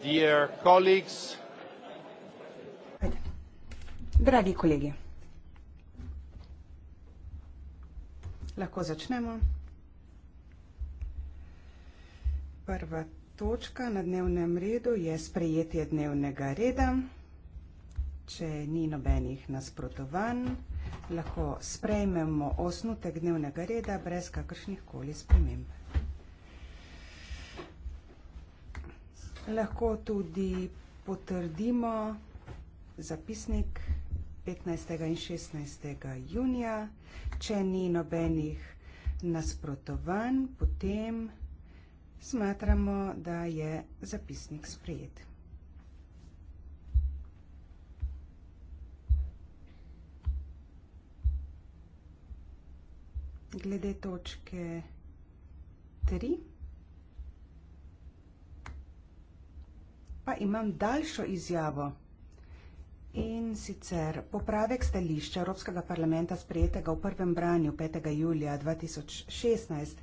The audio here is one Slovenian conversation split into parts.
dear colleagues. Dragi kolegi, lahko začnemo. Prva točka na dnevnem redu je sprejetje dnevnega reda. Če ni nobenih nasprotovanj, lahko sprejmemo osnutek dnevnega reda brez kakršnih koli sprememb. Lahko tudi potrdimo zapisnik 15. in 16. junija. Če ni nobenih nasprotovanj, potem smatramo, da je zapisnik sprejet. Glede točke 3. pa imam daljšo izjavo. In sicer popravek stališča Evropskega parlamenta sprejetega v prvem branju 5. julija 2016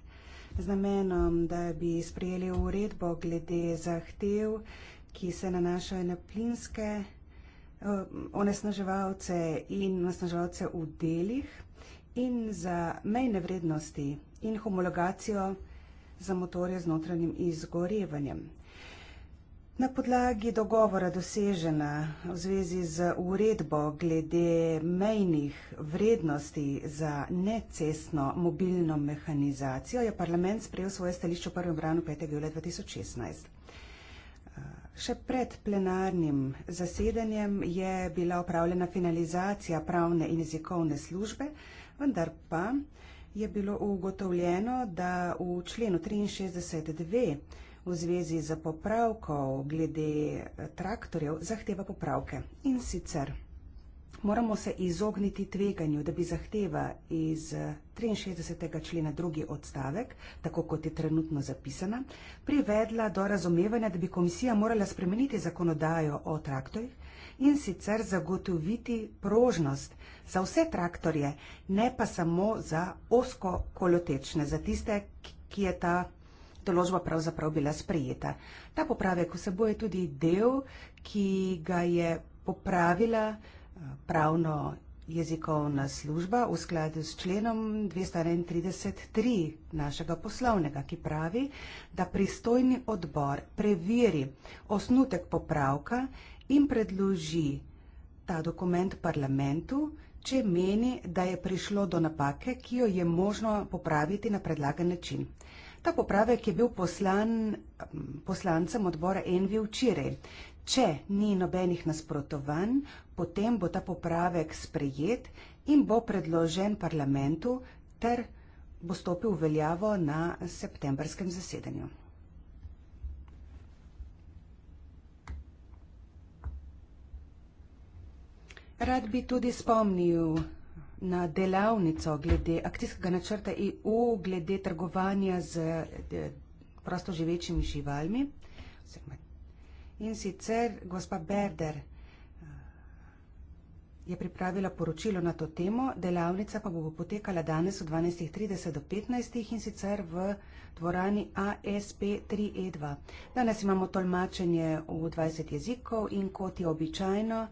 z namenom, da bi sprejeli uredbo glede zahtev, ki se nanašajo na plinske eh, onesnaževalce in onesnaževalce v delih in za mejne vrednosti in homologacijo za motorje z notranjim izgorevanjem. Na podlagi dogovora dosežena v zvezi z uredbo glede mejnih vrednosti za necestno mobilno mehanizacijo je parlament sprejel svoje stališče v prvem branju 5. julija 2016. Še pred plenarnim zasedanjem je bila opravljena finalizacija pravne in jezikovne službe, vendar pa je bilo ugotovljeno, da v členu 63.2 v zvezi z popravkom glede eh, traktorjev zahteva popravke. In sicer moramo se izogniti tveganju, da bi zahteva iz 63. Eh, člena drugi odstavek, tako kot je trenutno zapisana, privedla do razumevanja, da bi komisija morala spremeniti zakonodajo o traktorjih. In sicer zagotoviti prožnost za vse traktorje, ne pa samo za osko kolotečne, za tiste, ki je ta določba pravzaprav bila sprejeta. Ta popravek vseboje tudi del, ki ga je popravila eh, pravno jezikovna služba v skladu s členom 231. našega poslovnega, ki pravi, da pristojni odbor preveri osnutek popravka in predloži ta dokument parlamentu, če meni, da je prišlo do napake, ki jo je možno popraviti na predlagan način. Ta popravek je bil poslan poslancem odbora Envi včeraj. Če ni nobenih nasprotovanj, potem bo ta popravek sprejet in bo predložen parlamentu ter bo stopil v veljavo na septembrskem zasedanju. Rad bi tudi spomnil na delavnico glede akcijskega načrta EU, glede trgovanja z eh, prostoživečimi živalmi. In sicer gospa Berder eh, je pripravila poročilo na to temo, delavnica pa bo potekala danes od 12.30 do 15.00 in sicer v dvorani ASP3E2. Danes imamo tolmačenje v 20 jezikov in kot je običajno,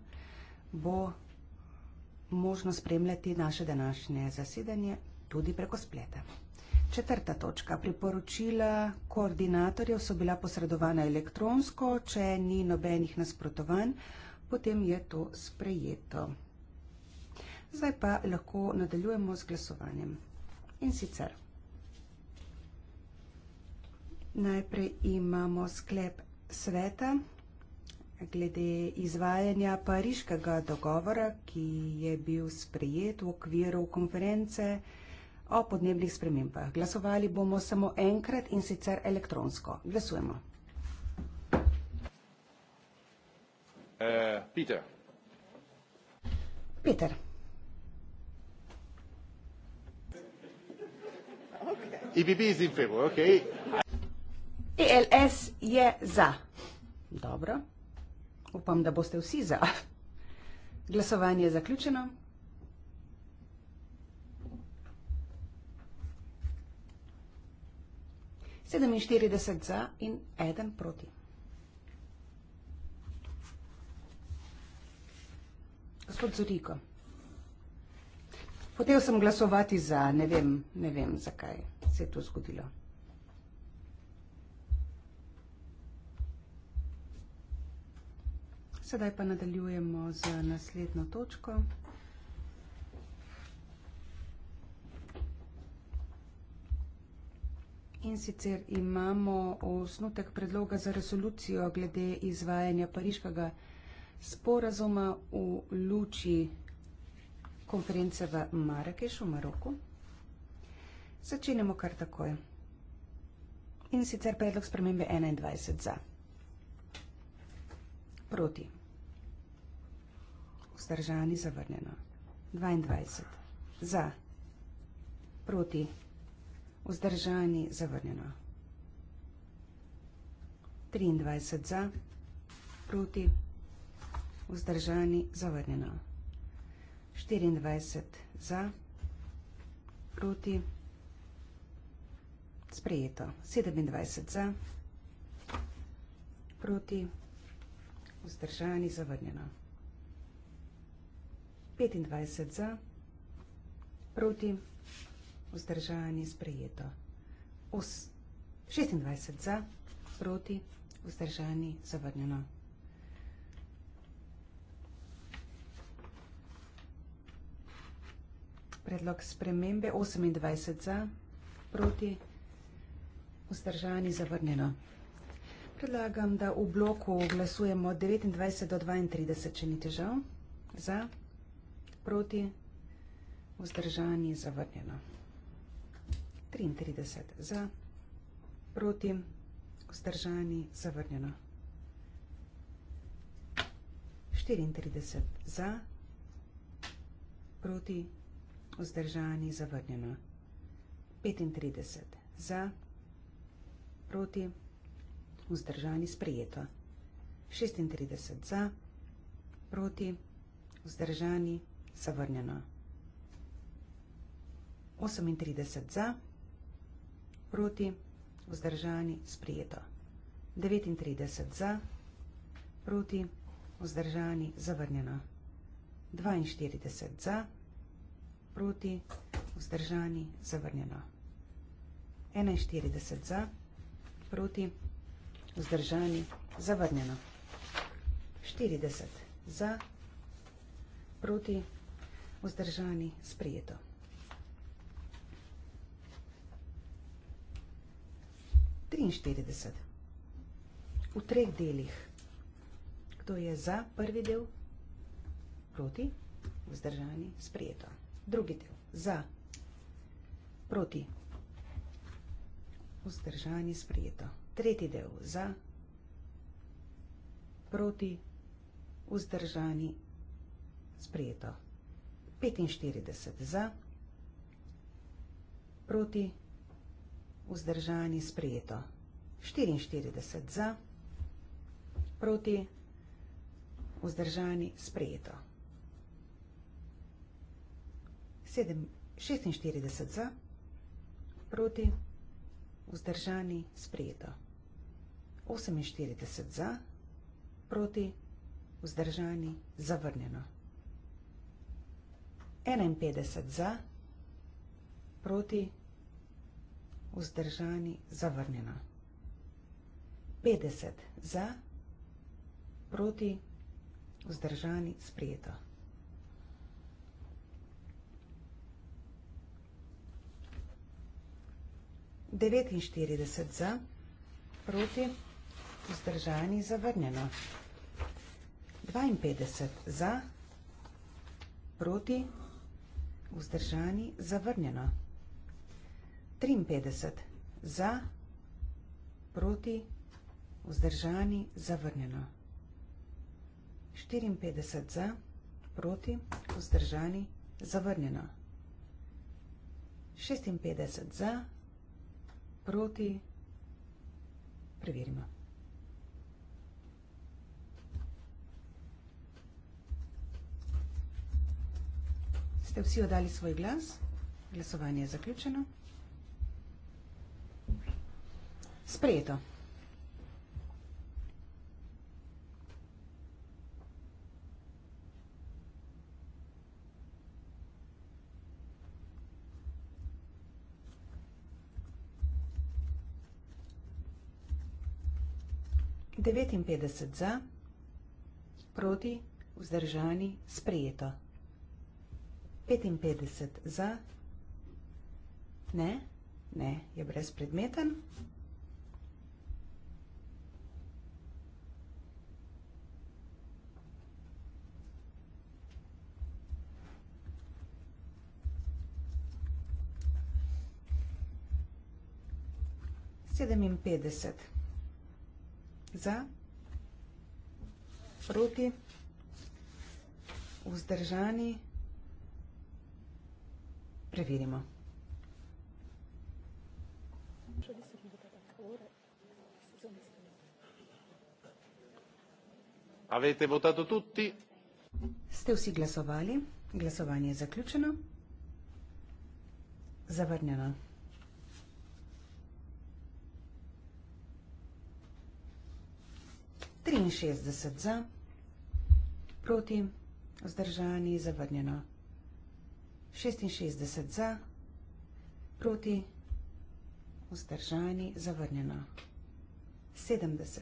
bo možno spremljati naše današnje zasedanje tudi preko spleta. Četrta točka. Priporočila koordinatorjev so bila posredovana elektronsko, če ni nobenih nasprotovanj, potem je to sprejeto. Zdaj pa lahko nadaljujemo z glasovanjem. In sicer. Najprej imamo sklep sveta glede izvajanja pariškega dogovora, ki je bil sprejet v okviru konference o podnebnih spremembah. Glasovali bomo samo enkrat in sicer elektronsko. Glasujemo. Uh, Peter. Peter. EBB je za, ok. ELS e je za. Dobro. Upam, da boste vsi za. Glasovanje je zaključeno. Sedeminštirideset za in eden proti. Gospod Zuriko, hotel sem glasovati za, ne vem, ne vem, zakaj se je to zgodilo. Sedaj pa nadaljujemo z naslednjo točko. In sicer imamo osnutek predloga za resolucijo glede izvajanja pariškega sporazuma v luči konference v Marakešu, Maroku. Začenjamo kar takoj. In sicer predlog spremembe 21 za. Proti vzdržani zavrnjeno. 22. Za. Proti. Vzdržani zavrnjeno. 23. Za. Proti. Vzdržani zavrnjeno. 24. Za. Proti. Sprejeto. 27. Za. Proti. Vzdržani zavrnjeno. 25 za, proti, vzdržanje sprejeto. 26 za, proti, vzdržanje zavrnjeno. Predlog spremembe 28 za, proti, vzdržanje zavrnjeno. Predlagam, da v bloku glasujemo 29 do 32, če ni težav. Za proti, vzdržani, zavrnjeno. 33 za, proti, vzdržani, zavrnjeno. 34 za, proti, vzdržani, zavrnjeno. 35 za, proti, vzdržani, sprijeto. 36 za, proti, vzdržani, zavrnjeno zavrnjena. 38 za, proti, vzdržani, sprijeto. 39 za, proti, vzdržani, zavrnjena. 42 za, proti, vzdržani, zavrnjena. 41 za, proti, vzdržani, zavrnjena. 40 za, proti, vzdržani, zavrnjena vzdržani, sprijeto. V treh delih. Kdo je za prvi del? Proti, vzdržani, sprijeto. Drugi del. Za, proti, vzdržani, sprijeto. Tretji del. Za, proti, vzdržani, sprijeto. 45 za, proti, vzdržani, sprejeto. 44 za, proti, vzdržani, sprejeto. 46 za, proti, vzdržani, sprejeto. 48 za, proti, vzdržani, zavrnjeno. 51 za, proti, vzdržani, zavrnjeno. 50 za, proti, vzdržani, sprijeto. Devetinštirideset za, proti, vzdržani, zavrnjeno. Dvainpedeset za, proti, vzdržani, zavrnjeno vzdržani, zavrnjeno. 53 za, proti, vzdržani, zavrnjeno. 54 za, proti, vzdržani, zavrnjeno. 56 za, proti, preverimo. Ste vsi oddali svoj glas? Glasovanje je zaključeno. Sprejeto. Devetinpetdeset za, proti, vzdržani, sprejeto. 55 za. Ne, ne, je brezpredmeten. Sedeminpetdeset za, proti, vzdržani, preverimo. Avete votato tutti? Ste vsi glasovali? Glasovanje je zaključeno. Zavrnjeno. Trinšestdeset za, proti, vzdržani, zavrnjeno. 66 za, proti, vzdržani, zavrnjeno. 70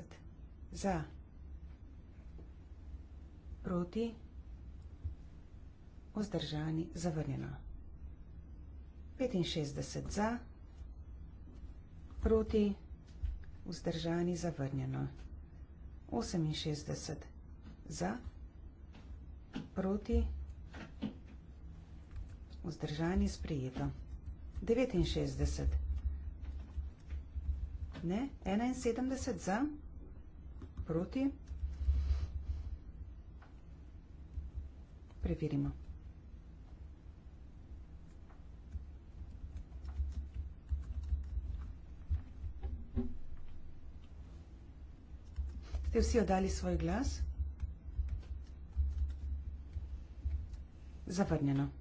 za, proti, vzdržani, zavrnjeno. 65 za, proti, vzdržani, zavrnjeno. 68 za, proti, vzdržani, zavrnjeno vzdržani, sprejeto. 69. Ne, 71 za, proti. Preverimo. Ste vsi oddali svoj glas? Zavrnjeno. Zavrnjeno.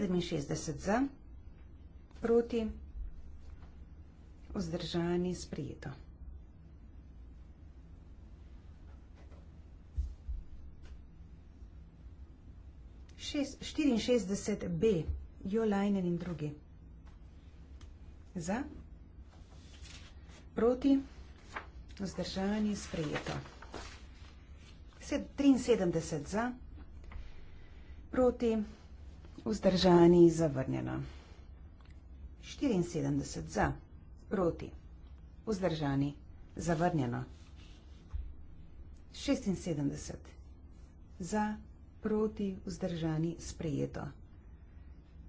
67 za, proti, vzdržani, sprijeto. Šest, 64 B, Jolajnen in drugi. Za, proti, vzdržani, sprijeto. 73 za, proti, vzdržani, sprijeto. Vzdržani zavrnjeno. 74 za. Proti. Vzdržani zavrnjeno. 76 za. Proti. Vzdržani sprejeto.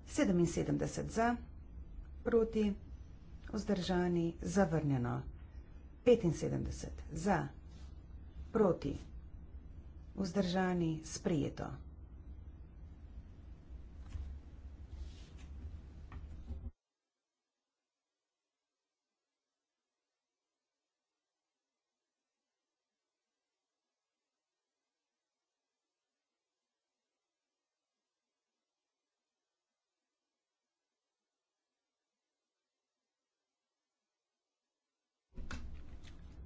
77 za. Proti. Vzdržani zavrnjeno. 75 za. Proti. Vzdržani sprejeto. 76 za.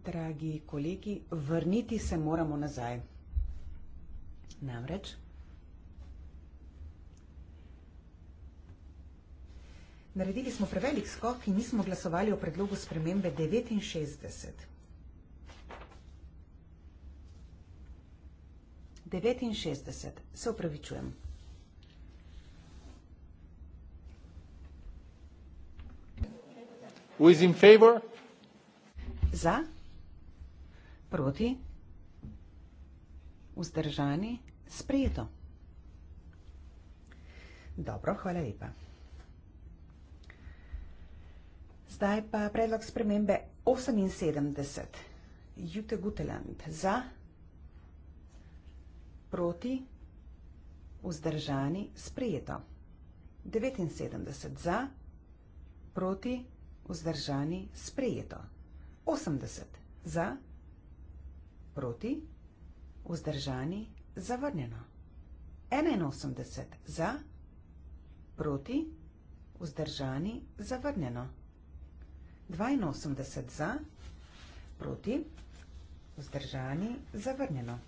dragi kolegi, vrniti se moramo nazaj. Namreč, naredili smo prevelik skok in nismo glasovali o predlogu spremembe 69. 69, se upravičujem. Who is in favor? Za? Proti? Vzdržani? Sprejeto. Dobro, hvala lepa. Zdaj pa predlog spremembe 78. Jute Guteland za, proti, vzdržani, sprejeto. 79 za, proti, vzdržani, sprejeto. 80 za, sprejeto proti, vzdržani, zavrnjeno. 81 za, proti, vzdržani, zavrnjeno. 82 za, proti, vzdržani, zavrnjeno.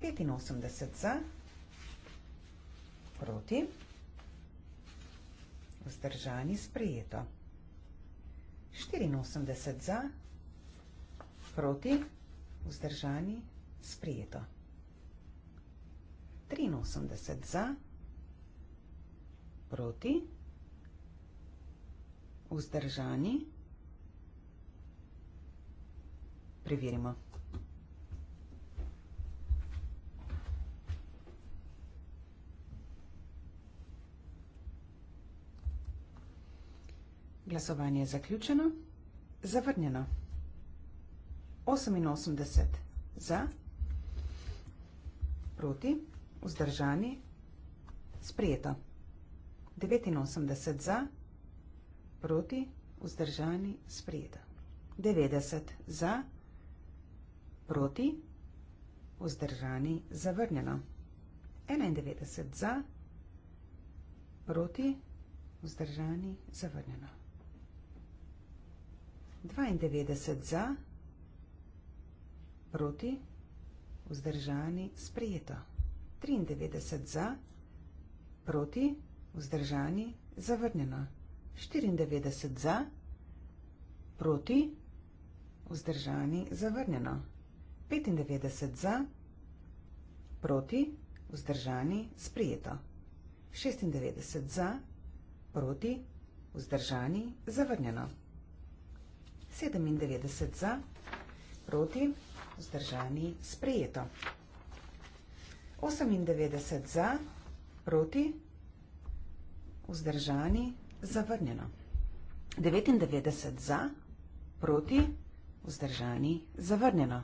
85 za, proti, vzdržani, sprejeto. 84 za, proti, vzdržani, sprejeto proti, vzdržani, sprijeto. 83 za, proti, vzdržani, preverimo. Glasovanje je zaključeno, zavrnjeno. 88 za, proti, vzdržani, sprijeto. 89 za, proti, vzdržani, sprijeto. 90 za, proti, vzdržani, zavrnjeno. 91 za, proti, vzdržani, zavrnjeno. 92 za, proti, vzdržani, zavrnjeno proti, vzdržani, sprejeto. 93 za, proti, vzdržani, zavrnjeno. 94 za, proti, vzdržani, zavrnjeno. 95 za, proti, vzdržani, sprijeto. 96 za, proti, vzdržani, zavrnjeno. 97 za, proti, vzdržani, zavrnjeno vzdržani, sprejeto. 98 za, proti, vzdržani, zavrnjeno. 99 za, proti, vzdržani, zavrnjeno.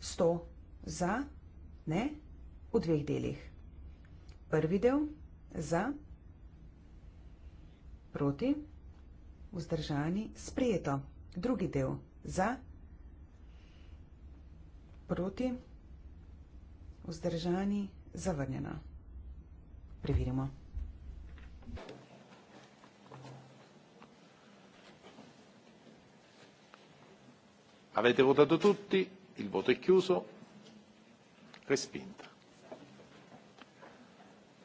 100 za, ne, v dveh delih. Prvi del, za, proti, vzdržani, sprejeto. Drugi del, za, proti, vzdržani, sprejeto proti, vzdržani, zavrnjena. Preverimo. Avete votato tutti, il voto è chiuso, respinta.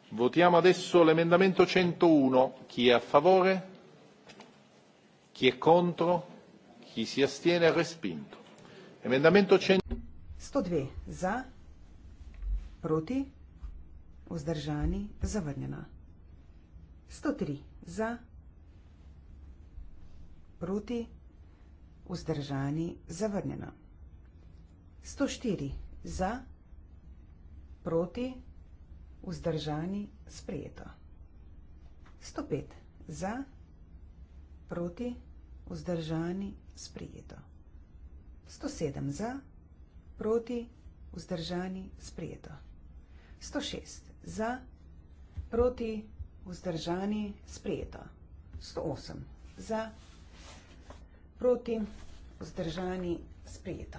Votiamo adesso l'emendamento 101. Chi è a favore? Chi è contro? Chi si astiene? Respinto. Emendamento 101. 102 za, proti, vzdržani, zavrnjena. 103 za, proti, vzdržani, zavrnjena. 104 za, proti, vzdržani, sprejeto. 105 za, proti, vzdržani, sprejeto. 107 za, proti, vzdržani, sprejeto. 107 za, proti, vzdržani, sprejeto. 106 za, proti, vzdržani, sprejeto. 108 za, proti, vzdržani, sprejeto.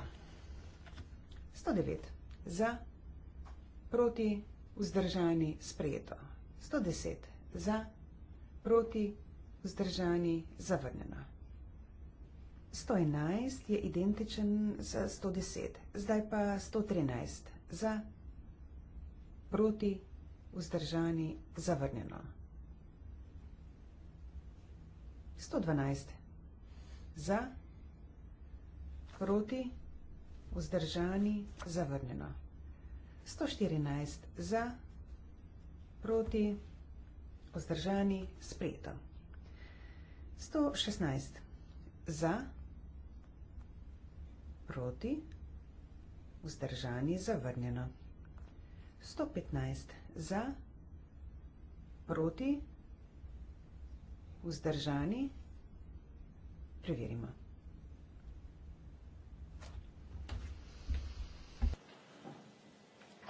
109 za, proti, vzdržani, sprejeto. 110 za, proti, vzdržani, zavrnjeno. 111. 111 je identičen za 110, zdaj pa 113 za proti vzdržani zavrnjeno. 112 za proti vzdržani zavrnjeno. 114 za proti vzdržani spreto. 116 za proti vzdržani spreto proti, vzdržani zavrnjeno. 115 za, proti, vzdržani, preverimo.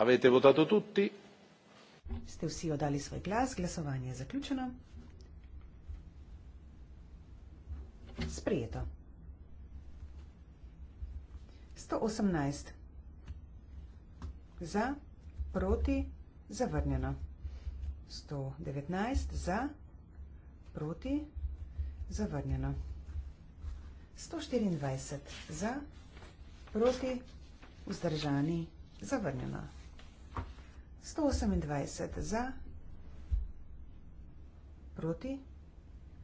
Avete votato tutti? Ste vsi oddali svoj glas, glasovanje je zaključeno. Sprijeto. 118. Za, proti, zavrnjeno. 119. Za, proti, zavrnjeno. 124. Za, proti, vzdržani, zavrnjeno. 128. Za, proti,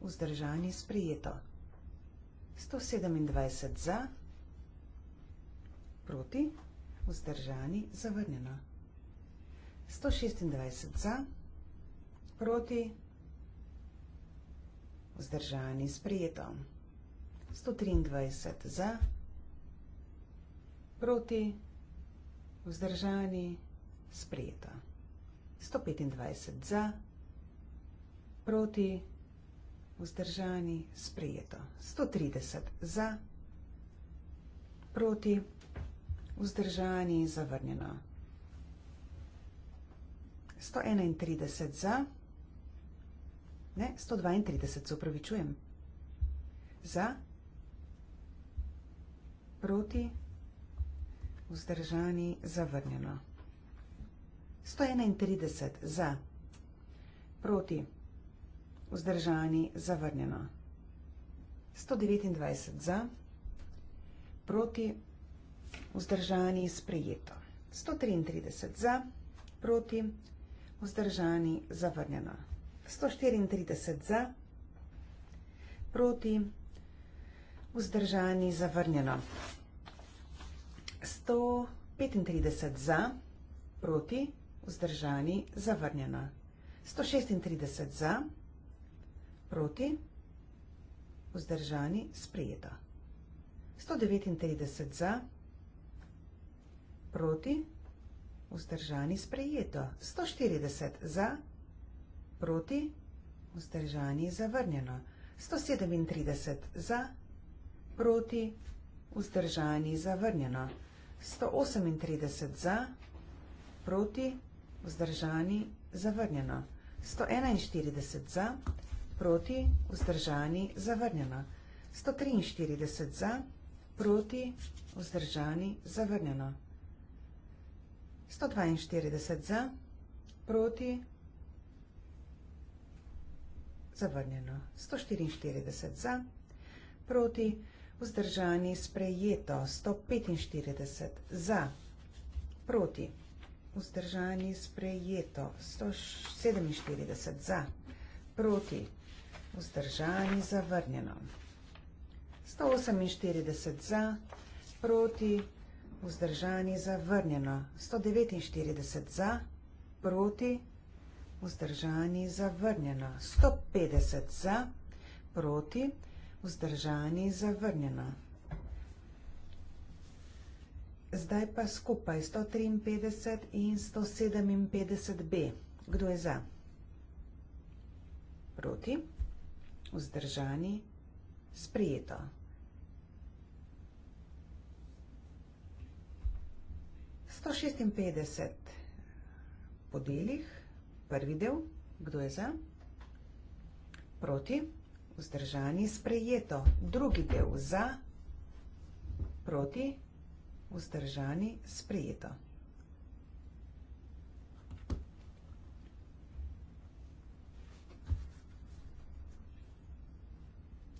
vzdržani, sprijeto. 127. Za, proti, vzdržani, sprijeto proti, vzdržani, zavrnjeno. 126 za, proti, vzdržani, sprijeto. 123 za, proti, vzdržani, sprijeto. 125 za, proti, vzdržani, sprijeto. 130 za, proti, vzdržani, sprijeto vzdržani in zavrnjeno. 131 za, ne, 132 se upravičujem, za, proti, vzdržani, zavrnjeno. 131 za, proti, vzdržani, zavrnjeno. 129 za, proti, vzdržani, zavrnjeno vzdržani je sprejeto. 133 za, proti, vzdržani zavrnjeno. 134 za, proti, vzdržani zavrnjeno. 135 za, proti, vzdržani zavrnjeno. 136 za, proti, vzdržani sprejeto. 139 za, proti, vzdržani zavrnjeno proti, vzdržani sprejeto, 140 za, proti, vzdržani zavrnjeno, 137 za, proti, vzdržani zavrnjeno, 138 za, proti, vzdržani zavrnjeno, 141 za, proti, vzdržani zavrnjeno, 143 za, proti, vzdržani zavrnjeno. 142 za, proti, zavrnjeno, 144 za, proti, vzdržani, sprejeto, 145 za, proti, vzdržani, sprejeto, 147 za, proti, vzdržani, zavrnjeno, 148 za, proti, vzdržani, vzdržani zavrnjeno, 149 za, proti, vzdržani zavrnjeno, 150 za, proti, vzdržani zavrnjeno. Zdaj pa skupaj 153 in 157 b. Kdo je za? Proti, vzdržani, sprijeto. 156 podeljih, prvi del, kdo je za, proti, vzdržani, sprejeto, drugi del, za, proti, vzdržani, sprejeto.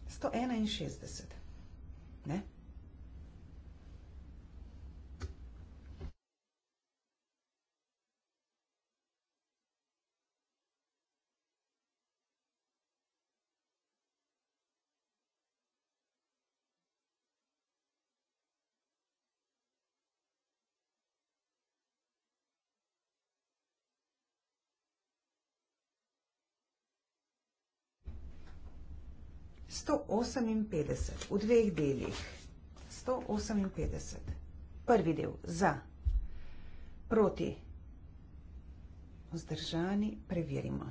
Sto ena in šestdeset, ne? Ne? 158 v dveh delih. 158. Prvi del za, proti, vzdržani, preverimo.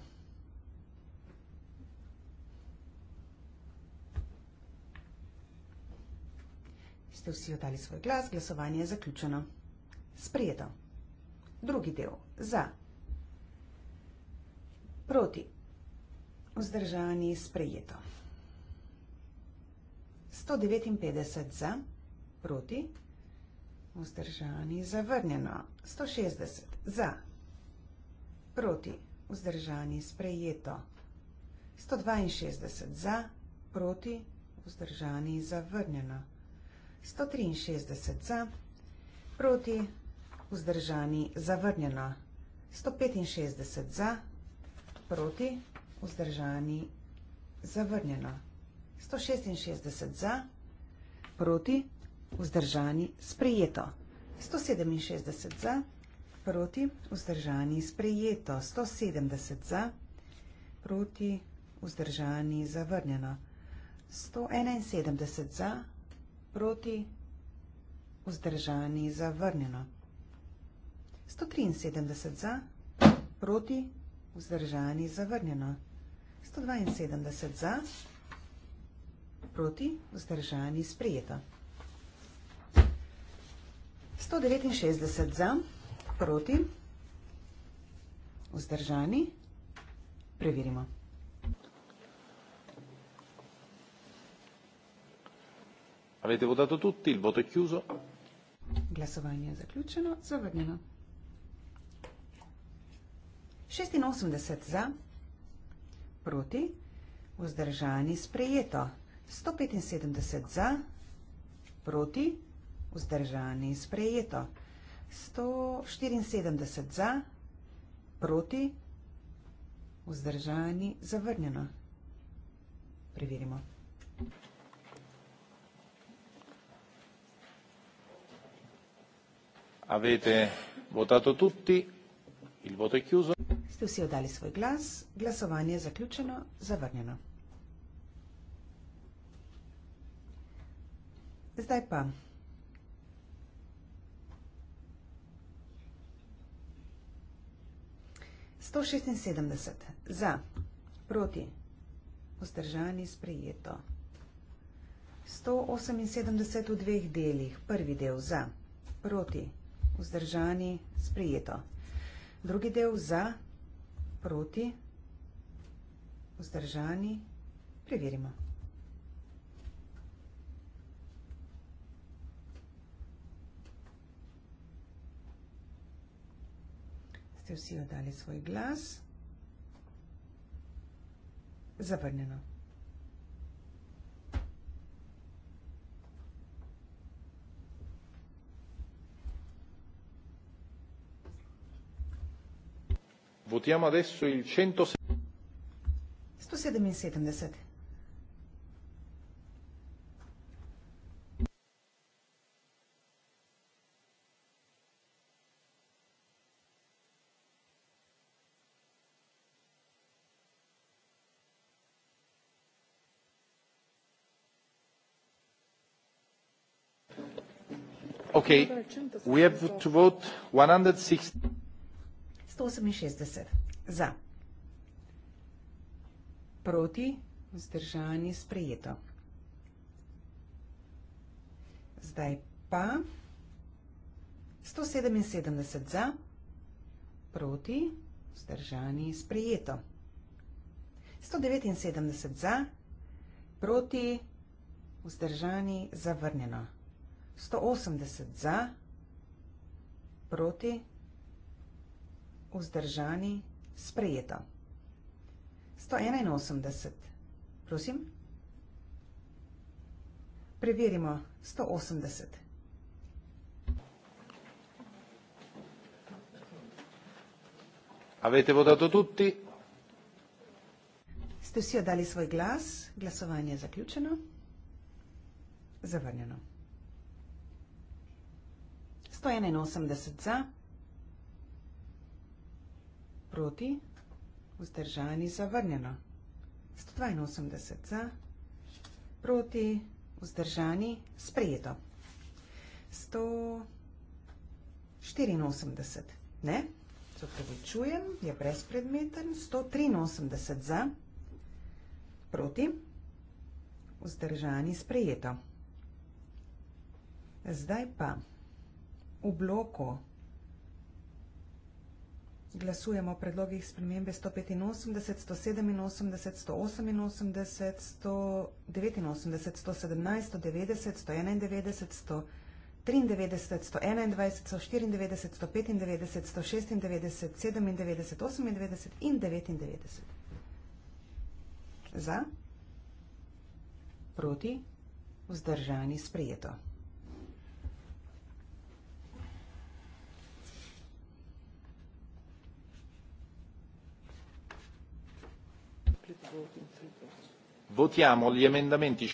Ste vsi odali svoj glas, glasovanje je zaključeno. Sprijeto. Drugi del za, proti, vzdržani, sprijeto. 159 za, proti, vzdržani, zavrnjeno. 160 za, proti, vzdržani, sprejeto. 162 za, proti, vzdržani, zavrnjeno. 163 za, proti, vzdržani, zavrnjeno. 165 za, proti, vzdržani, zavrnjeno. 163 za, proti, vzdržani, zavrnjeno. 166 za, proti, vzdržani, sprejeto. 167 za, proti, vzdržani, sprejeto. 170 za, proti, vzdržani, zavrnjeno. 171 za, proti, vzdržani, zavrnjeno. 173 za, proti, vzdržani, zavrnjeno. 172 za, proti, vzdržani, zavrnjeno proti, vzdržani, sprijeto. 169 za, proti, vzdržani, preverimo. Avete votato tutti, il voto è chiuso. Glasovanje je zaključeno, zavrnjeno. 86 za, proti, vzdržani, sprijeto. 175 za, proti, vzdržani, sprejeto. 174 za, proti, vzdržani, zavrnjeno. Preverimo. Avete votato tutti, il voto è chiuso. Ste vsi oddali svoj glas, glasovanje je zaključeno, zavrnjeno. Zdaj pa. Sto šestinsedemdeset. Za. Proti. Vzdržani sprejeto. Sto oseminsedemdeset v dveh delih. Prvi del za. Proti. Vzdržani sprejeto. Drugi del za. Proti. Vzdržani. Preverimo. Preverimo. ste vsi oddali svoj glas. Zavrnjeno. Votiamo adesso il 177. 177. Okay. We have to vote 168 za. Proti, vzdržani, sprejeto. Zdaj pa 177 za, proti, vzdržani, sprejeto. 179 za, proti, vzdržani, zavrnjeno. 180 za, proti, vzdržani, sprejeto. 181, prosim. Preverimo 180. Avete votato tutti? Ste vsi oddali svoj glas, glasovanje je zaključeno, zavrnjeno. 181 za, proti, vzdržani, zavrnjeno. 182 za, proti, vzdržani, sprejeto. 184, ne, se upravičujem, je brezpredmeten. 183 za, proti, vzdržani, sprejeto. Zdaj pa v bloku. Glasujemo o predlogih spremembe 185, 187, 188, 189, 117, 190, 191, 193, 121, 194, 195, 196, 97, 98 in 99. Za? Proti? Vzdržani sprejeto. Votiamo gli emendamenti.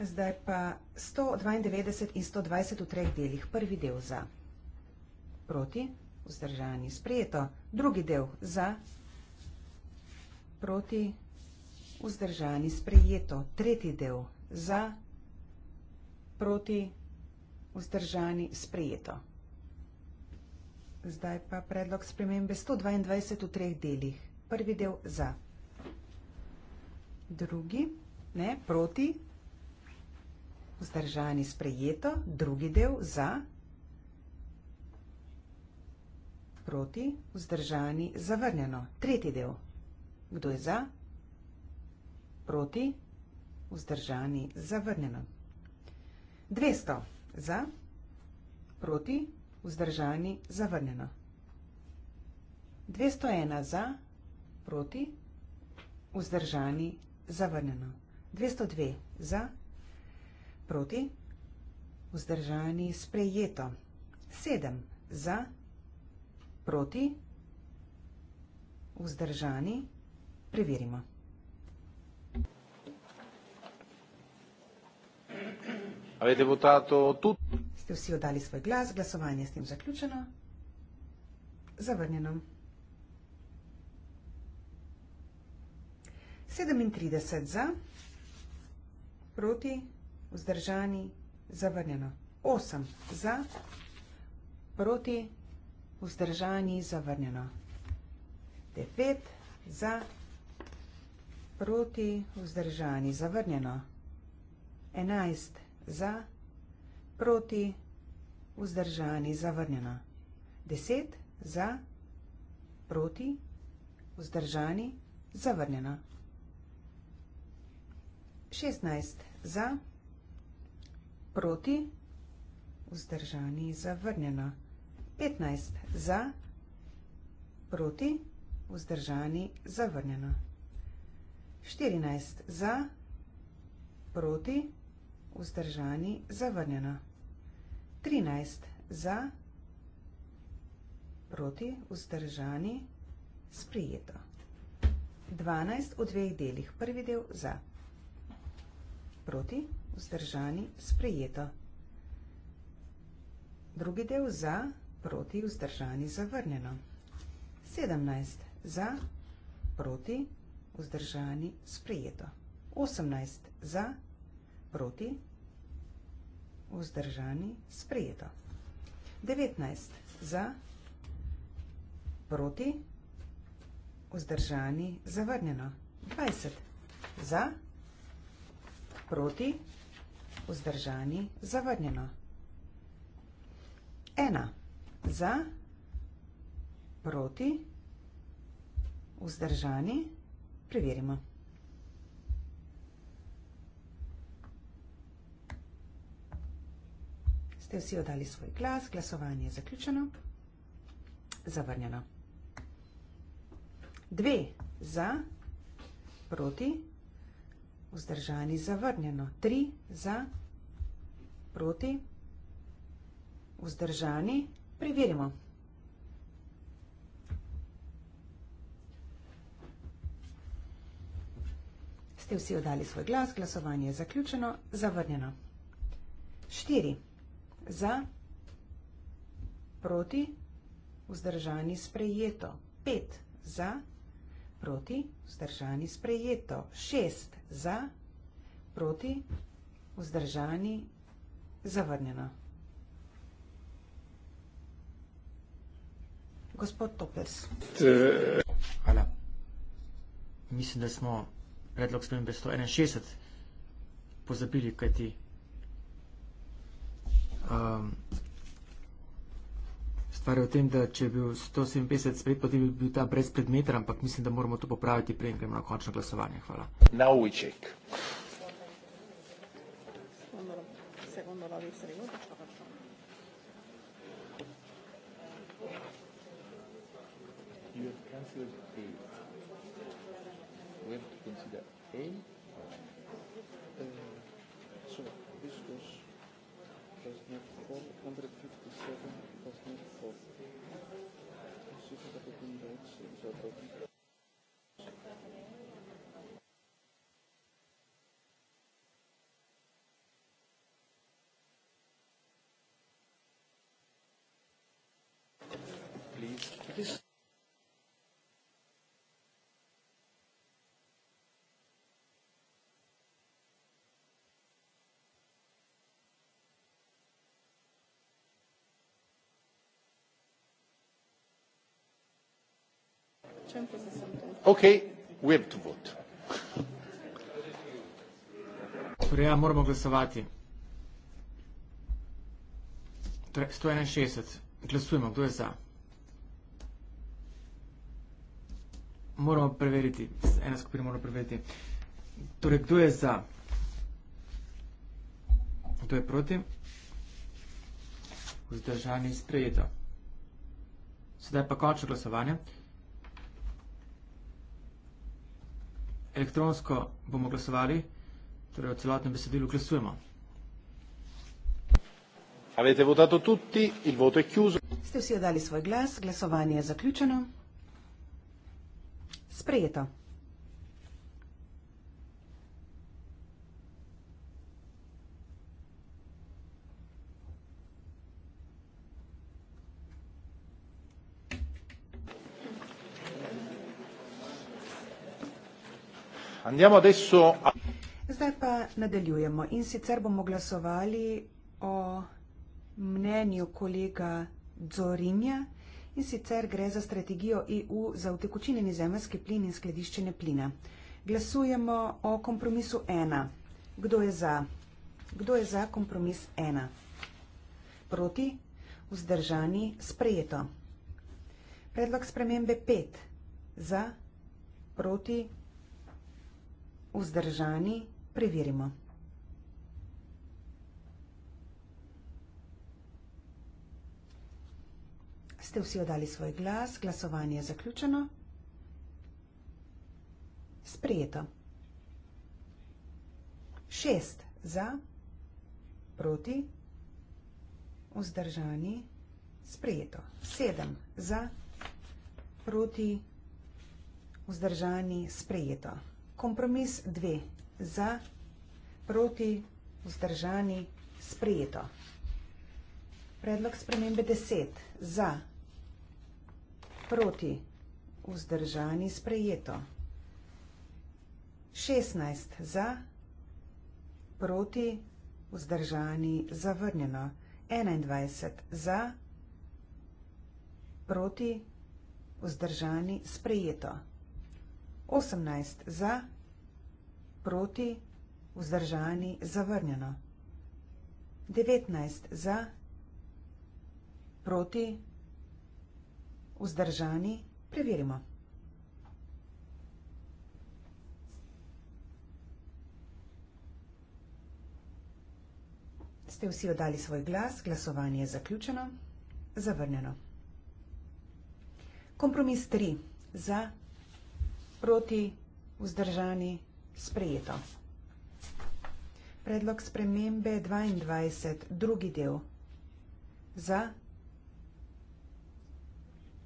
Zdaj pa 192 in 120 v treh delih. Prvi del za. Proti. Vzdržani. Sprejeto. Drugi del za. Proti. Vzdržani. Sprejeto. Tretji del za. Proti. Vzdržani. Sprejeto. Zdaj pa predlog spremembe 122 v treh delih prvi del za, drugi, ne, proti, vzdržani sprejeto, drugi del za, proti, vzdržani zavrnjeno, tretji del, kdo je za, proti, vzdržani zavrnjeno, 200 za, proti, vzdržani zavrnjeno, 201 za, proti, proti, vzdržani, zavrnjeno. 202 za, proti, vzdržani, sprejeto. 7 za, proti, vzdržani, preverimo. Avete votato tutto? Ste vsi oddali svoj glas, glasovanje je s tem zaključeno. Zavrnjeno. 37 za, proti, vzdržani, zavrnjeno. 8 za, proti, vzdržani, zavrnjeno. 9 za, proti, vzdržani, zavrnjeno. 11 za, proti, vzdržani, zavrnjeno. 10 za, proti, vzdržani, zavrnjeno. 16 za, proti, vzdržani, zavrnjeno. 15 za, proti, vzdržani, zavrnjeno. 14 za, proti, vzdržani, zavrnjeno. 13 za, proti, vzdržani, sprijeto. 12 v dveh delih, prvi del za. 14 za, proti, vzdržani, zavrnjeno proti, vzdržani, sprejeto. Drugi del za, proti, vzdržani, zavrnjeno. 17. Za, proti, vzdržani, sprejeto. 18. Za, proti, vzdržani, sprejeto. 19. Za, proti, vzdržani, zavrnjeno. 20. Za, proti, vzdržani, sprejeto. Proti, vzdržani, zavrnjeno. Ena, za, proti, vzdržani, preverimo. Ste vsi odali svoj glas, glasovanje je zaključeno, zavrnjeno. Dve, za, proti, vzdržani, preverimo vzdržani zavrnjeno, tri za, proti, vzdržani, preverimo. Ste vsi odali svoj glas, glasovanje je zaključeno, zavrnjeno. Štiri, za, proti, vzdržani, sprejeto, pet, za, proti, proti, vzdržani, sprejeto. Šest za, proti, vzdržani, zavrnjeno. Gospod Topes. Hvala. Mislim, da smo predlog spremembe 161 pozabili, kajti um, Stvar je v tem, da če je bil 157 spet, potem bi bil ta brez predmeta, ampak mislim, da moramo to popraviti, preden gremo na končno glasovanje. Hvala. Uh, so this was just not 400. Please. Please. Okay, we have to vote. Torej, ja, moramo glasovati. Torej, 161. Glasujemo, kdo je za? Moramo preveriti, ena skupina mora preveriti. Torej, kdo je za? Kdo je proti? Vzdržani sprejeto. Sedaj pa končno glasovanje. elektronsko bomo glasovali, torej o celotnem besedilu glasujemo. Avete votato tutti, il voto è chiuso. Ste vsi oddali svoj glas, glasovanje je zaključeno. Sprejeto. Andiamo adesso a... Zdaj pa nadaljujemo in sicer bomo glasovali o mnenju kolega Zorinja in sicer gre za strategijo EU za utekočinjeni zemljski plin in skladiščenje plina. Glasujemo o kompromisu 1. Kdo je za? Kdo je za kompromis 1? Proti? Vzdržani? Sprejeto. Predlog spremembe 5. Za? Proti? vzdržani, preverimo. Ste vsi oddali svoj glas, glasovanje je zaključeno. Sprejeto. Šest za, proti, vzdržani, sprejeto. Sedem za, proti, vzdržani, sprejeto kompromis dve, za, proti, vzdržani, sprejeto. Predlog spremembe deset, za, proti, vzdržani, sprejeto. Šestnaest, za, proti, vzdržani, zavrnjeno. Enaindvajset, za, proti, vzdržani, sprejeto. 18 za, proti, vzdržani, zavrnjeno. 19 za, proti, vzdržani, preverimo. Ste vsi oddali svoj glas, glasovanje je zaključeno, zavrnjeno. Kompromis 3 za, proti, vzdržani, zavrnjeno proti vzdržani sprejeto. Predlog spremembe 22, drugi del. Za,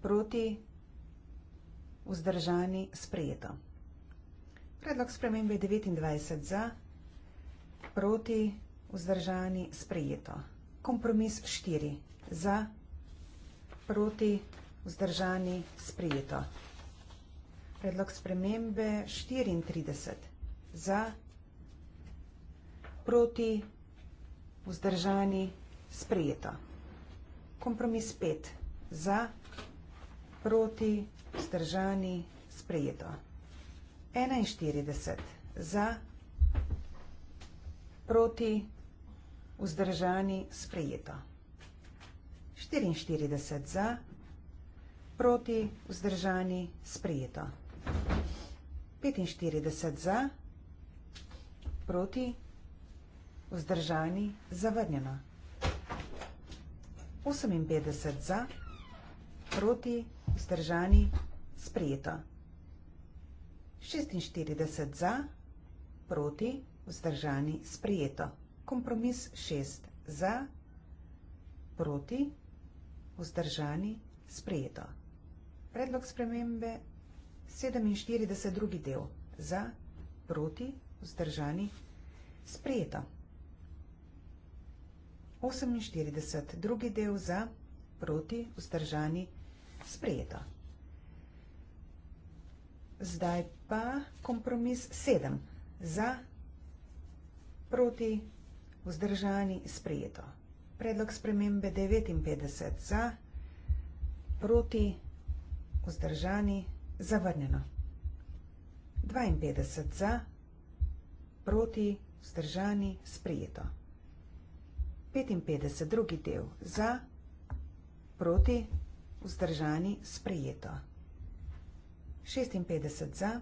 proti, vzdržani, sprejeto. Predlog spremembe 29, za, proti, vzdržani, sprejeto. Kompromis 4, za, proti, vzdržani, sprejeto predlog spremembe 34 za proti vzdržani sprejeto. Kompromis 5 za proti vzdržani sprejeto. 41 za proti vzdržani sprejeto. 44 za proti vzdržani sprejeto. 45 za, proti, vzdržani, zavrnjeno. 58 za, proti, vzdržani, sprijeto. 46 za, proti, vzdržani, sprijeto. Kompromis 6 za, proti, vzdržani, sprijeto. Predlog spremembe 47. del za, proti, vzdržani, sprejeto. 48. drugi del za, proti, vzdržani, sprejeto. Zdaj pa kompromis 7. Za, proti, vzdržani, sprejeto. Predlog spremembe 59. Za, proti, vzdržani, sprejeto. Zavrnjeno. 52 za, proti, vzdržani, sprijeto. 55 drugi del za, proti, vzdržani, sprijeto. 56 za,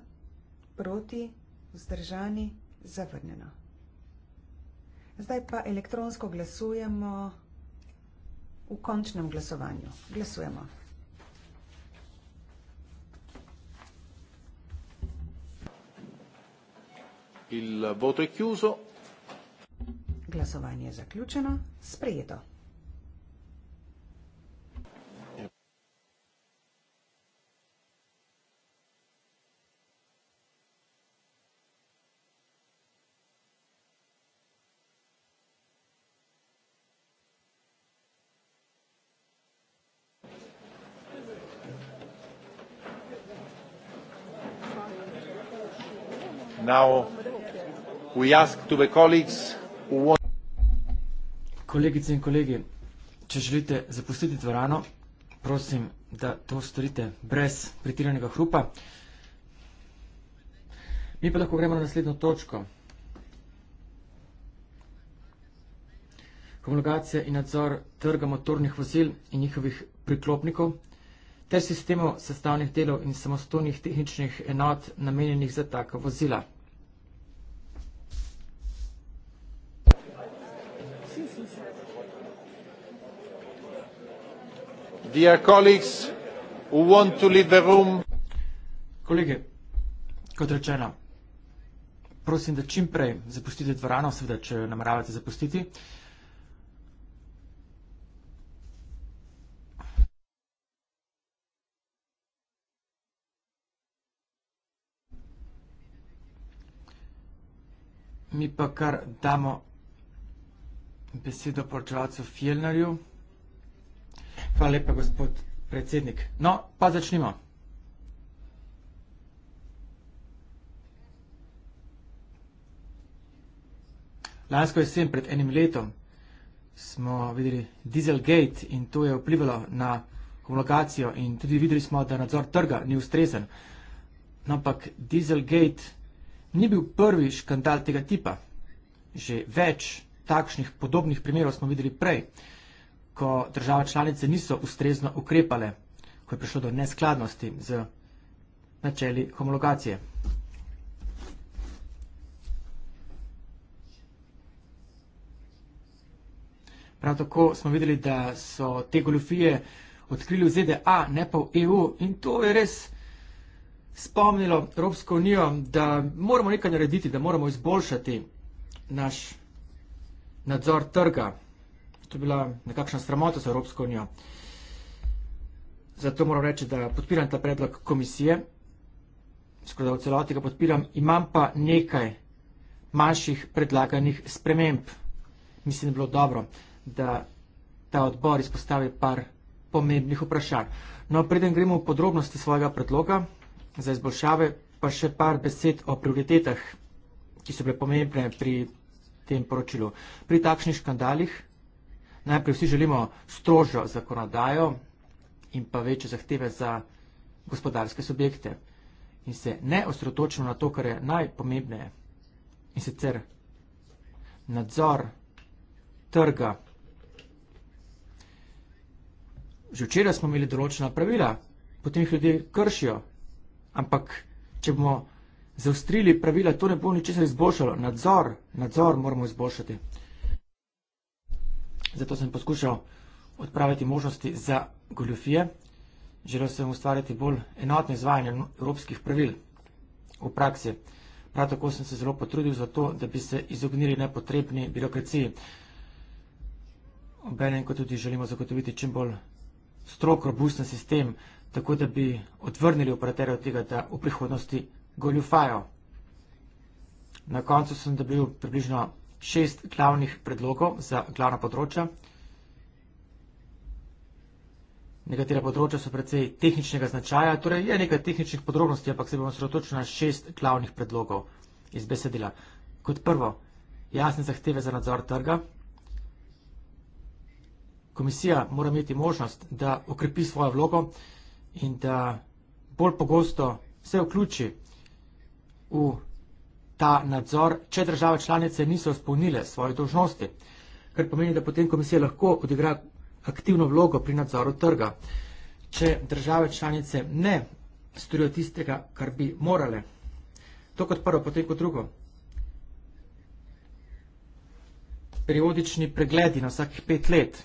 proti, vzdržani, zavrnjeno. Zdaj pa elektronsko glasujemo v končnem glasovanju. Glasujemo. Glasujemo. Il voto è chiuso. Glasovanje je zaključeno, sprejeto. Now Kolegice in kolegi, če želite zapustiti dvorano, prosim, da to storite brez pretiranega hrupa. Mi pa lahko gremo na naslednjo točko. Homologacija in nadzor trga motornih vozil in njihovih priklopnikov ter sistemov sestavnih delov in samostojnih tehničnih enot namenjenih za taka vozila. Dear colleagues who want to leave the room. Kolege, kot rečeno, prosim, da čim prej zapustite dvorano, seveda, če nameravate zapustiti. Mi pa kar damo besedo poročevalcu Fjellnerju. Hvala lepa, gospod predsednik. No, pa začnimo. Lansko jesen, pred enim letom, smo videli Dieselgate in to je vplivalo na homologacijo in tudi videli smo, da nadzor trga ni ustrezen. No, ampak Dieselgate ni bil prvi škandal tega tipa. Že več takšnih podobnih primerov smo videli prej. Uh, ko država članice niso ustrezno ukrepale, ko je prišlo do neskladnosti z načeli homologacije. Prav tako smo videli, da so te goljofije odkrili v ZDA, ne pa v EU in to je res spomnilo Evropsko unijo, da moramo nekaj narediti, da moramo izboljšati naš nadzor trga to bila nekakšna sramota za Evropsko unijo. Zato moram reči, da podpiram ta predlog komisije, skoraj da v celoti ga podpiram, imam pa nekaj manjših predlaganih sprememb. Mislim, da je bilo dobro, da ta odbor izpostavi par pomembnih vprašanj. No, preden gremo v podrobnosti svojega predloga za izboljšave, pa še par besed o prioritetah, ki so bile pomembne pri tem poročilu. Pri takšnih škandalih Najprej vsi želimo strožjo zakonodajo in pa večje zahteve za gospodarske subjekte in se ne osredotočimo na to, kar je najpomembnejše in sicer nadzor trga. Že včeraj smo imeli določena pravila, potem jih ljudje kršijo, ampak če bomo zaustrili pravila, to ne bo ničesar izboljšalo. Nadzor, nadzor moramo izboljšati. Zato sem poskušal odpraviti možnosti za goljofije. Želel sem ustvariti bolj enotno izvajanje evropskih pravil v praksi. Prav tako sem se zelo potrudil za to, da bi se izognili nepotrebni birokraciji. Obenem, kot tudi želimo zagotoviti čim bolj strok, robusten sistem, tako da bi odvrnili operaterje od tega, da v prihodnosti goljufajo. Na koncu sem dobil približno šest glavnih predlogov za glavna področja. Nekatera področja so precej tehničnega značaja, torej je nekaj tehničnih podrobnosti, ampak se bomo sredotočili na šest glavnih predlogov iz besedila. Kot prvo, jasne zahteve za nadzor trga. Komisija mora imeti možnost, da okrepi svojo vlogo in da bolj pogosto se vključi v ta nadzor, če države članice niso spolnile svoje dožnosti, kar pomeni, da potem komisija lahko odigra aktivno vlogo pri nadzoru trga. Če države članice ne storijo tistega, kar bi morale, to kot prvo, potem kot drugo. Periodični pregledi na vsakih pet let.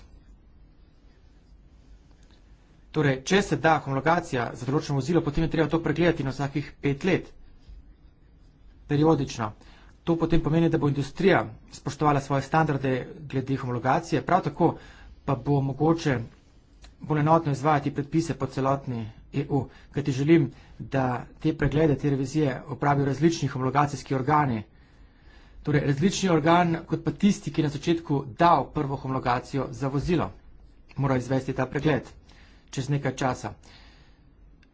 Torej, če se da homologacija za določeno vozilo, potem je treba to pregledati na vsakih pet let periodično. To potem pomeni, da bo industrija spoštovala svoje standarde glede homologacije, prav tako pa bo mogoče bolj enotno izvajati predpise po celotni EU, kaj ti želim, da te preglede, te revizije opravijo različni homologacijski organi. Torej, različni organ kot pa tisti, ki je na začetku dal prvo homologacijo za vozilo, mora izvesti ta pregled čez nekaj časa.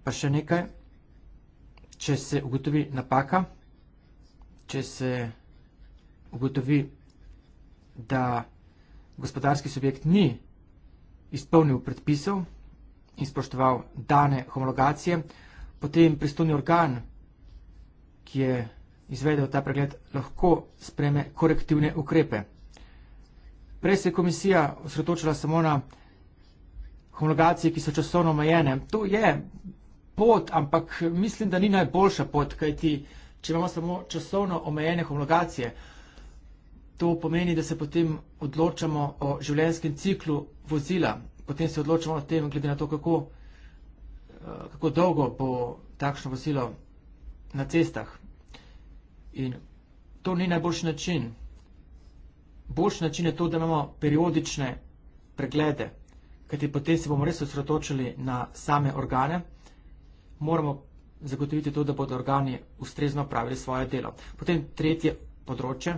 Pa še nekaj, če se ugotovi napaka, če se ugotovi, da gospodarski subjekt ni izpolnil predpisov in spoštoval dane homologacije, potem pristojni organ, ki je izvedel ta pregled, lahko spreme korektivne ukrepe. Prej se je komisija osredotočila samo na homologacije, ki so časovno omejene. To je pot, ampak mislim, da ni najboljša pot, kajti. Če imamo samo časovno omejene homologacije, to pomeni, da se potem odločamo o življenjskem ciklu vozila, potem se odločamo o tem, glede na to, kako, eh, kako dolgo bo takšno vozilo na cestah. In to ni najboljši način. Boljši način je to, da imamo periodične preglede, kajti potem se bomo res osredotočili na same organe. Moramo zagotoviti to, da bodo organi ustrezno pravili svoje delo. Potem tretje področje.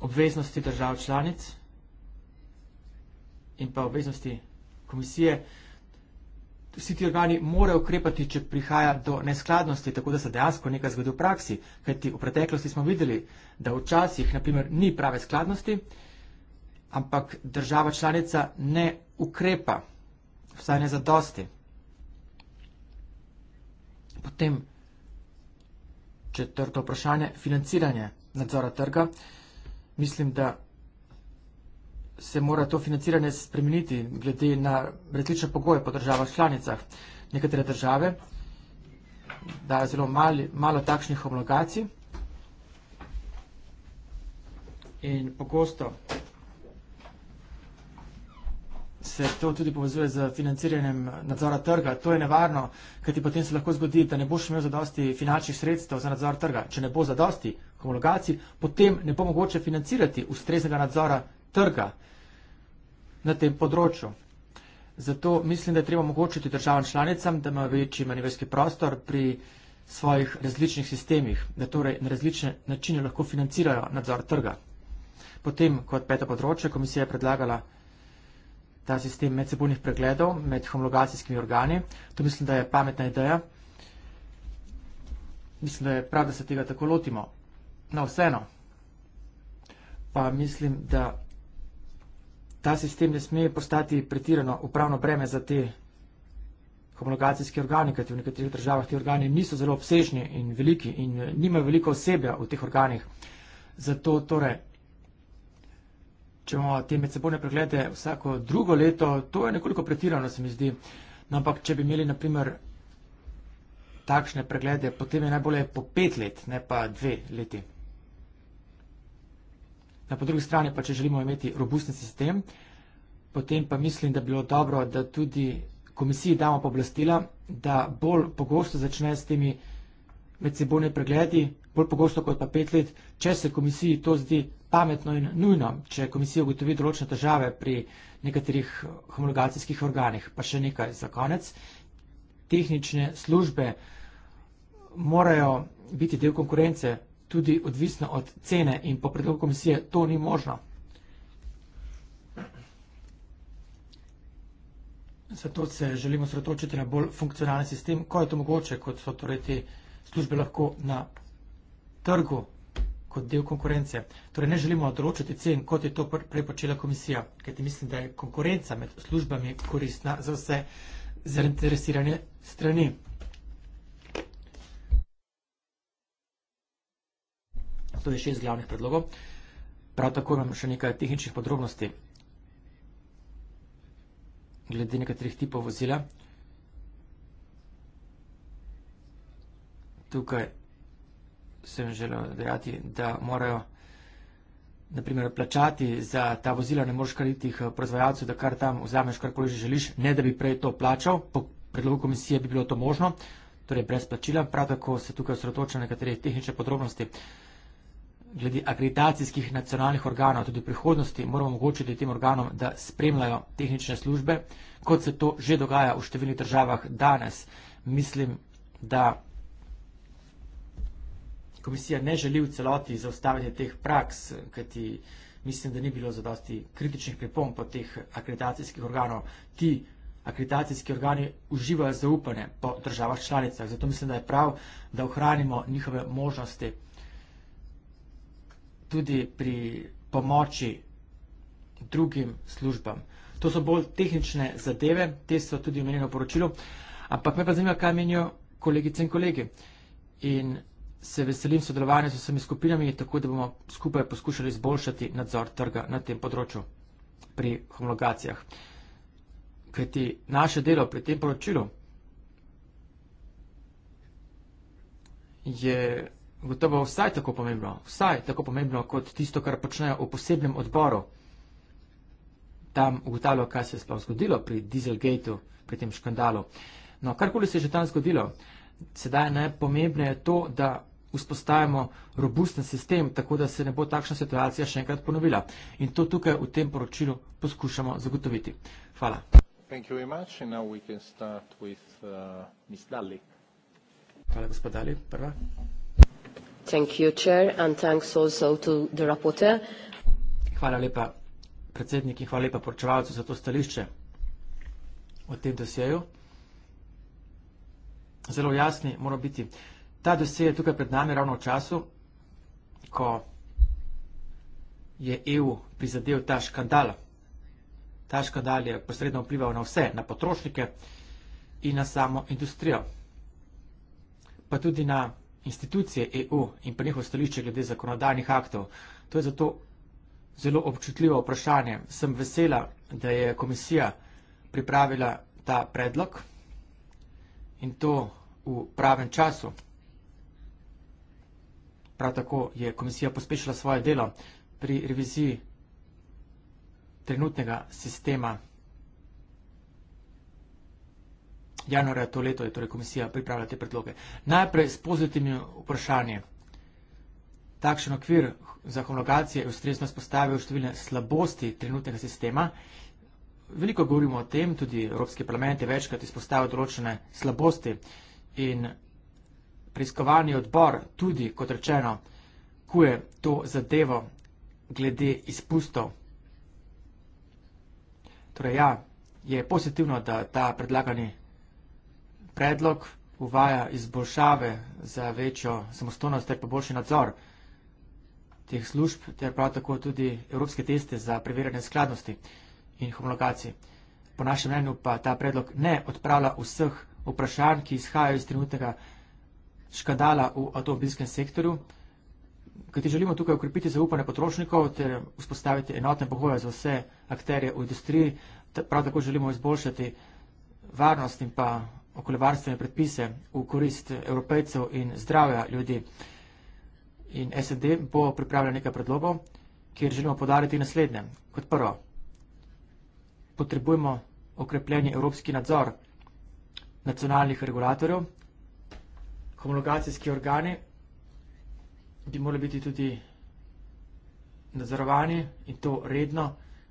Obveznosti držav članic in pa obveznosti komisije. Vsi ti organi morajo ukrepati, če prihaja do neskladnosti, tako da se dejansko nekaj zgodi v praksi. Kajti v preteklosti smo videli, da včasih, naprimer, ni prave skladnosti, ampak država članica ne ukrepa, vsaj ne za dosti. Potem četrto vprašanje, financiranje nadzora trga. Mislim, da se mora to financiranje spremeniti glede na različne pogoje po državah članicah. Nekatere države dajo zelo mali, malo takšnih oblogacij in pogosto se to tudi povezuje z financiranjem nadzora trga. To je nevarno, kajti potem se lahko zgodi, da ne boš imel zadosti finančnih sredstev za nadzor trga. Če ne bo zadosti homologacij, potem ne bo mogoče financirati ustreznega nadzora trga na tem področju. Zato mislim, da je treba omogočiti državam članicam, da imajo večji manevrski prostor pri svojih različnih sistemih, da torej na različne načine lahko financirajo nadzor trga. Potem, kot peto področje, komisija je predlagala ta sistem medsebojnih pregledov med homologacijskimi organi. To mislim, da je pametna ideja. Mislim, da je prav, da se tega tako lotimo. Na no, vseeno, pa mislim, da ta sistem ne sme postati pretirano upravno breme za te homologacijske organe, kajti v nekaterih državah ti organi niso zelo obsežni in veliki in nima veliko osebja v teh organih. Zato torej če imamo te medsebojne preglede vsako drugo leto, to je nekoliko pretirano, se mi zdi. No, ampak, če bi imeli, naprimer, takšne preglede, potem je najbolje po pet let, ne pa dve leti. Na drugi strani pa, če želimo imeti robustni sistem, potem pa mislim, da bi bilo dobro, da tudi komisiji damo pooblastila, da bolj pogosto začne s temi medsebojnimi pregledi, bolj pogosto kot pa pet let, če se komisiji to zdi pametno in nujno, če komisija ugotovi določene težave pri nekaterih homologacijskih organih. Pa še nekaj za konec. Tehnične službe morajo biti del konkurence, tudi odvisno od cene in po predlogu komisije to ni možno. Zato se želimo sretočiti na bolj funkcionalni sistem, ko je to mogoče, kot so torej te službe lahko na trgu kot del konkurence. Torej ne želimo odročiti cen, kot je to prej počela komisija, kajti mislim, da je konkurenca med službami koristna za vse zainteresirane strani. To je šest glavnih predlogov. Prav tako imam še nekaj tehničnih podrobnosti glede nekaterih tipov vozila. Tukaj sem želel dejati, da morajo naprimer plačati za ta vozila, ne moreš kar iti k eh, proizvajalcu, da kar tam vzameš karkoli že želiš, ne da bi prej to plačal, po predlogu komisije bi bilo to možno, torej brez plačila, prav tako se tukaj osredotoča nekatere tehnične podrobnosti. Glede akreditacijskih nacionalnih organov, tudi v prihodnosti moramo omogočiti tem organom, da spremljajo tehnične službe, kot se to že dogaja v številnih državah danes. Mislim, da komisija ne želi v celoti zaustaviti teh praks, kajti mislim, da ni bilo zadosti kritičnih pripomb od teh akreditacijskih organov. Ti akreditacijski organi uživajo zaupanje po državah članicah, zato mislim, da je prav, da ohranimo njihove možnosti tudi pri pomoči drugim službam. To so bolj tehnične zadeve, te so tudi omenjene v poročilu, ampak me pa zanima, kaj menijo kolegice in kolegi. In se veselim sodelovanja s vsemi skupinami, tako da bomo skupaj poskušali izboljšati nadzor trga na tem področju pri homologacijah. Kajti naše delo pri tem poročilu je gotovo vsaj tako pomembno, vsaj tako pomembno kot tisto, kar počnejo v posebnem odboru. Tam ugotavljajo, kaj se je sploh zgodilo pri Dieselgateu, pri tem škandalu. No, karkoli se je že tam zgodilo, sedaj najpomembneje je to, da vzpostavimo robusten sistem, tako da se ne bo takšna situacija še enkrat ponovila. In to tukaj v tem poročilu poskušamo zagotoviti. Hvala. Uh, hvala, gospod Dali. Prva. Thank you, chair, and also to the hvala lepa, predsednik, in hvala lepa poročevalcu za to stališče o tem dosjeju. Zelo jasni moramo biti. Uh, ta dosej je tukaj pred nami ravno v času, ko je EU prizadel ta škandal. Ta škandal je posredno vplival na vse, na potrošnike in na samo industrijo. Pa tudi na institucije EU in pa njihov stališče glede zakonodajnih aktov. To je zato zelo občutljivo vprašanje. Sem vesela, da je komisija pripravila ta predlog in to v pravem času. Prav tako je komisija pospešila svoje delo pri reviziji trenutnega sistema. Januarja to leto je torej komisija pripravila te predloge. Najprej s pozitivnim vprašanjem. Takšen okvir za homologacije je ustrezno spostavil številne slabosti trenutnega sistema. Veliko govorimo o tem, tudi Evropski parlament je večkrat izpostavil določene slabosti in preiskovalni odbor tudi, kot rečeno, kuje to zadevo glede izpustov. Torej, ja, je pozitivno, da ta predlagani predlog uvaja izboljšave za večjo samostojnost ter boljši nadzor teh služb ter prav tako tudi evropske teste za preverjanje skladnosti in homologacij. Po našem mnenju pa ta predlog ne odpravlja vseh vprašanj, ki izhajajo iz trenutnega škandala v avtomobilskem sektorju. Kajti želimo tukaj ukrepiti zaupanje potrošnikov ter vzpostaviti enotne pogoje za vse akterje v industriji. Prav tako želimo izboljšati varnost in pa okoljevarstvene predpise v korist evropejcev in zdravja ljudi. In SND bo pripravila nekaj predlogov, kjer želimo podariti naslednje. Kot prvo, potrebujemo okrepljeni evropski nadzor nacionalnih regulatorjev, homologacijski organi bi morali biti tudi nadzorovani in to redno,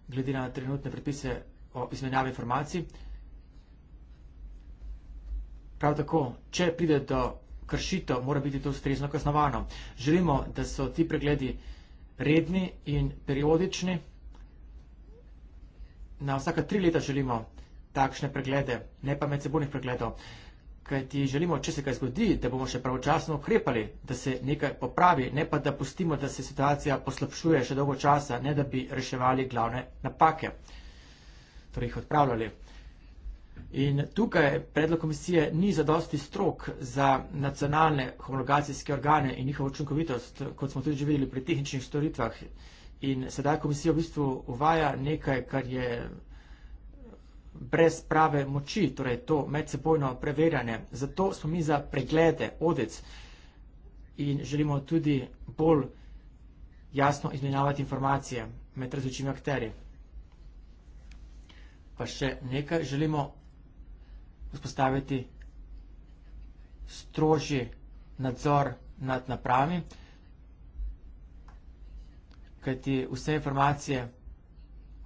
glede na trenutne predpise o izmenjavi informacij. Prav tako, če pride do kršitev, mora biti to ustrezno kaznovano. Želimo, da so ti pregledi redni in periodični. Na vsaka tri leta želimo takšne preglede, ne pa medsebojnih pregledov kajti želimo, če se kaj zgodi, da bomo še pravočasno ukrepali, da se nekaj popravi, ne pa da pustimo, da se situacija poslabšuje še dolgo časa, ne da bi reševali glavne napake, torej jih odpravljali. In tukaj predlog komisije ni zadosti strok za nacionalne homologacijske organe in njihovo učinkovitost, kot smo tudi že videli pri tehničnih storitvah. In sedaj komisija v bistvu uvaja nekaj, kar je brez prave moči, torej to medsebojno preverjanje. Zato smo mi za preglede odec in želimo tudi bolj jasno izmenjavati informacije med različnimi akterji. Pa še nekaj želimo vzpostaviti strožji nadzor nad napravami, kajti vse informacije,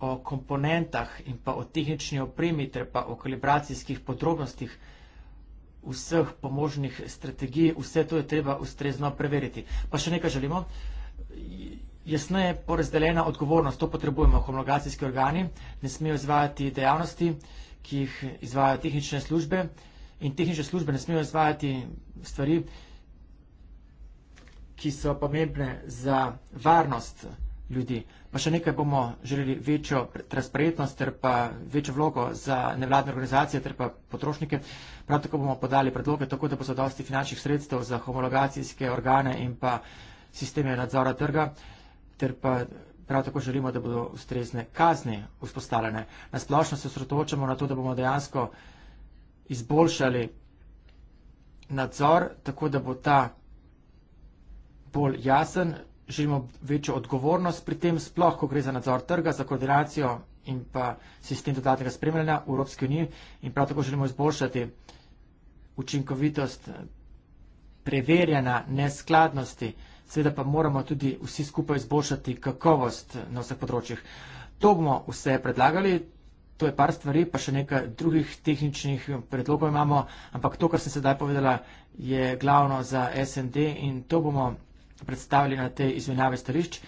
o komponentah in pa o tehnični opremi ter pa o kalibracijskih podrobnostih vseh pomožnih strategij, vse to je treba ustrezno preveriti. Pa še nekaj želimo. Jasno je porazdeljena odgovornost, to potrebujemo. Homologacijski organi ne smejo izvajati dejavnosti, ki jih izvajajo tehnične službe in tehnične službe ne smejo izvajati stvari, ki so pomembne za varnost, ljudi. Pa še nekaj bomo želeli večjo transparentnost ter pa večjo vlogo za nevladne organizacije ter pa potrošnike. Prav tako bomo podali predloge, tako da bo zadosti finančnih sredstev za homologacijske organe in pa sisteme nadzora trga ter pa prav tako želimo, da bodo ustrezne kazni vzpostavljene. Nasplošno se osredotočamo na to, da bomo dejansko izboljšali nadzor, tako da bo ta bolj jasen, želimo večjo odgovornost pri tem, sploh ko gre za nadzor trga, za koordinacijo in pa sistem dodatnega spremljanja v Evropski uniji in prav tako želimo izboljšati učinkovitost preverjanja neskladnosti, seveda pa moramo tudi vsi skupaj izboljšati kakovost na vseh področjih. To bomo vse predlagali, to je par stvari, pa še nekaj drugih tehničnih predlogov imamo, ampak to, kar sem sedaj povedala, je glavno za SND in to bomo predstavili na tej izmenjavi starišč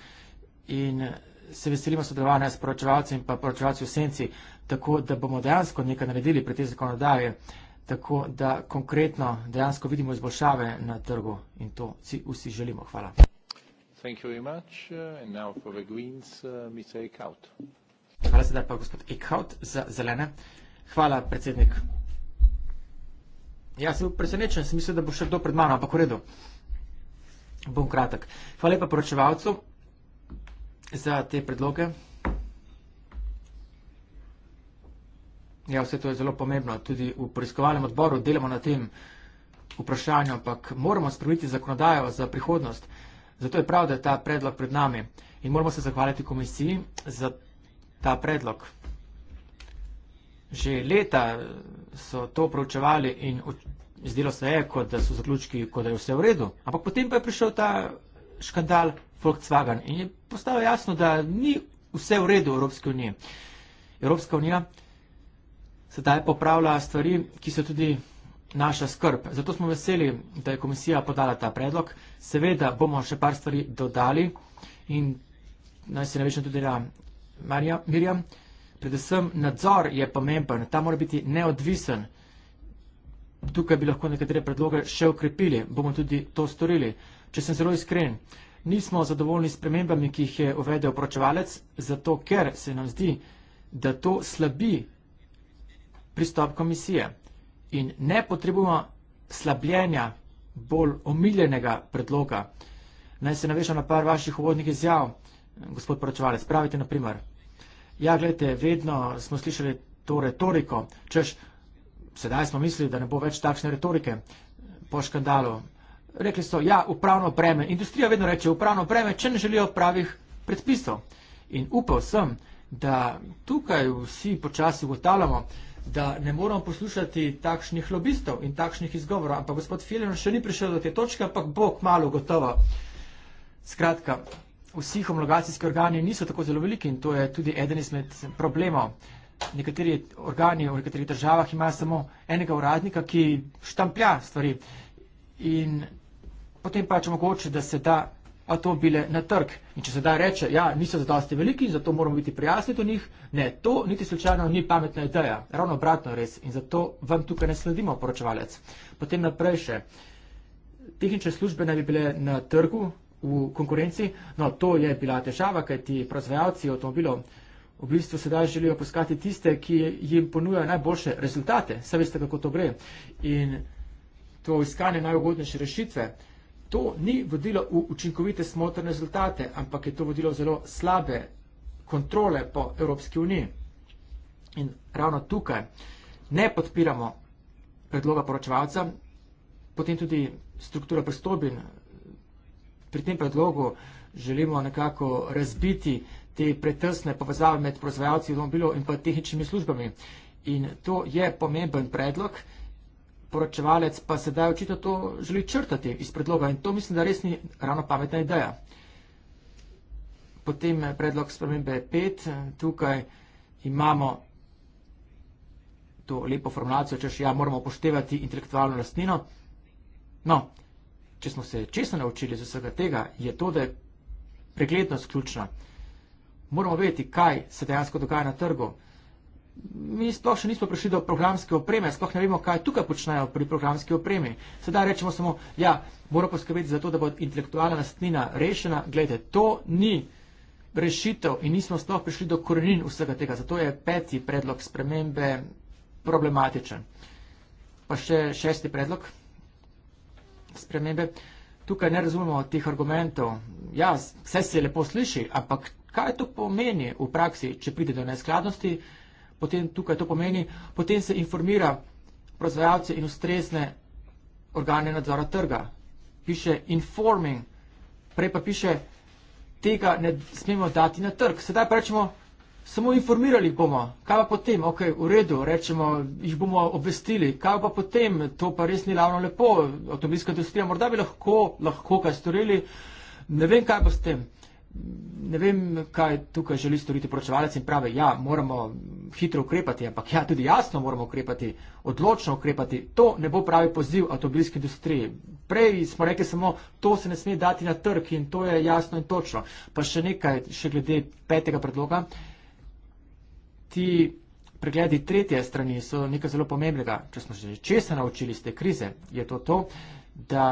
in se veselimo sodelovanja s poročevalci in pa poročevalci v senci, tako da bomo dejansko nekaj naredili pri tej zakonodaji, tako da konkretno dejansko vidimo izboljšave na trgu in to si vsi želimo. Hvala. Thank you very much. Uh, and now for the Greens, uh, Mr. Eckhout. Hvala sedaj pa gospod Eckhout za zelene. Hvala, predsednik. Ja, sem presenečen, sem mislil, da bo še kdo pred mano, ampak v redu bom kratek. Hvala lepa poročevalcu za te predloge. Ja, vse to je zelo pomembno. Tudi v preiskovalnem odboru delamo na tem vprašanju, ampak moramo spremeniti zakonodajo za prihodnost. Zato je prav, da je ta predlog pred nami in moramo se zahvaliti komisiji za ta predlog. Že leta so to proučevali in zdelo se je, kot da so zaključki, kot da je vse v redu. Ampak potem pa je prišel ta škandal Volkswagen in je postalo jasno, da ni vse v redu v Evropski uniji. Evropska unija sedaj popravlja stvari, ki so tudi naša skrb. Zato smo veseli, da je komisija podala ta predlog. Seveda bomo še par stvari dodali in naj se navečno tudi da Marija, Mirjam. Predvsem nadzor je pomemben, ta mora biti neodvisen tukaj bi lahko nekatere predloge še ukrepili, bomo tudi to storili. Če sem zelo iskren, nismo zadovoljni s premembami, ki jih je uvedel poročevalec, zato ker se nam zdi, da to slabi pristop komisije in ne potrebujemo slabljenja bolj omiljenega predloga. Naj se navešam na par vaših uvodnih izjav, gospod poročevalec, pravite naprimer. Ja, gledajte, vedno smo slišali to retoriko, češ, sedaj smo mislili, da ne bo več takšne retorike po škandalu. Rekli so, ja, upravno breme. Industrija vedno reče upravno breme, če ne želijo pravih predpisov. In upal sem, da tukaj vsi počasi ugotavljamo, da ne moramo poslušati takšnih lobistov in takšnih izgovorov. Ampak gospod Filen še ni prišel do te točke, ampak bo kmalo gotovo. Skratka, vsi homologacijski organi niso tako zelo veliki in to je tudi eden izmed problemov nekateri organi v nekaterih državah imajo samo enega uradnika, ki štamplja stvari. In potem pač mogoče, da se da avtomobile na trg. In če se da reče, ja, niso zadosti veliki in zato moramo biti prijazni do njih, ne, to niti slučajno ni pametna ideja. Ravno obratno res. In zato vam tukaj ne sledimo, poročevalec. Potem naprej še. Tehnične službe naj bi bile na trgu v konkurenci. No, to je bila težava, kaj ti proizvajalci avtomobilov v bistvu sedaj želijo poskati tiste, ki jim ponujajo najboljše rezultate. Saj veste, kako to gre. In to iskanje najugodnejše rešitve, to ni vodilo v učinkovite smotrne rezultate, ampak je to vodilo zelo slabe kontrole po Evropski uniji. In ravno tukaj ne podpiramo predloga poročevalca, potem tudi struktura prestobin. Pri tem predlogu želimo nekako razbiti te pretesne povezave med proizvajalci avtomobilov in pa tehničnimi službami. In to je pomemben predlog, poročevalec pa sedaj očitno to želi črtati iz predloga in to mislim, da res ni ravno pametna ideja. Potem predlog spremembe 5, tukaj imamo to lepo formulacijo, če še ja, moramo upoštevati intelektualno lastnino. No, če smo se česa naučili z vsega tega, je to, da je preglednost ključna moramo vedeti, kaj se dejansko dogaja na trgu. Mi sploh še nismo prišli do programske opreme, sploh ne vemo, kaj tukaj počnejo pri programski opremi. Sedaj rečemo samo, ja, mora poskrbeti za to, da bo intelektualna lastnina rešena. Glede, to ni rešitev in nismo sploh prišli do korenin vsega tega. Zato je peti predlog spremembe problematičen. Pa še šesti predlog spremembe. Tukaj ne razumemo teh argumentov. Ja, vse se lepo sliši, ampak Kaj to pomeni v praksi, če pride do neskladnosti, potem tukaj to pomeni, potem se informira proizvajalce in ustrezne organe nadzora trga. Piše informing, prej pa piše, tega ne smemo dati na trg. Sedaj pa rečemo, samo informirali bomo, kaj pa potem, ok, v redu, rečemo, jih bomo obvestili, kaj pa potem, to pa res ni ravno lepo, avtomobilska industrija, morda bi lahko, lahko kaj storili, ne vem, kaj pa s tem ne vem, kaj tukaj želi storiti poročevalec in pravi, ja, moramo hitro ukrepati, ampak ja, tudi jasno moramo ukrepati, odločno ukrepati. To ne bo pravi poziv avtomobilske industrije. Prej smo rekli samo, to se ne sme dati na trg in to je jasno in točno. Pa še nekaj, še glede petega predloga. Ti pregledi tretje strani so nekaj zelo pomembnega. Če smo že česa naučili iz te krize, je to to, da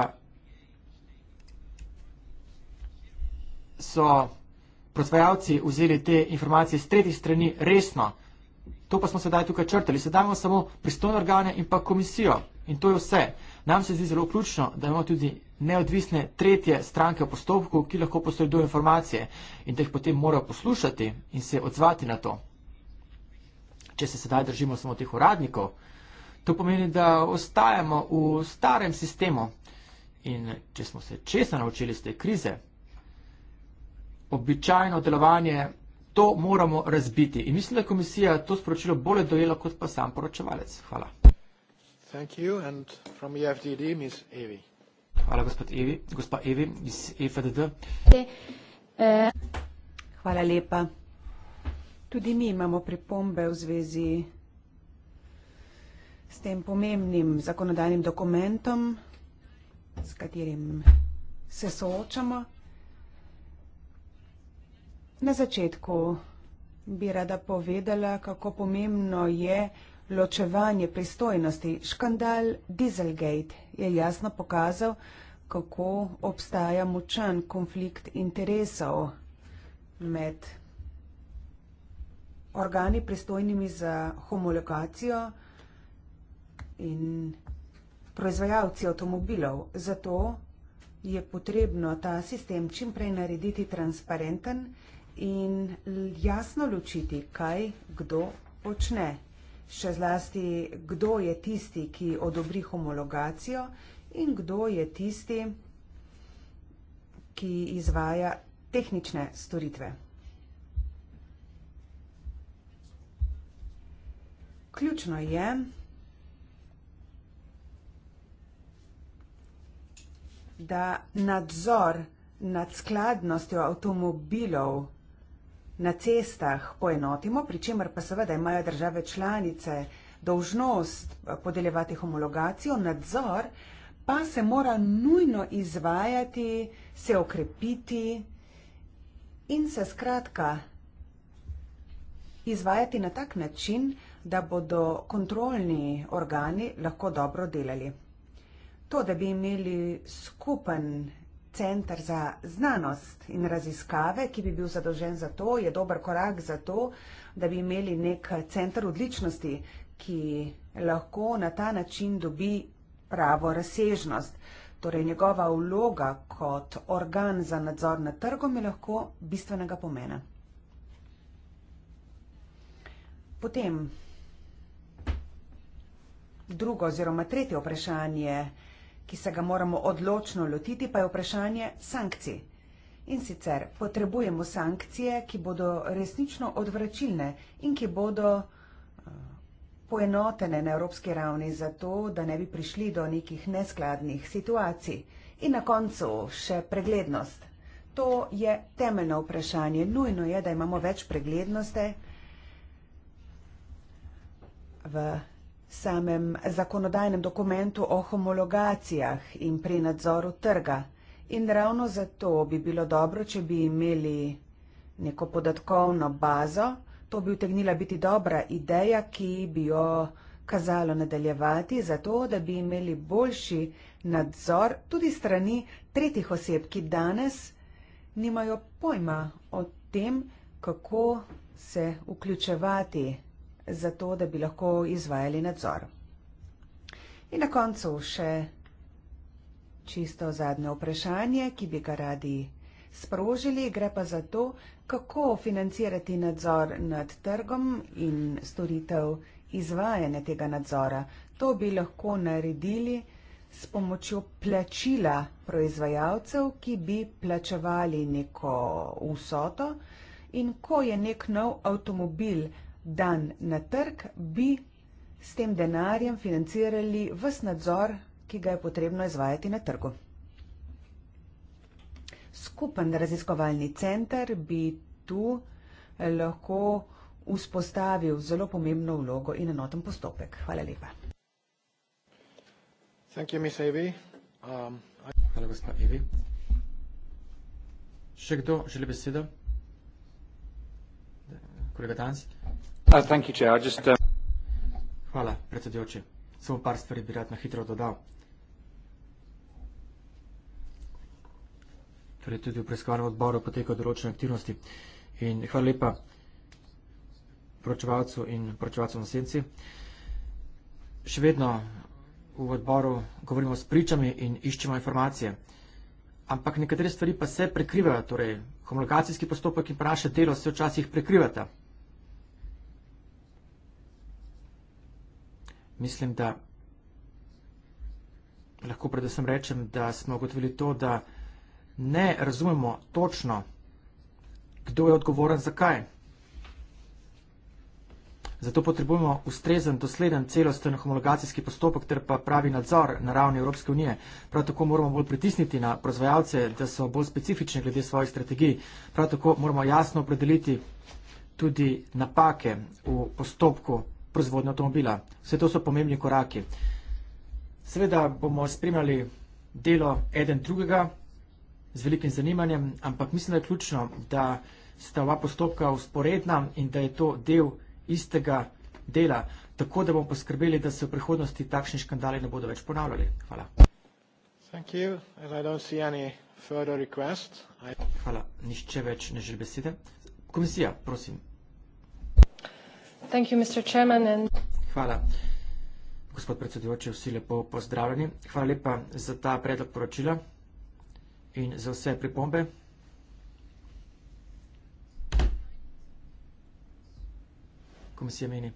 so proizvajalci vzeli te informacije z tretjih strani resno. To pa smo sedaj tukaj črtali. Sedaj imamo samo pristojne organe in pa komisijo. In to je vse. Nam se zdi zelo ključno, da imamo tudi neodvisne tretje stranke v postopku, ki lahko posredujejo informacije in da jih potem morajo poslušati in se odzvati na to. Če se sedaj držimo samo teh uradnikov, to pomeni, da ostajamo v starem sistemu. In če smo se česa naučili iz te krize, običajno delovanje, to moramo razbiti. In mislim, da je komisija to sporočilo bolje dojela kot pa sam poročevalec. Hvala. EFDD, e Hvala, gospod Evi. Gospa Evi iz EFDD. Hvala lepa. Tudi mi imamo pripombe v zvezi s tem pomembnim zakonodajnim dokumentom, s katerim se soočamo. Na začetku bi rada povedala, kako pomembno je ločevanje pristojnosti. Škandal Dieselgate je jasno pokazal, kako obstaja močan konflikt interesov med organi pristojnimi za homologacijo in proizvajalci avtomobilov. Zato je potrebno ta sistem čimprej narediti transparenten in jasno ločiti, kaj kdo počne. Še zlasti, kdo je tisti, ki odobri homologacijo in kdo je tisti, ki izvaja tehnične storitve. Ključno je, da nadzor nad skladnostjo avtomobilov na cestah poenotimo, pri čemer pa seveda imajo države članice dožnost eh, podeljevati homologacijo, nadzor pa se mora nujno izvajati, se okrepiti in se skratka izvajati na tak način, da bodo kontrolni organi lahko dobro delali. To, da bi imeli skupen centr za znanost in raziskave, ki bi bil zadolžen za to, je dober korak za to, da bi imeli nek centr odličnosti, ki lahko na ta način dobi pravo razsežnost. Torej njegova vloga kot organ za nadzor na trgom je lahko bistvenega pomena. Potem drugo oziroma tretje vprašanje je, ki se ga moramo odločno lotiti, pa je vprašanje sankcij. In sicer potrebujemo sankcije, ki bodo resnično odvračilne in ki bodo eh, poenotene na evropski ravni za to, da ne bi prišli do nekih neskladnih situacij. In na koncu še preglednost. To je temeljno vprašanje. Nujno je, da imamo več preglednosti v samem zakonodajnem dokumentu o homologacijah in pri nadzoru trga. In ravno zato bi bilo dobro, če bi imeli neko podatkovno bazo, to bi utegnila biti dobra ideja, ki bi jo kazalo nadaljevati, zato da bi imeli boljši nadzor tudi strani tretjih oseb, ki danes nimajo pojma o tem, kako se vključevati zato da bi lahko izvajali nadzor. In na koncu še čisto zadnje vprašanje, ki bi ga radi sprožili, gre pa za to, kako financirati nadzor nad trgom in storitev izvajanja tega nadzora. To bi lahko naredili s pomočjo plačila proizvajalcev, ki bi plačevali neko vsoto in ko je nek nov avtomobil dan na trg, bi s tem denarjem financirali vse nadzor, ki ga je potrebno izvajati na trgu. Skupen raziskovalni center bi tu lahko vzpostavil zelo pomembno vlogo in enoten postopek. Hvala lepa. Um, Hvala, gospa Evi. Še kdo želi besedo? Kolega Tanci? Uh, uh, hvala, predsedujoči. Samo par stvari bi rad na hitro dodal. Torej tudi v preiskovalnem odboru potekajo določene aktivnosti. In hvala lepa poročevalcu in poročevalcu na senci. Še vedno v odboru govorimo s pričami in iščemo informacije. Ampak nekatere stvari pa se prekrivajo, torej komunikacijski postopek in pa naše delo se včasih prekrivata. mislim, da lahko predvsem rečem, da smo ugotovili to, da ne razumemo točno, kdo je odgovoren za kaj. Zato potrebujemo ustrezen, dosleden, celosten homologacijski postopek ter pa pravi nadzor na ravni Evropske unije. Prav tako moramo bolj pritisniti na proizvajalce, da so bolj specifični glede svojih strategij. Prav tako moramo jasno opredeliti tudi napake v postopku proizvodnjo avtomobila. Vse to so pomembni koraki. Seveda bomo spremljali delo eden drugega z velikim zanimanjem, ampak mislim, da je ključno, da sta oba postopka usporedna in da je to del istega dela, tako da bomo poskrbeli, da se v prihodnosti takšni škandali ne bodo več ponavljali. Hvala. Hvala. Nihče več ne želi besede. Komisija, prosim. Hvala. Gospod predsedujoči, vsi lepo pozdravljeni. Hvala lepa za ta predlog poročila in za vse pripombe. Komisija meni,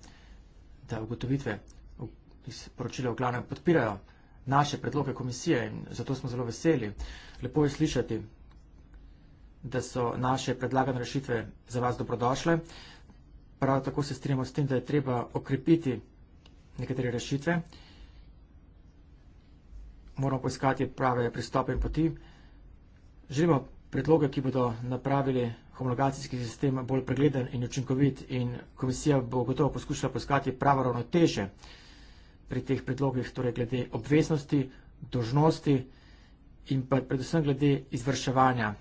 da ugotovitve iz poročila v glavnem podpirajo naše predloge komisije in zato smo zelo veseli. Lepo je slišati, da so naše predlagane rešitve za vas dobrodošle. Prav tako se strinjamo s tem, da je treba okrepiti nekatere rešitve, moramo poiskati prave pristope in poti. Želimo predloge, ki bodo napravili homologacijski sistem bolj pregleden in učinkovit in komisija bo gotovo poskušala poiskati pravo ravnoteže pri teh predlogih, torej glede obveznosti, dožnosti in pa predvsem glede izvrševanja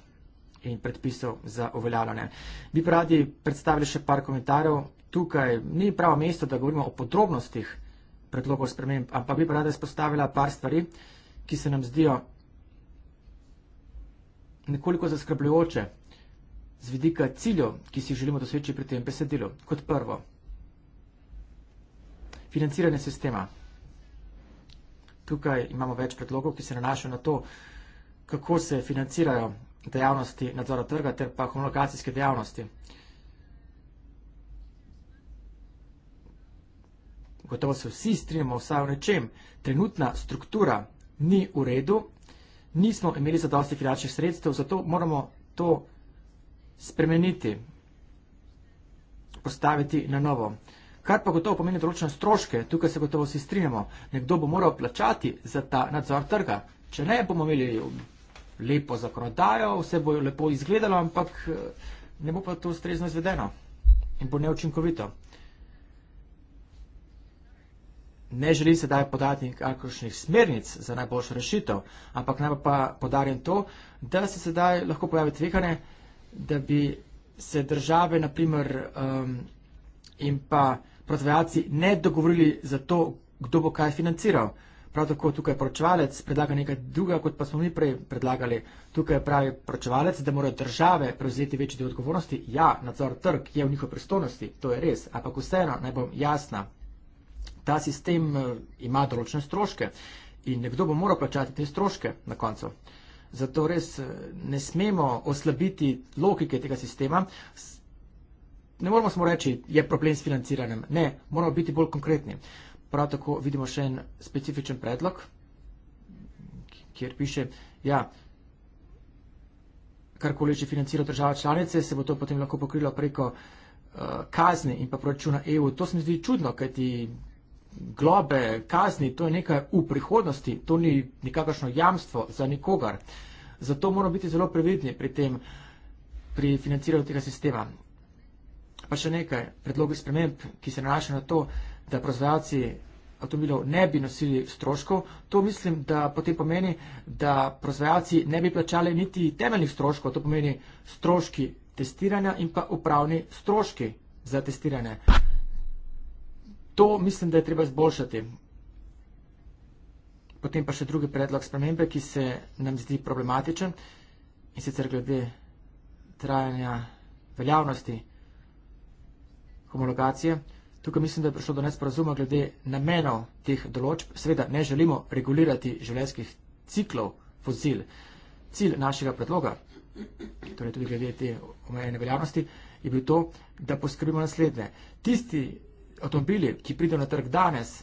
in predpisov za uveljavljanje. Bi pa radi predstavili še par komentarjev. Tukaj ni pravo mesto, da govorimo o podrobnostih predlogov sprememb, ampak bi pa rada izpostavila par stvari, ki se nam zdijo nekoliko zaskrbljujoče z vidika ciljev, ki si želimo doseči pri tem besedilu. Kot prvo, financiranje sistema. Tukaj imamo več predlogov, ki se nanašajo na to, kako se financirajo dejavnosti nadzora trga ter pa homologacijske dejavnosti. Gotovo se vsi strinjamo vsaj v nečem. Trenutna struktura ni v redu, nismo imeli zadosti finančnih sredstev, zato moramo to spremeniti, postaviti na novo. Kar pa gotovo pomeni določene stroške, tukaj se gotovo vsi strinjamo. Nekdo bo moral plačati za ta nadzor trga. Če ne, bomo imeli lepo zakonodajo, vse bo lepo izgledalo, ampak eh, ne bo pa to ustrezno izvedeno in bo neučinkovito. Ne želim sedaj podati kakršnih smernic za najboljšo rešitev, ampak naj pa podarim to, da se sedaj lahko pojavi tvekane, da bi se države naprimer, um, in pa prodajalci ne dogovorili za to, kdo bo kaj financiral. Uh, Prav tako tukaj poročevalec predlaga nekaj druga, kot pa smo mi prej predlagali. Tukaj pravi poročevalec, da morajo države prevzeti večji del odgovornosti. Ja, nadzor trg je v njihovi pristojnosti, to je res, ampak vseeno naj bom jasna. Ta sistem eh, ima določene stroške in nekdo bo moral plačati te stroške na koncu. Zato res eh, ne smemo oslabiti logike tega sistema. Ne moramo samo reči, je problem s financiranjem. Ne, moramo biti bolj konkretni prav tako vidimo še en specifičen predlog, kjer piše, ja, karkoli že financira država članice, se bo to potem lahko pokrilo preko uh, kazni in pa proračuna EU. To se mi zdi čudno, kaj ti globe, kazni, to je nekaj v prihodnosti, to ni nikakršno jamstvo za nikogar. Zato moramo biti zelo previdni pri tem, pri financiranju tega sistema. Pa še nekaj, predlogi sprememb, ki se nanašajo na to, da proizvajalci avtomobilov ne bi nosili stroškov. To mislim, da potem pomeni, da proizvajalci ne bi plačali niti temeljnih stroškov, to pomeni stroški testiranja in pa upravni stroški za testiranje. To mislim, da je treba izboljšati. Potem pa še drugi predlog spremembe, ki se nam zdi problematičen in sicer glede trajanja veljavnosti homologacije. Tukaj mislim, da je prišlo do nesporazuma glede namenov teh določb. Seveda ne želimo regulirati življenjskih ciklov fosil. Cilj našega predloga, torej tudi glede te omejene veljavnosti, je bil to, da poskrbimo naslednje. Tisti avtomobili, ki pridejo na trg danes,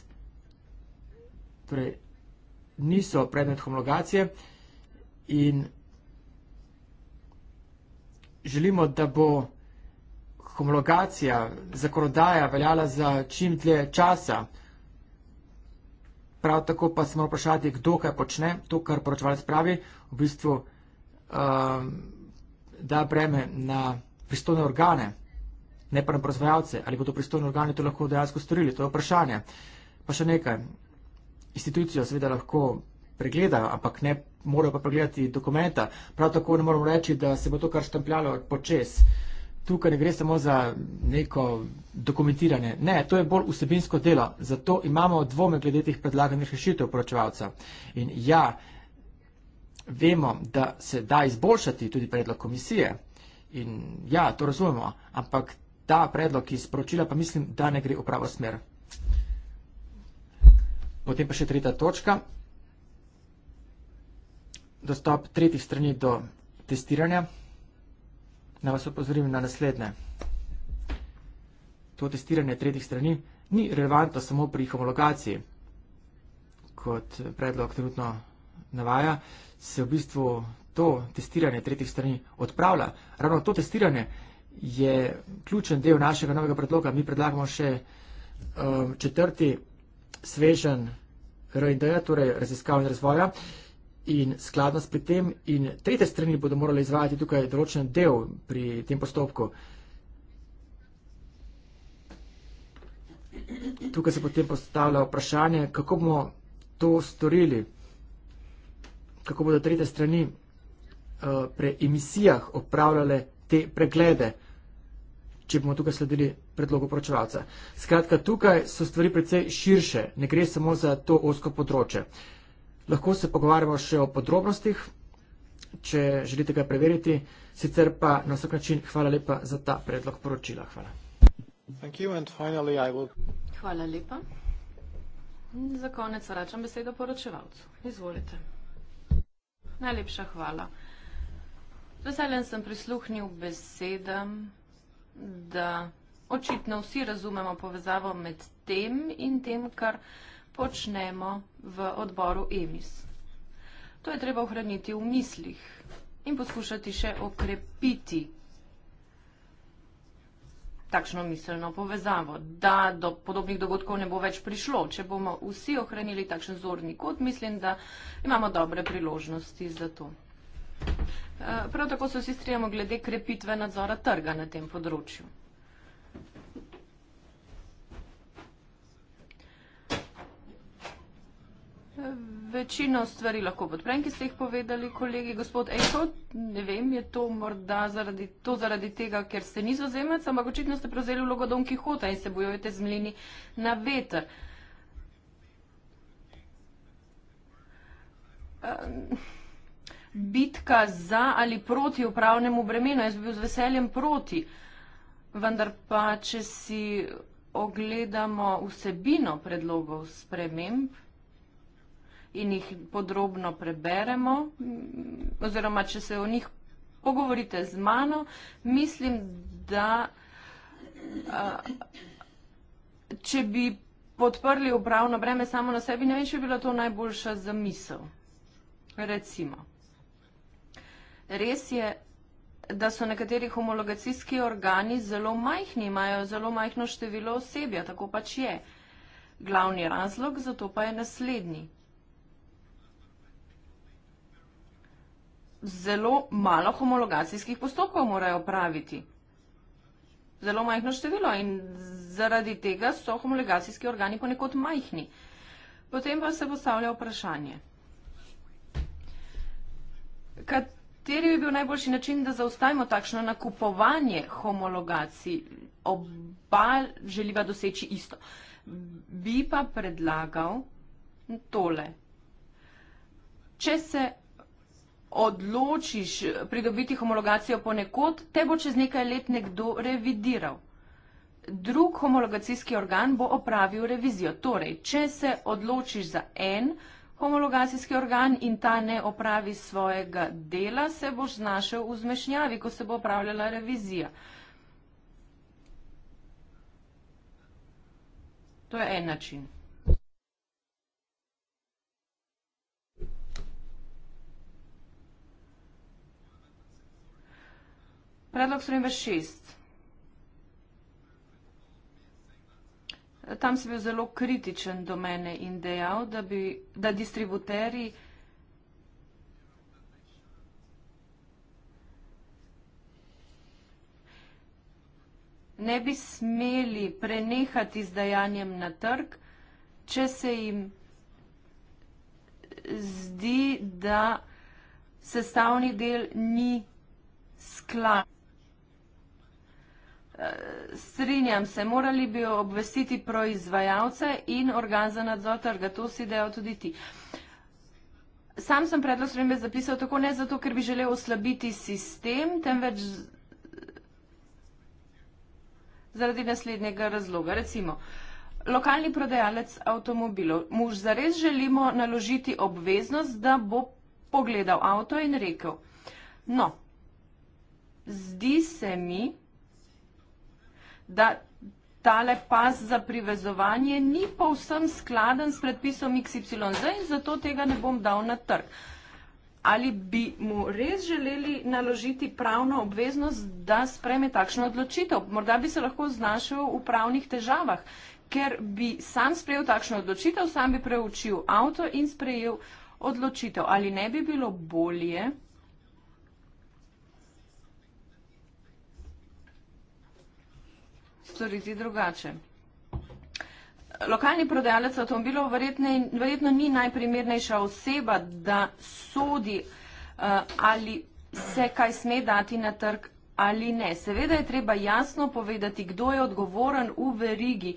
torej niso predmet homologacije in želimo, da bo homologacija, zakonodaja veljala za čim dlje časa. Prav tako pa smo vprašati, kdo kaj počne, to, kar poročevalec pravi, v bistvu um, da breme na pristojne organe, ne pa na proizvajalce, ali bodo pristojni organi to lahko dejansko storili, to je vprašanje. Pa še nekaj, institucijo seveda lahko pregledajo, ampak ne morajo pa pregledati dokumenta. Prav tako ne moramo reči, da se bo to kar štampljalo počez tukaj ne gre samo za neko dokumentiranje. Ne, to je bolj vsebinsko delo, zato imamo dvome glede teh predlaganih rešitev poročevalca. In ja, vemo, da se da izboljšati tudi predlog komisije. In ja, to razumemo, ampak ta predlog iz poročila pa mislim, da ne gre v pravo smer. Potem pa še tretja točka. Dostop tretjih strani do testiranja. Naj vas opozorim na naslednje. To testiranje tretjih strani ni relevantno samo pri homologaciji. Kot predlog trenutno navaja, se v bistvu to testiranje tretjih strani odpravlja. Ravno to testiranje je ključen del našega novega predloga. Mi predlagamo še um, četrti svežen RND, torej raziskav in razvoja, in skladno s tem, in tretje strani bodo morali izvajati tukaj določen del pri tem postopku. Tukaj se potem postavlja vprašanje, kako bomo to storili, kako bodo tretje strani uh, pri emisijah opravljale te preglede, če bomo tukaj sledili predlogu poročevalca. Skratka, tukaj so stvari precej širše, ne gre samo za to osko področje. Uh, Lahko se pogovarjamo še o podrobnostih, če želite ga preveriti. Sicer pa na vsak način hvala lepa za ta predlog poročila. Hvala. Hvala lepa. In za konec vračam besedo poročevalcu. Izvolite. Najlepša hvala. Veseljen sem prisluhnil besedam, da očitno vsi razumemo povezavo med tem in tem, kar počnemo v odboru EMIS. To je treba ohraniti v mislih in poskušati še okrepiti takšno miselno povezavo, da do podobnih dogodkov ne bo več prišlo. Če bomo vsi ohranili takšen zorni kot, mislim, da imamo dobre priložnosti za to. Eh, prav tako se vsi strijamo glede krepitve nadzora trga na tem področju. Večino stvari lahko podprem, ki ste jih povedali, kolegi, gospod Ejko, ne vem, je to morda zaradi, to zaradi tega, ker ste nizozemec, ampak očitno ste prevzeli vlogo Don Kihota in se bojujete z mlini na veter. Bitka za ali proti upravnemu bremenu, jaz bi bil z veseljem proti, vendar pa, če si ogledamo vsebino predlogov sprememb, in jih podrobno preberemo, mm, oziroma če se o njih pogovorite z mano, mislim, da a, če bi podprli upravno breme samo na sebi, ne vem, če bi bila to najboljša zamisel. Recimo, res je, da so nekateri homologacijski organi zelo majhni, imajo zelo majhno število osebja, tako pač je. Glavni razlog za to pa je naslednji. zelo malo homologacijskih postopkov morajo praviti. Zelo majhno število in zaradi tega so homologacijski organi ponekod majhni. Potem pa se postavlja vprašanje. Kateri bi bil najboljši način, da zaustavimo takšno nakupovanje homologacij? Oba želiva doseči isto. Bi pa predlagal tole. Če se odločiš pridobiti homologacijo ponekod, te bo čez nekaj let nekdo revidiral. Drug homologacijski organ bo opravil revizijo. Torej, če se odločiš za en homologacijski organ in ta ne opravi svojega dela, se boš znašel v zmešnjavi, ko se bo opravljala revizija. To je en način. Predlog spremembe šest. Tam si bil zelo kritičen do mene in dejal, da, bi, da distributeri ne bi smeli prenehati izdajanjem na trg, če se jim zdi, da sestavni del ni sklad. Eh, strinjam se, morali bi obvestiti proizvajalce in organ za nadzor trga, to si dejal tudi ti. Sam sem predlog spremembe zapisal tako ne zato, ker bi želel oslabiti sistem, temveč zaradi naslednjega razloga. Recimo, lokalni prodajalec avtomobilov, mu zares želimo naložiti obveznost, da bo pogledal avto in rekel, no, zdi se mi, da tale pas za privezovanje ni povsem skladen s predpisom XYZ in zato tega ne bom dal na trg. Ali bi mu res želeli naložiti pravno obveznost, da spreme takšno odločitev? Morda bi se lahko znašel v pravnih težavah, ker bi sam sprejel takšno odločitev, sam bi preučil avto in sprejel odločitev. Ali ne bi bilo bolje? storiti drugače. Lokalni prodajalec avtomobilov verjetne, verjetno ni najprimernejša oseba, da sodi, eh, ali se kaj sme dati na trg ali ne. Seveda je treba jasno povedati, kdo je odgovoren v verigi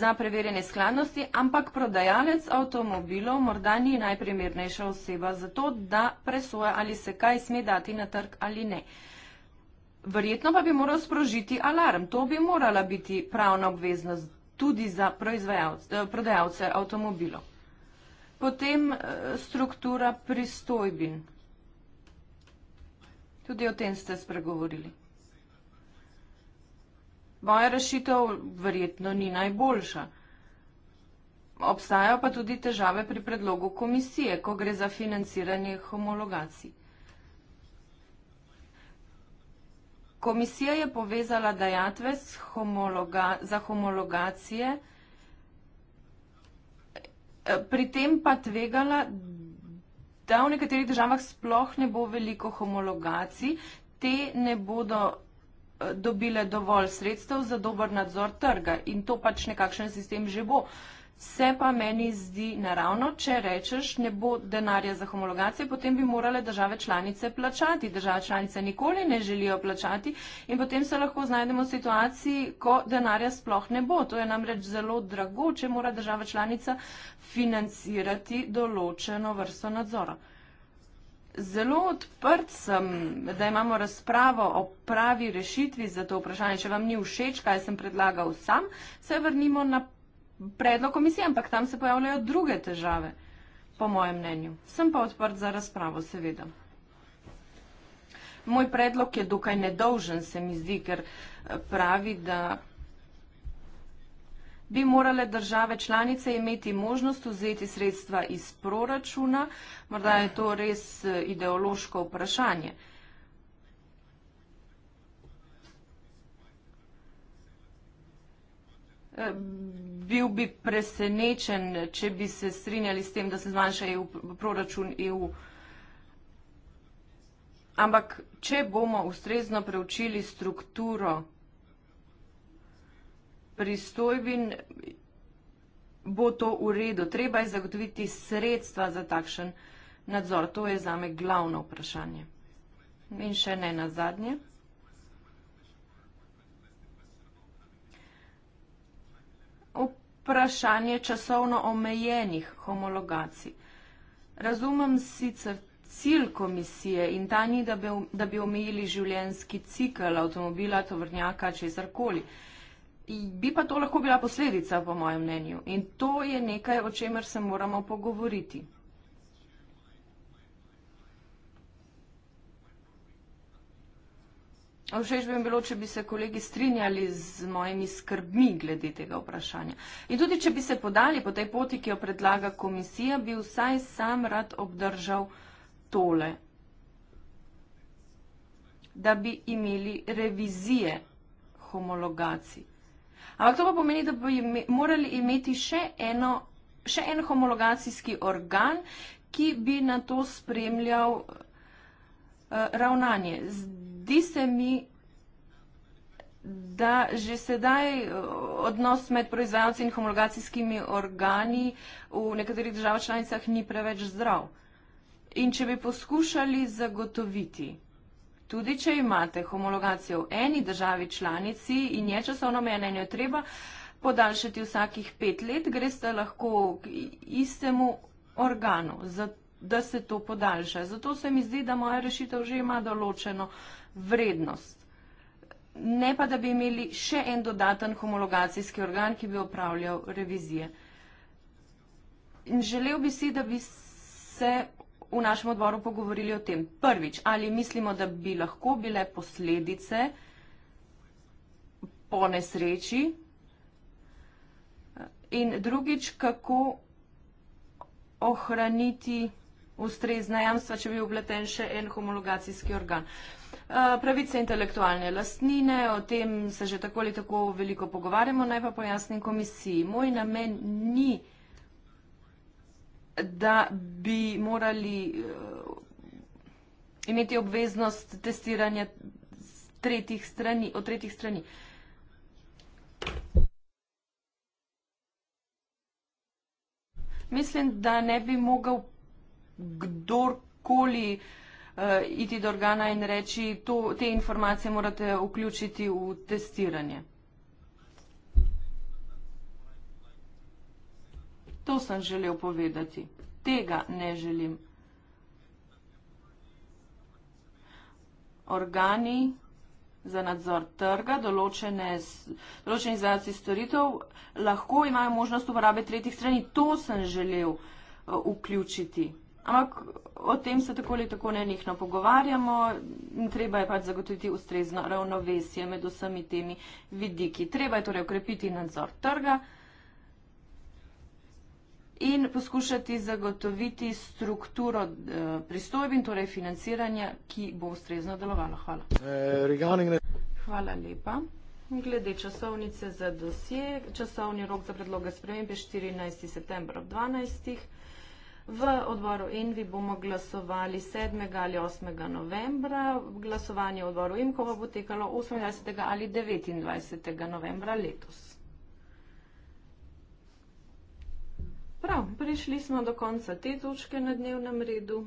za preverjene skladnosti, ampak prodajalec avtomobilov morda ni najprimernejša oseba za to, da presoja, ali se kaj sme dati na trg ali ne. Verjetno pa bi moral sprožiti alarm. To bi morala biti pravna obveznost tudi za eh, prodajalce avtomobilov. Potem eh, struktura pristojbin. Tudi o tem ste spregovorili. Moja rešitev verjetno ni najboljša. Obstajajo pa tudi težave pri predlogu komisije, ko gre za financiranje homologacij. Komisija je povezala dajatve za homologacije, eh, pri tem pa tvegala, da v nekaterih državah sploh ne bo veliko homologacij, te ne bodo eh, dobile dovolj sredstev za dober nadzor trga in to pač nekakšen sistem že bo. Se pa meni zdi naravno, če rečeš, ne bo denarja za homologacije, potem bi morale države članice plačati. Države članice nikoli ne želijo plačati in potem se lahko znajdemo v situaciji, ko denarja sploh ne bo. To je namreč zelo drago, če mora država članica financirati določeno vrsto nadzora. Zelo odprt sem, da imamo razpravo o pravi rešitvi za to vprašanje. Če vam ni všeč, kaj sem predlagal sam, se vrnimo na predlog komisije, ampak tam se pojavljajo druge težave, po mojem mnenju. Sem pa odprt za razpravo, seveda. Moj predlog je dokaj nedolžen, se mi zdi, ker eh, pravi, da bi morale države članice imeti možnost vzeti sredstva iz proračuna. Morda je to res eh, ideološko vprašanje. Bil bi presenečen, če bi se strinjali s tem, da se zmanjša EU, proračun EU. Ampak, če bomo ustrezno preučili strukturo pristojbin, bo to v redu. Treba je zagotoviti sredstva za takšen nadzor. To je zame glavno vprašanje. In še ne na zadnje. vprašanje časovno omejenih homologacij. Razumem sicer cilj komisije in ta ni, da bi, da bi omejili življenski cikl avtomobila, tovrnjaka, česar koli. Bi pa to lahko bila posledica, po mojem mnenju. In to je nekaj, o čemer se moramo pogovoriti. Všeč bi mi bilo, če bi se kolegi strinjali z mojimi skrbmi glede tega vprašanja. In tudi, če bi se podali po tej poti, ki jo predlaga komisija, bi vsaj sam rad obdržal tole. Da bi imeli revizije homologacij. Ampak to pa pomeni, da bi ime, morali imeti še, eno, še en homologacijski organ, ki bi na to spremljal uh, ravnanje zdi se mi, da že sedaj eh, odnos med proizvajalci in homologacijskimi organi v nekaterih državah članicah ni preveč zdrav. In če bi poskušali zagotoviti, tudi če imate homologacijo v eni državi članici in je časovno omejena in jo treba podaljšati vsakih pet let, greste lahko k istemu organu, da se to podaljša. Zato se mi zdi, da moja rešitev že ima določeno vrednost. Ne pa, da bi imeli še en dodaten homologacijski organ, ki bi opravljal revizije. In želel bi si, da bi se v našem odboru pogovorili o tem. Prvič, ali mislimo, da bi lahko bile posledice po nesreči. In drugič, kako ohraniti ustrezna jamstva, če bi obleten še en homologacijski organ. Eh, pravice intelektualne lastnine, o tem se že tako ali tako veliko pogovarjamo, naj pa pojasnim komisiji. Moj namen ni, da bi morali eh, imeti obveznost testiranja tretjih strani, od tretjih strani. Mislim, da ne bi mogel kdorkoli uh, iti do organa in reči, to, te informacije morate vključiti v testiranje. To sem želel povedati. Tega ne želim. Organi za nadzor trga, določeni izvajalci storitev, lahko imajo možnost uporabe tretjih strani. To sem želel uh, vključiti. Ampak o tem se tako ali tako nenehno pogovarjamo in treba je pač zagotoviti ustrezno ravnovesje med vsemi temi vidiki. Treba je torej ukrepiti nadzor trga in poskušati zagotoviti strukturo eh, pristojbin, torej financiranja, ki bo ustrezno delovala. Hvala. Eh, Hvala lepa. Glede časovnice za dosje, časovni rok za predloge spremembe 14. september ob 12 v odboru Envi bomo glasovali 7. ali 8. novembra. Glasovanje v odboru Imkova bo tekalo 28. ali 29. novembra letos. Prav, prišli smo do konca te točke na dnevnem redu.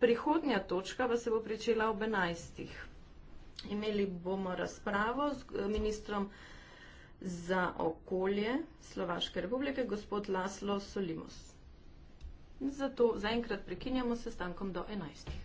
Prihodnja točka pa se bo pričela ob 11. Imeli bomo razpravo z eh, ministrom za okolje Slovaške republike, gospod Laslo Solimos. Zato zaenkrat prekinjamo sestankom do 11.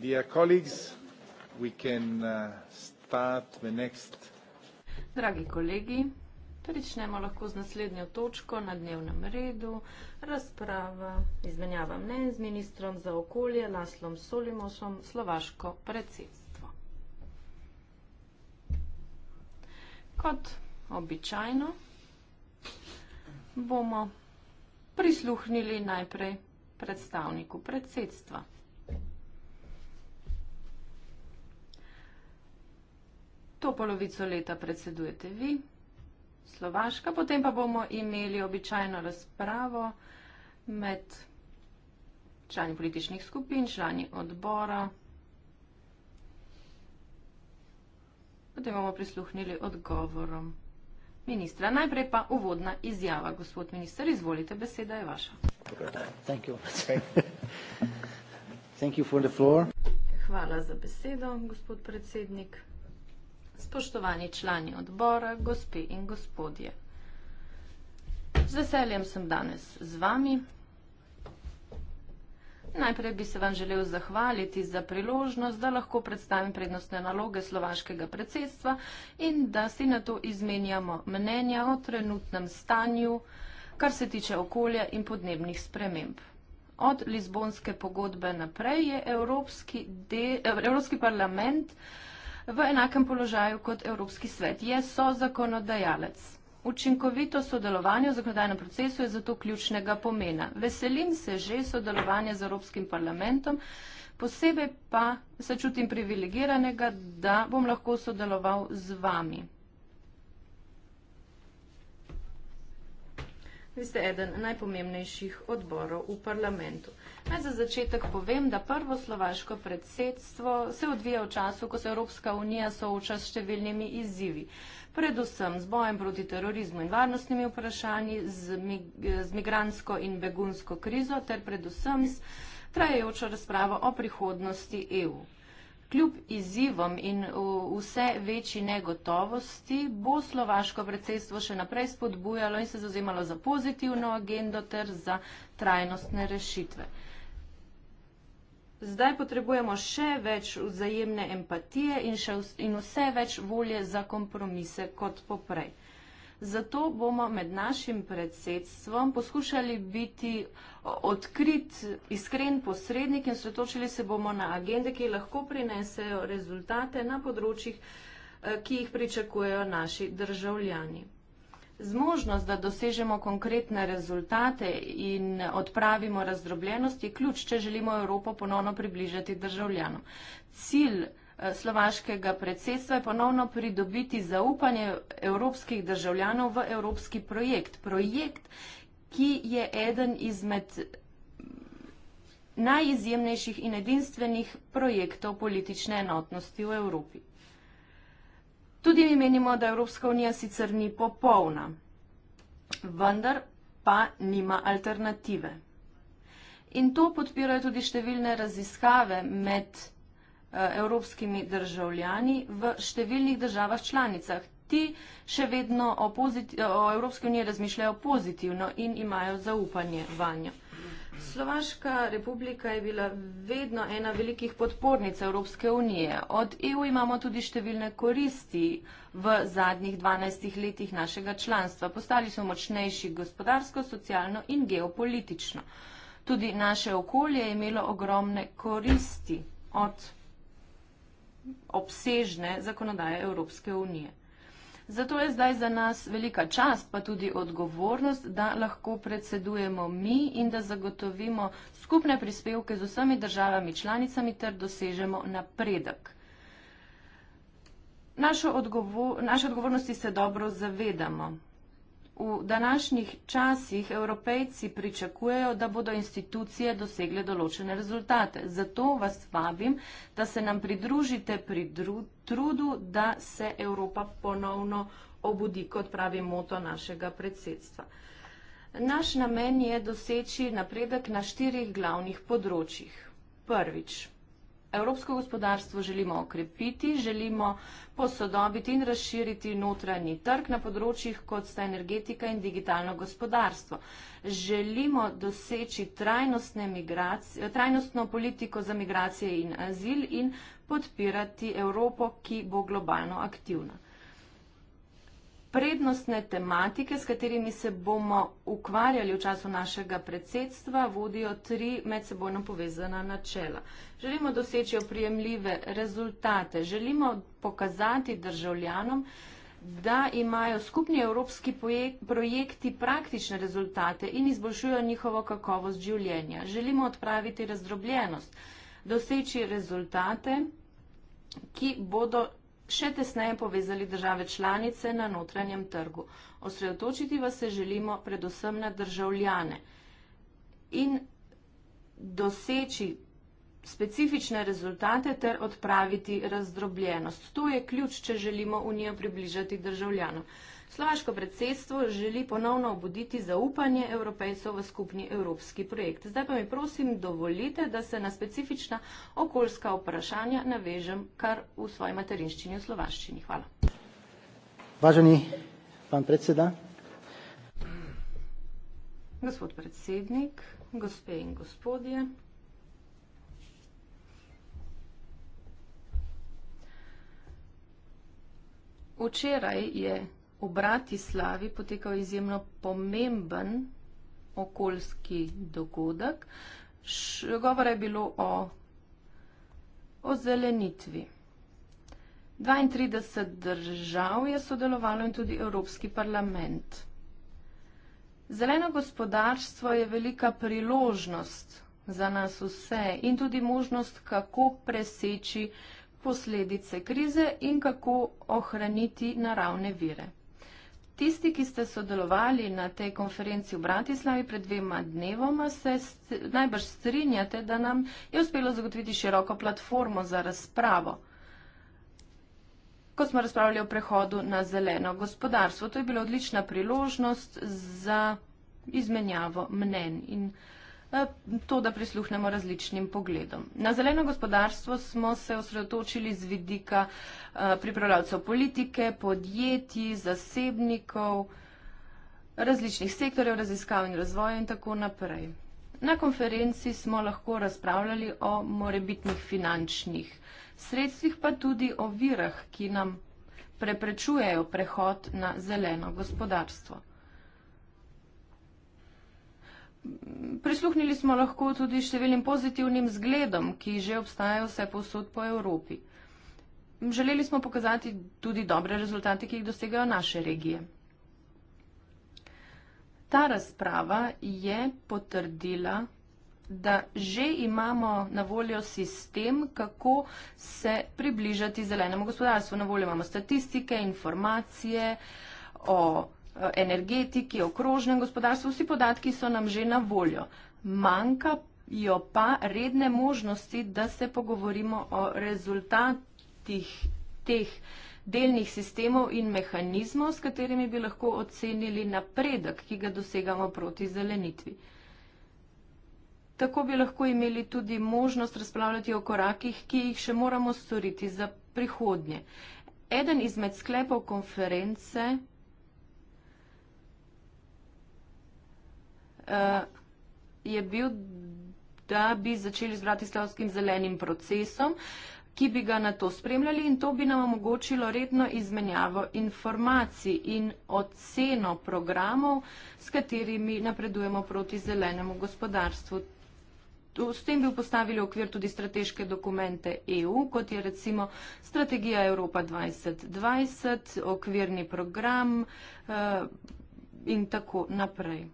Dear colleagues, we can uh, start the next. Dragi kolegi, pričnemo lahko z naslednjo točko na dnevnem redu. Razprava izmenjava mnen z ministrom za okolje Laslom Solimosom Slovaško predsedstvo. Kot običajno, bomo prisluhnili najprej predstavniku predsedstva. To polovico leta predsedujete vi, Slovaška, potem pa bomo imeli običajno razpravo med člani političnih skupin, člani odbora. Potem bomo prisluhnili odgovorom ministra. Najprej pa uvodna izjava. Gospod minister, izvolite, beseda je vaša. Hvala za besedo, gospod predsednik. Spoštovani člani odbora, gospe in gospodje. Z veseljem sem danes z vami, Najprej bi se vam želel zahvaliti za priložnost, da lahko predstavim prednostne naloge slovaškega predsedstva in da si na to izmenjamo mnenja o trenutnem stanju, kar se tiče okolja in podnebnih sprememb. Od Lizbonske pogodbe naprej je Evropski, de, Evropski parlament v enakem položaju kot Evropski svet. Je so zakonodajalec. Učinkovito sodelovanje v zakonodajnem procesu je zato ključnega pomena. Veselim se že sodelovanja z Evropskim parlamentom, posebej pa se čutim privilegiranega, da bom lahko sodeloval z vami. Vi ste eden najpomembnejših odborov v parlamentu. Naj za začetek povem, da prvo slovaško predsedstvo se odvija v času, ko se Evropska unija sooča s številnimi izzivi predvsem z bojem proti terorizmu in varnostnimi vprašanji, z, mig, z migransko in begunsko krizo ter predvsem s trajajočo razpravo o prihodnosti EU. Kljub izzivom in vse večji negotovosti bo slovaško predsedstvo še naprej spodbujalo in se zauzemalo za pozitivno agendo ter za trajnostne rešitve. Zdaj potrebujemo še več vzajemne empatije in, še, in vse več volje za kompromise kot poprej. Zato bomo med našim predsedstvom poskušali biti odkrit, iskren posrednik in sretočili se bomo na agende, ki lahko prinesejo rezultate na področjih, eh, ki jih pričakujejo naši državljani. Zmožnost, da dosežemo konkretne rezultate in odpravimo razdrobljenost, je ključ, če želimo Evropo ponovno približati državljanom. Cilj eh, slovaškega predsedstva je ponovno pridobiti zaupanje evropskih državljanov v evropski projekt. Projekt, ki je eden izmed najizjemnejših in edinstvenih projektov politične enotnosti v Evropi. Tudi mi menimo, da Evropska unija sicer ni popolna, vendar pa nima alternative. In to podpirajo tudi številne raziskave med eh, evropskimi državljani v številnih državah članicah. Ti še vedno o, o Evropski uniji razmišljajo pozitivno in imajo zaupanje vanjo. Slovaška republika je bila vedno ena velikih podpornic Evropske unije. Od EU imamo tudi številne koristi v zadnjih 12 letih našega članstva. Postali smo močnejši gospodarsko, socialno in geopolitično. Tudi naše okolje je imelo ogromne koristi od obsežne zakonodaje Evropske unije. Zato je zdaj za nas velika čast, pa tudi odgovornost, da lahko predsedujemo mi in da zagotovimo skupne prispevke z vsemi državami članicami ter dosežemo napredek. Naše odgovornosti se dobro zavedamo. V današnjih časih evropejci pričakujejo, da bodo institucije dosegle določene rezultate. Zato vas vabim, da se nam pridružite pri dru, trudu, da se Evropa ponovno obudi, kot pravi moto našega predsedstva. Naš namen je doseči napredek na štirih glavnih področjih. Prvič. Evropsko gospodarstvo želimo okrepiti, želimo posodobiti in razširiti notranji trg na področjih, kot sta energetika in digitalno gospodarstvo. Želimo doseči trajnostno politiko za migracije in azil in podpirati Evropo, ki bo globalno aktivna. Prednostne tematike, s katerimi se bomo ukvarjali v času našega predsedstva, vodijo tri medsebojno povezana načela. Želimo doseči oprijemljive rezultate, želimo pokazati državljanom, da imajo skupni evropski projekti praktične rezultate in izboljšujo njihovo kakovost življenja. Želimo odpraviti razdrobljenost, doseči rezultate, ki bodo še tesneje povezali države članice na notranjem trgu. Osredotočiti vas se želimo predvsem na državljane in doseči specifične rezultate ter odpraviti razdrobljenost. To je ključ, če želimo unijo približati državljanom. Slovaško predsedstvo želi ponovno obuditi zaupanje evropejcev v skupni evropski projekt. Zdaj pa mi prosim, dovolite, da se na specifična okoljska vprašanja navežem kar v svoji materinščini v slovaščini. Hvala. Važeni pan predseda. Gospod predsednik, gospe in gospodje. Včeraj je v Bratislavi potekal izjemno pomemben okoljski dogodek. Govora je bilo o ozelenitvi. 32 držav je sodelovalo in tudi Evropski parlament. Zeleno gospodarstvo je velika priložnost za nas vse in tudi možnost, kako preseči posledice krize in kako ohraniti naravne vire. Tisti, ki ste sodelovali na tej konferenci v Bratislavi pred dvema dnevoma, se najbrž strinjate, da nam je uspelo zagotoviti široko platformo za razpravo. Ko smo razpravljali o prehodu na zeleno gospodarstvo, to je bila odlična priložnost za izmenjavo mnen. In Eh, to, da prisluhnemo različnim pogledom. Na zeleno gospodarstvo smo se osredotočili z vidika eh, pripravljavcev politike, podjetij, zasebnikov, različnih sektorjev raziskav in razvoja in tako naprej. Na konferenci smo lahko razpravljali o morebitnih finančnih sredstvih, pa tudi o virah, ki nam preprečujejo prehod na zeleno gospodarstvo prisluhnili smo lahko tudi številnim pozitivnim zgledom, ki že obstajajo vse posod po Evropi. Želeli smo pokazati tudi dobre rezultate, ki jih dosegajo naše regije. Ta razprava je potrdila, da že imamo na voljo sistem, kako se približati zelenemu gospodarstvu. Na voljo imamo statistike, informacije o Eh, energetiki, okrožnem gospodarstvu, vsi podatki so nam že na voljo. Manjka jo pa redne možnosti, da se pogovorimo o rezultatih teh delnih sistemov in mehanizmov, s katerimi bi lahko ocenili napredek, ki ga dosegamo proti zelenitvi. Tako bi lahko imeli tudi možnost razpravljati o korakih, ki jih še moramo storiti za prihodnje. Eden izmed sklepov konference uh, je bil, da bi začeli z bratislavskim zelenim procesom, ki bi ga na to spremljali in to bi nam omogočilo redno izmenjavo informacij in oceno programov, s katerimi napredujemo proti zelenemu gospodarstvu. S tem bi postavili okvir tudi strateške dokumente EU, kot je recimo strategija Evropa 2020, okvirni program eh, in tako naprej.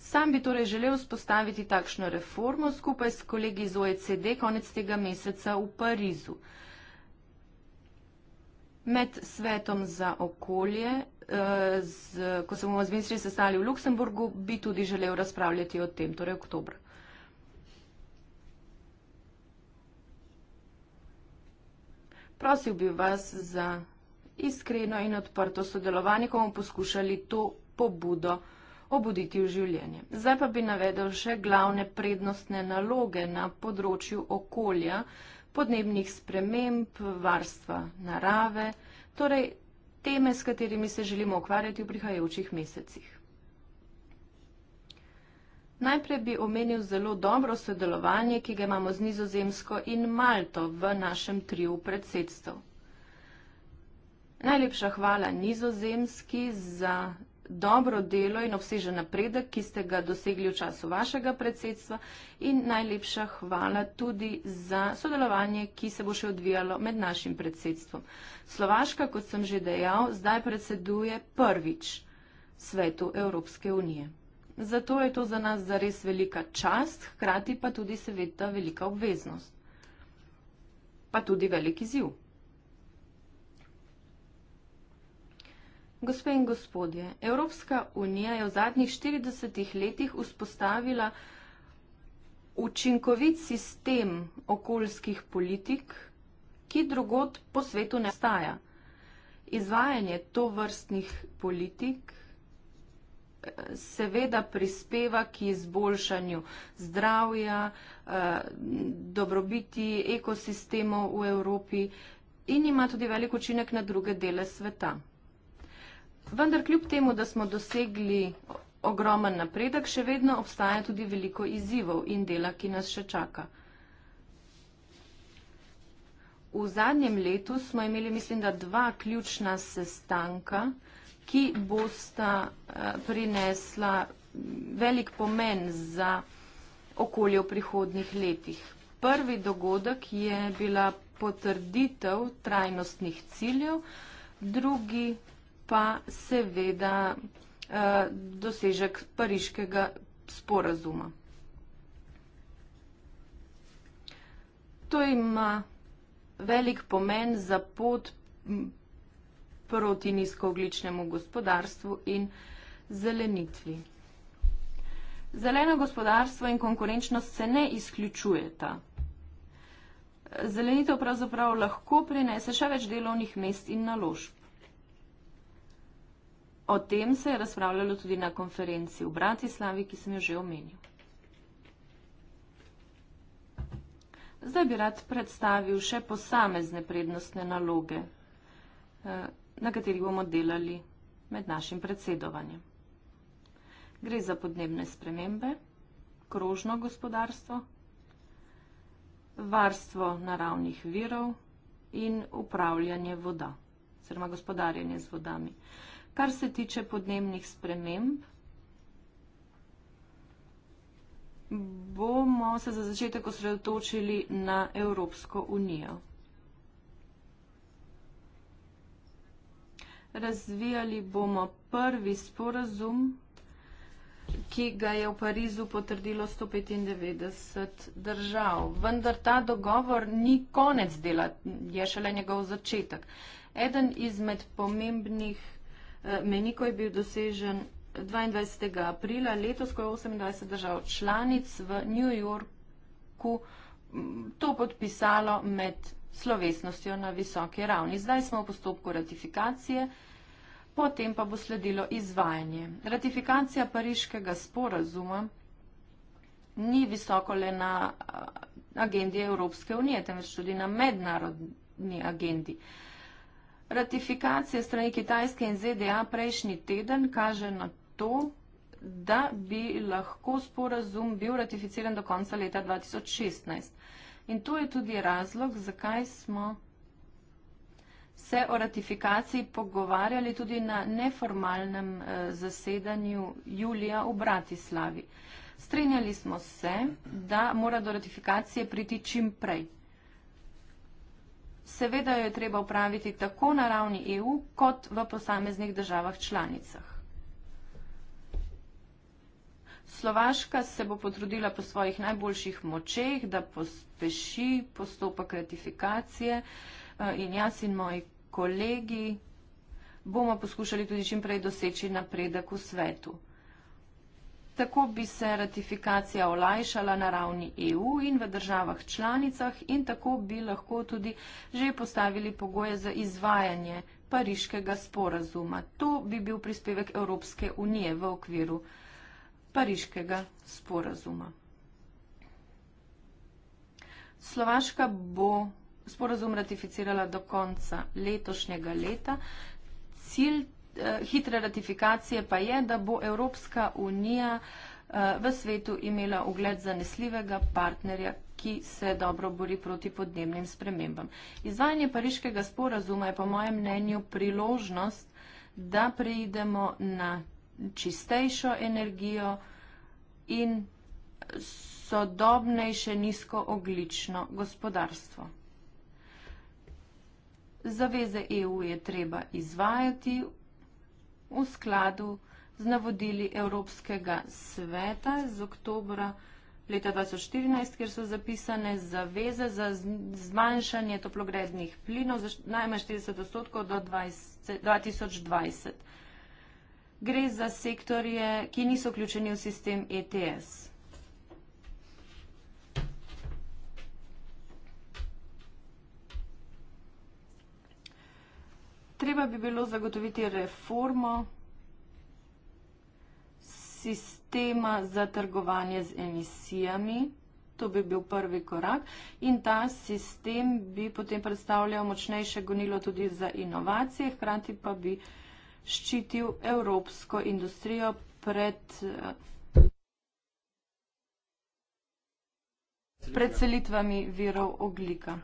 Sam bi torej želel spostaviti takšno reformo skupaj s kolegi iz OECD konec tega meseca v Parizu. Med svetom za okolje, eh, z, ko se bomo z ministri sestali v Luksemburgu, bi tudi želel razpravljati o tem, torej oktober. Prosil bi vas za iskreno in odprto sodelovanje, ko bomo poskušali to pobudo obuditi v življenje. Zdaj pa bi navedel še glavne prednostne naloge na področju okolja, podnebnih sprememb, varstva narave, torej teme, s katerimi se želimo ukvarjati v prihajajočih mesecih. Najprej bi omenil zelo dobro sodelovanje, ki ga imamo z Nizozemsko in Malto v našem triu predsedstv. Najlepša hvala Nizozemski za dobro delo in obsežen napredek, ki ste ga dosegli v času vašega predsedstva in najlepša hvala tudi za sodelovanje, ki se bo še odvijalo med našim predsedstvom. Slovaška, kot sem že dejal, zdaj predseduje prvič svetu Evropske unije. Zato je to za nas zares velika čast, hkrati pa tudi seveda velika obveznost. Pa tudi veliki ziv. Gospe in gospodje, Evropska unija je v zadnjih 40 letih vzpostavila učinkovit sistem okoljskih politik, ki drugot po svetu ne staja. Izvajanje to vrstnih politik eh, seveda prispeva k izboljšanju zdravja, eh, dobrobiti ekosistemov v Evropi in ima tudi velik učinek na druge dele sveta. Vendar kljub temu, da smo dosegli ogromen napredek, še vedno obstaja tudi veliko izzivov in dela, ki nas še čaka. V zadnjem letu smo imeli, mislim, da dva ključna sestanka, ki bosta eh, prinesla velik pomen za okolje v prihodnih letih. Prvi dogodek je bila potrditev trajnostnih ciljev, drugi pa seveda eh, dosežek pariškega sporazuma. To ima velik pomen za pot proti nizkoogličnemu gospodarstvu in zelenitvi. Zeleno gospodarstvo in konkurenčnost se ne izključujeta. Zelenitev pravzaprav lahko prinese še več delovnih mest in naložb. O tem se je razpravljalo tudi na konferenci v Bratislavi, ki sem jo že omenil. Zdaj bi rad predstavil še posamezne prednostne naloge, eh, na katerih bomo delali med našim predsedovanjem. Gre za podnebne spremembe, krožno gospodarstvo, varstvo naravnih virov in upravljanje voda, oziroma gospodarjenje z vodami. Kar se tiče podnebnih sprememb, bomo se za začetek osredotočili na Evropsko unijo. Razvijali bomo prvi sporazum, ki ga je v Parizu potrdilo 195 držav. Vendar ta dogovor ni konec dela, je šele njegov začetek. Eden izmed pomembnih Eh, Meniko je bil dosežen 22. aprila letos, ko je 28 držav članic v New Yorku mm, to podpisalo med slovesnostjo na visoki ravni. Zdaj smo v postopku ratifikacije, potem pa bo sledilo izvajanje. Ratifikacija pariškega sporazuma ni visoko le na eh, agendi Evropske unije, temveč tudi na mednarodni agendi. Uh, Ratifikacija strani Kitajske in ZDA prejšnji teden kaže na to, da bi lahko sporazum bil ratificiran do konca leta 2016. In to je tudi razlog, zakaj smo se o ratifikaciji pogovarjali tudi na neformalnem eh, zasedanju Julija v Bratislavi. Strenjali smo se, da mora do ratifikacije priti čim prej seveda jo je treba upraviti tako na ravni EU kot v posameznih državah članicah. Slovaška se bo potrudila po svojih najboljših močeh, da pospeši postopek ratifikacije eh, in jaz in moji kolegi bomo poskušali tudi čimprej doseči napredek v svetu. Tako bi se ratifikacija olajšala na ravni EU in v državah članicah in tako bi lahko tudi že postavili pogoje za izvajanje pariškega sporazuma. To bi bil prispevek Evropske unije v okviru pariškega sporazuma. Slovaška bo sporazum ratificirala do konca letošnjega leta. Cilj Eh, hitre ratifikacije pa je, da bo Evropska unija eh, v svetu imela ugled zanesljivega partnerja, ki se dobro bori proti podnebnim spremembam. Izvajanje pariškega sporazuma je po mojem mnenju priložnost, da preidemo na čistejšo energijo in sodobnejše nizkooglično gospodarstvo. Zaveze EU je treba izvajati, v skladu z navodili Evropskega sveta z oktobra leta 2014, kjer so zapisane zaveze za zmanjšanje toplogrednih plinov za najmanj 40 odstotkov do 20, 2020. Gre za sektorje, ki niso vključeni v sistem ETS. Treba bi bilo zagotoviti reformo sistema za trgovanje z emisijami. To bi bil prvi korak in ta sistem bi potem predstavljal močnejše gonilo tudi za inovacije, hkrati pa bi ščitil evropsko industrijo pred eh, predselitvami virov oglika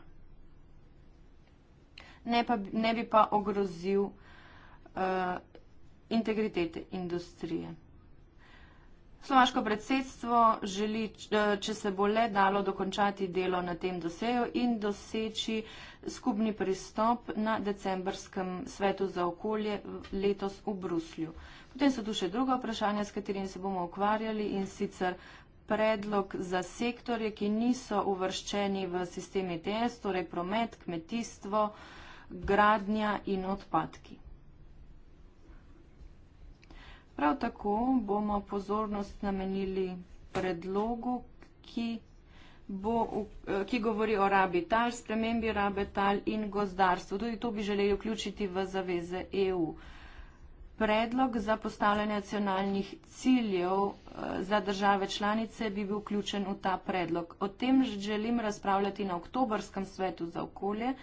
ne, pa, ne bi pa ogrozil uh, integritete industrije. Slovaško predsedstvo želi, eh, če se bo le dalo dokončati delo na tem doseju in doseči skupni pristop na decembrskem svetu za okolje letos v Bruslju. Potem so tu še druga vprašanja, s katerimi se bomo ukvarjali in sicer predlog za sektorje, ki niso uvrščeni v sistem ETS, torej promet, kmetijstvo. Uh, gradnja in odpadki. Prav tako bomo pozornost namenili predlogu, ki, bo, eh, ki govori o rabi tal, spremembi rabe tal in gozdarstvu. Tudi to bi želeli vključiti v zaveze EU. Predlog za postavljanje nacionalnih ciljev eh, za države članice bi bil vključen v ta predlog. O tem želim razpravljati na oktobrskem svetu za okolje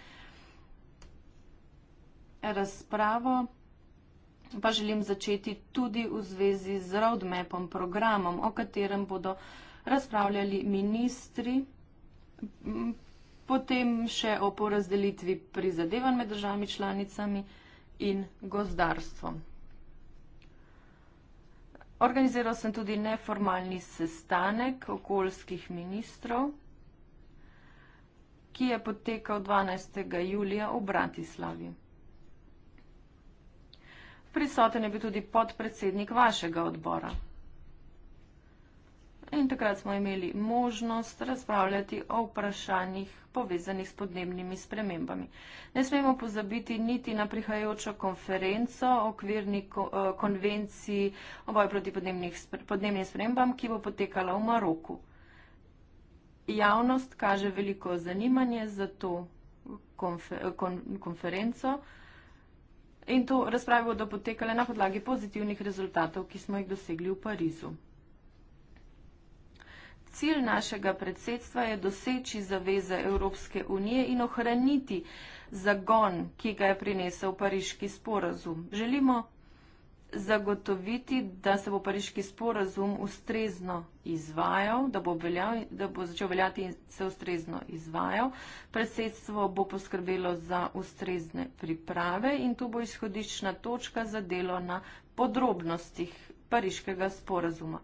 razpravo pa želim začeti tudi v zvezi z roadmapom, programom, o katerem bodo razpravljali ministri, potem še o porazdelitvi prizadevanj med državami članicami in gozdarstvom. Organiziral sem tudi neformalni sestanek okoljskih ministrov, ki je potekal 12. julija v Bratislavi prisoten je bil tudi podpredsednik vašega odbora. In takrat smo imeli možnost razpravljati o vprašanjih povezanih s podnebnimi spremembami. Ne smemo pozabiti niti na prihajajočo konferenco o okvirni eh, konvenciji o boju proti podnebnim spremembam, ki bo potekala v Maroku. Javnost kaže veliko zanimanje za to konfer konferenco. In to razprave bodo potekale na podlagi pozitivnih rezultatov, ki smo jih dosegli v Parizu. Cilj našega predsedstva je doseči zaveze Evropske unije in ohraniti zagon, ki ga je prinesel pariški sporazum. Želimo zagotoviti, da se bo pariški sporazum ustrezno izvajal, da bo, veljav, da bo začel veljati in se ustrezno izvajal. Predsedstvo bo poskrbelo za ustrezne priprave in tu bo izhodična točka za delo na podrobnostih pariškega sporazuma.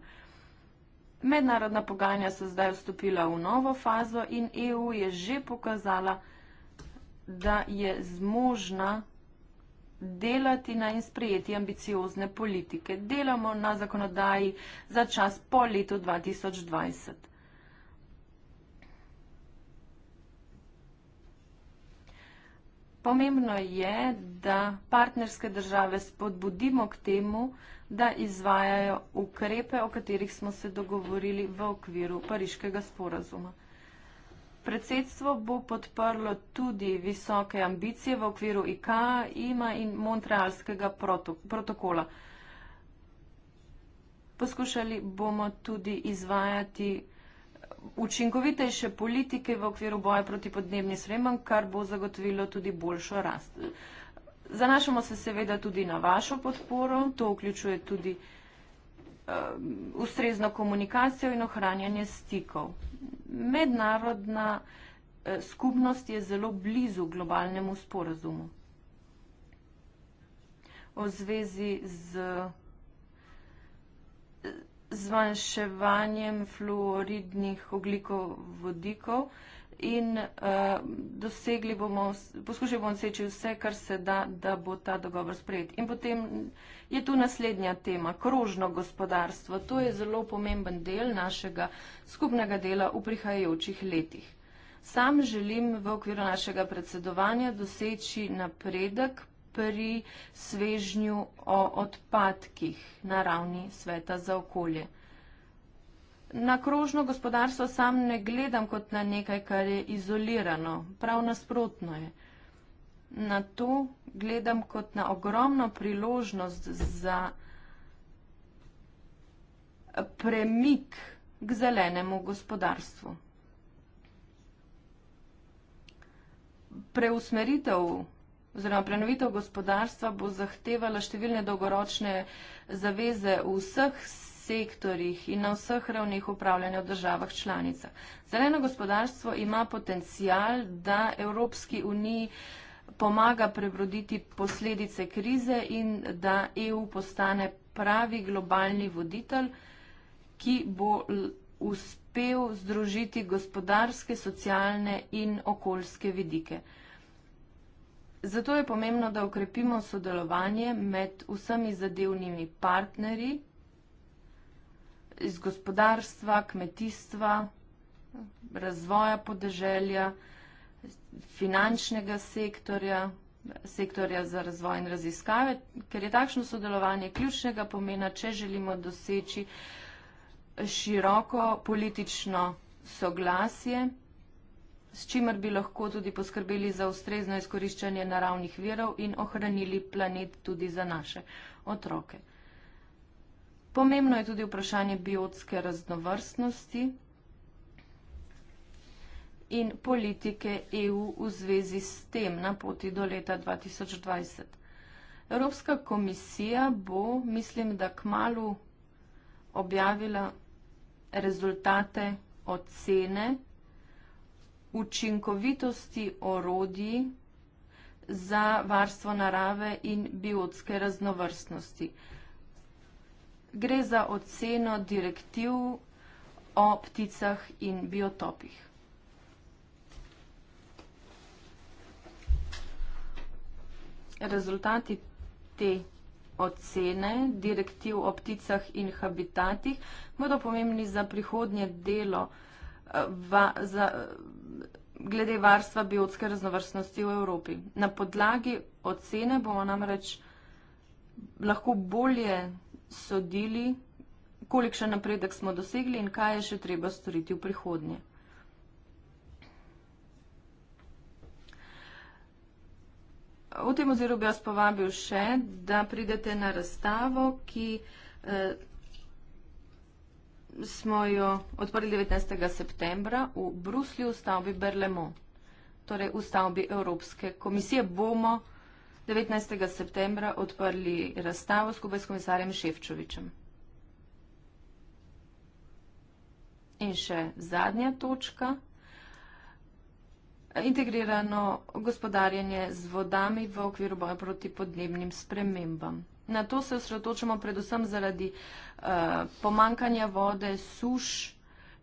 Mednarodna pogajanja so zdaj vstopila v novo fazo in EU je že pokazala, da je zmožna delati na in sprejeti ambiciozne politike. Delamo na zakonodaji za čas po letu 2020. Pomembno je, da partnerske države spodbudimo k temu, da izvajajo ukrepe, o katerih smo se dogovorili v okviru Pariškega sporazuma. Predsedstvo bo podprlo tudi visoke ambicije v okviru IKA, IMA in Montrealskega protokola. Poskušali bomo tudi izvajati učinkovitejše politike v okviru boja proti podnebnim spremembam, kar bo zagotovilo tudi boljšo rast. Zanašamo se seveda tudi na vašo podporo, to vključuje tudi uh, ustrezno komunikacijo in ohranjanje stikov mednarodna eh, skupnost je zelo blizu globalnemu sporazumu o zvezi z eh, zmanjševanjem fluoridnih oglikov vodikov in uh, dosegli bomo, poskušali bomo seči vse, kar se da, da bo ta dogovor sprejet. In potem je tu naslednja tema, krožno gospodarstvo. To je zelo pomemben del našega skupnega dela v prihajajočih letih. Sam želim v okviru našega predsedovanja doseči napredek pri svežnju o odpadkih na ravni sveta za okolje na krožno gospodarstvo sam ne gledam kot na nekaj, kar je izolirano. Prav nasprotno je. Na to gledam kot na ogromno priložnost za premik k zelenemu gospodarstvu. Preusmeritev oziroma prenovitev gospodarstva bo zahtevala številne dolgoročne zaveze vseh sektorjih in na vseh ravneh upravljanja v državah članicah. Zeleno gospodarstvo ima potencial, da Evropski uniji pomaga prebroditi posledice krize in da EU postane pravi globalni voditelj, ki bo uspel združiti gospodarske, socialne in okoljske vidike. Zato je pomembno, da okrepimo sodelovanje med vsemi zadevnimi partnerji, iz gospodarstva, kmetijstva, razvoja podeželja, finančnega sektorja, sektorja za razvoj in raziskave, ker je takšno sodelovanje ključnega pomena, če želimo doseči široko politično soglasje, s čimer bi lahko tudi poskrbeli za ustrezno izkoriščanje naravnih virov in ohranili planet tudi za naše otroke. Pomembno je tudi vprašanje biotske raznovrstnosti in politike EU v zvezi s tem na poti do leta 2020. Evropska komisija bo, mislim, da kmalo objavila rezultate ocene učinkovitosti orodij za varstvo narave in biotske raznovrstnosti gre za oceno direktiv o pticah in biotopih. Rezultati te ocene, direktiv o pticah in habitatih, bodo pomembni za prihodnje delo eh, va, za, eh, glede varstva biotske raznovrstnosti v Evropi. Na podlagi ocene bomo namreč lahko bolje sodili, kolikšen napredek smo dosegli in kaj je še treba storiti v prihodnje. V tem oziru bi vas povabil še, da pridete na razstavo, ki eh, smo jo odprli 19. septembra v Bruslju v stavbi Berlemo, torej v stavbi Evropske komisije bomo 19. septembra odprli razstavo skupaj s komisarjem Ševčovičem. In še zadnja točka. Integrirano gospodarjenje z vodami v okviru boja proti podnebnim spremembam. Na to se osredotočamo predvsem zaradi uh, pomankanja vode, suš,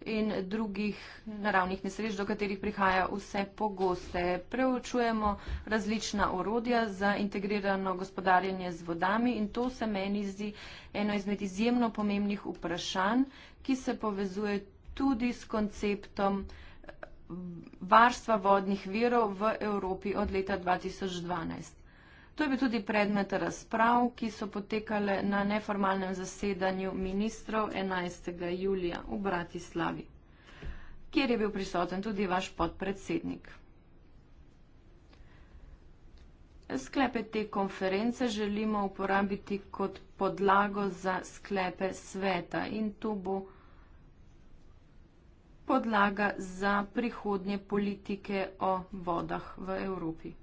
in drugih naravnih nesreč, do katerih prihaja vse pogoste. Preučujemo različna orodja za integrirano gospodarjenje z vodami in to se meni zdi eno izmed izjemno pomembnih vprašanj, ki se povezuje tudi s konceptom eh, varstva vodnih virov v Evropi od leta 2012. To je bil tudi predmet razprav, ki so potekale na neformalnem zasedanju ministrov 11. julija v Bratislavi, kjer je bil prisoten tudi vaš podpredsednik. Sklepe te konference želimo uporabiti kot podlago za sklepe sveta in tu bo podlaga za prihodnje politike o vodah v Evropi.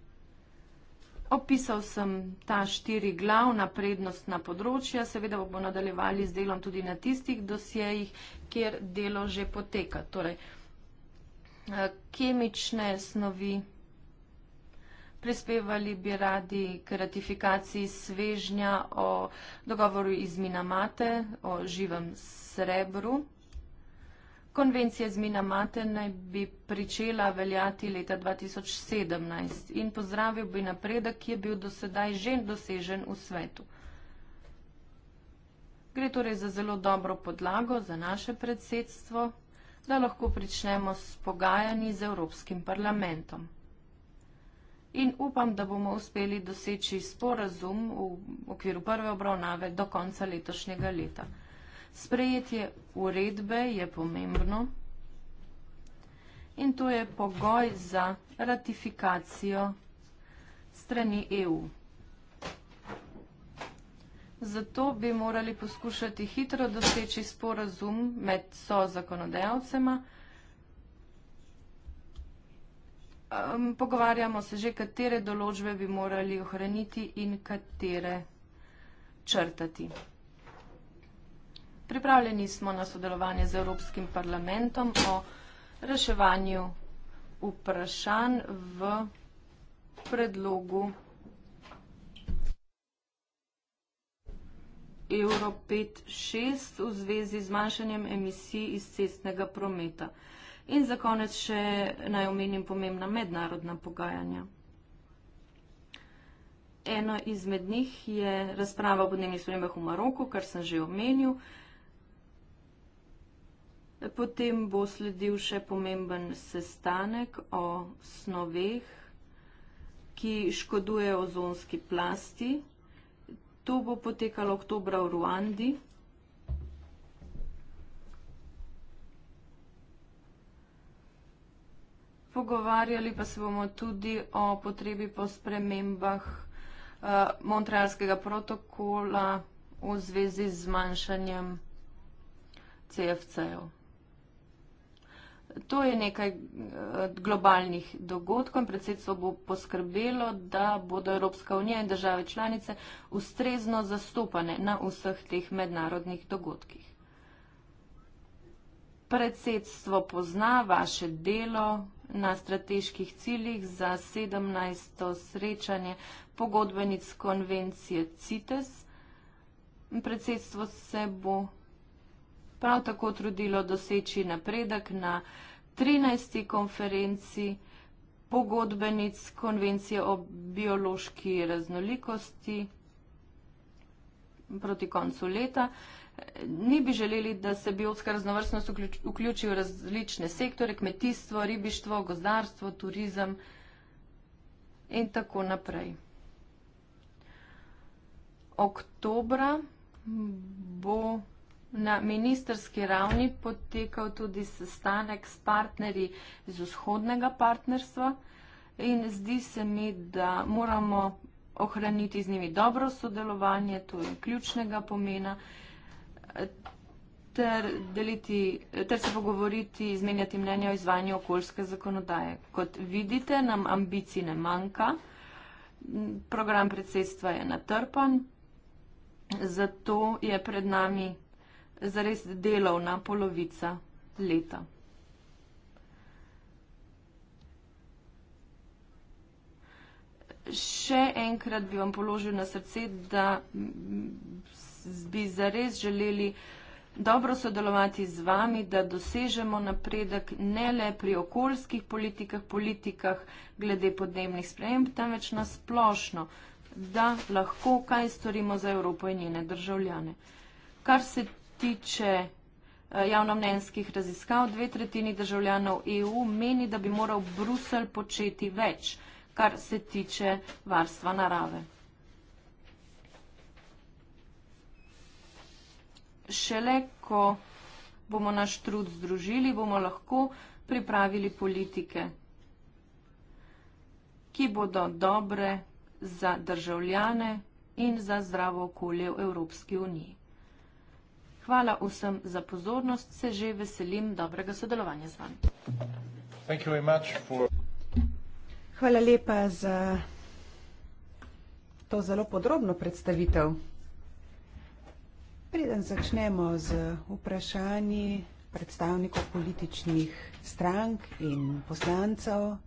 Opisal sem ta štiri glavna prednostna področja, seveda bomo nadaljevali z delom tudi na tistih dosjejih, kjer delo že poteka. Torej, eh, kemične snovi prispevali bi radi k ratifikaciji svežnja o dogovoru iz Minamate o živem srebru. Konvencija z Minamate naj bi pričela veljati leta 2017 in pozdravil bi napredek, ki je bil do sedaj že dosežen v svetu. Gre torej za zelo dobro podlago za naše predsedstvo, da lahko pričnemo s pogajanji z Evropskim parlamentom. In upam, da bomo uspeli doseči sporazum v okviru prve obravnave do konca letošnjega leta. Sprejetje uredbe je pomembno in to je pogoj za ratifikacijo strani EU. Zato bi morali poskušati hitro doseči sporazum med so zakonodajalcema. Pogovarjamo se že, katere določbe bi morali ohraniti in katere črtati. Pripravljeni smo na sodelovanje z Evropskim parlamentom o reševanju vprašanj v predlogu Euro 5.6 v zvezi z manjšanjem emisij iz cestnega prometa. In za konec še naj omenim pomembna mednarodna pogajanja. Eno izmed njih je razprava o podnebnih spremembah v Maroku, kar sem že omenil. Potem bo sledil še pomemben sestanek o snoveh, ki škoduje ozonski plasti. To bo potekalo oktobra v Ruandi. Pogovarjali pa se bomo tudi o potrebi po spremembah eh, Montrealskega protokola v zvezi z zmanjšanjem CFC-ev. To je nekaj eh, globalnih dogodkov in predsedstvo bo poskrbelo, da bodo Evropska unija in države članice ustrezno zastopane na vseh teh mednarodnih dogodkih. Predsedstvo pozna vaše delo na strateških ciljih za 17. srečanje pogodbenic konvencije CITES. Predsedstvo se bo prav tako trudilo doseči napredek na 13. konferenci pogodbenic konvencije o biološki raznolikosti proti koncu leta. Mi bi želeli, da se biotska raznovrstnost vključi v različne sektore, kmetijstvo, ribištvo, gozdarstvo, turizem in tako naprej. Oktobra bo Na ministerski ravni potekal tudi sestanek s partnerji iz vzhodnega partnerstva in zdi se mi, da moramo ohraniti z njimi dobro sodelovanje, to je ključnega pomena, ter, deliti, ter se pogovoriti, izmenjati mnenje o izvajanju okoljske zakonodaje. Kot vidite, nam ambicij ne manjka, program predsedstva je natrpan, zato je pred nami zares delovna polovica leta. Še enkrat bi vam položil na srce, da bi zares želeli dobro sodelovati z vami, da dosežemo napredek ne le pri okoljskih politikah, politikah glede podnebnih sprememb, temveč na splošno, da lahko kaj storimo za Evropo in njene državljane. Kar se tiče eh, javnomnenjskih raziskav, dve tretjini državljanov EU meni, da bi moral Bruselj početi več, kar se tiče varstva narave. Šele, ko bomo naš trud združili, bomo lahko pripravili politike, ki bodo dobre za državljane in za zdravo okolje v Evropski uniji. Hvala vsem za pozornost, se že veselim dobrega sodelovanja z vami. Hvala lepa za to zelo podrobno predstavitev. Preden začnemo z vprašanji predstavnikov političnih strank in poslancev,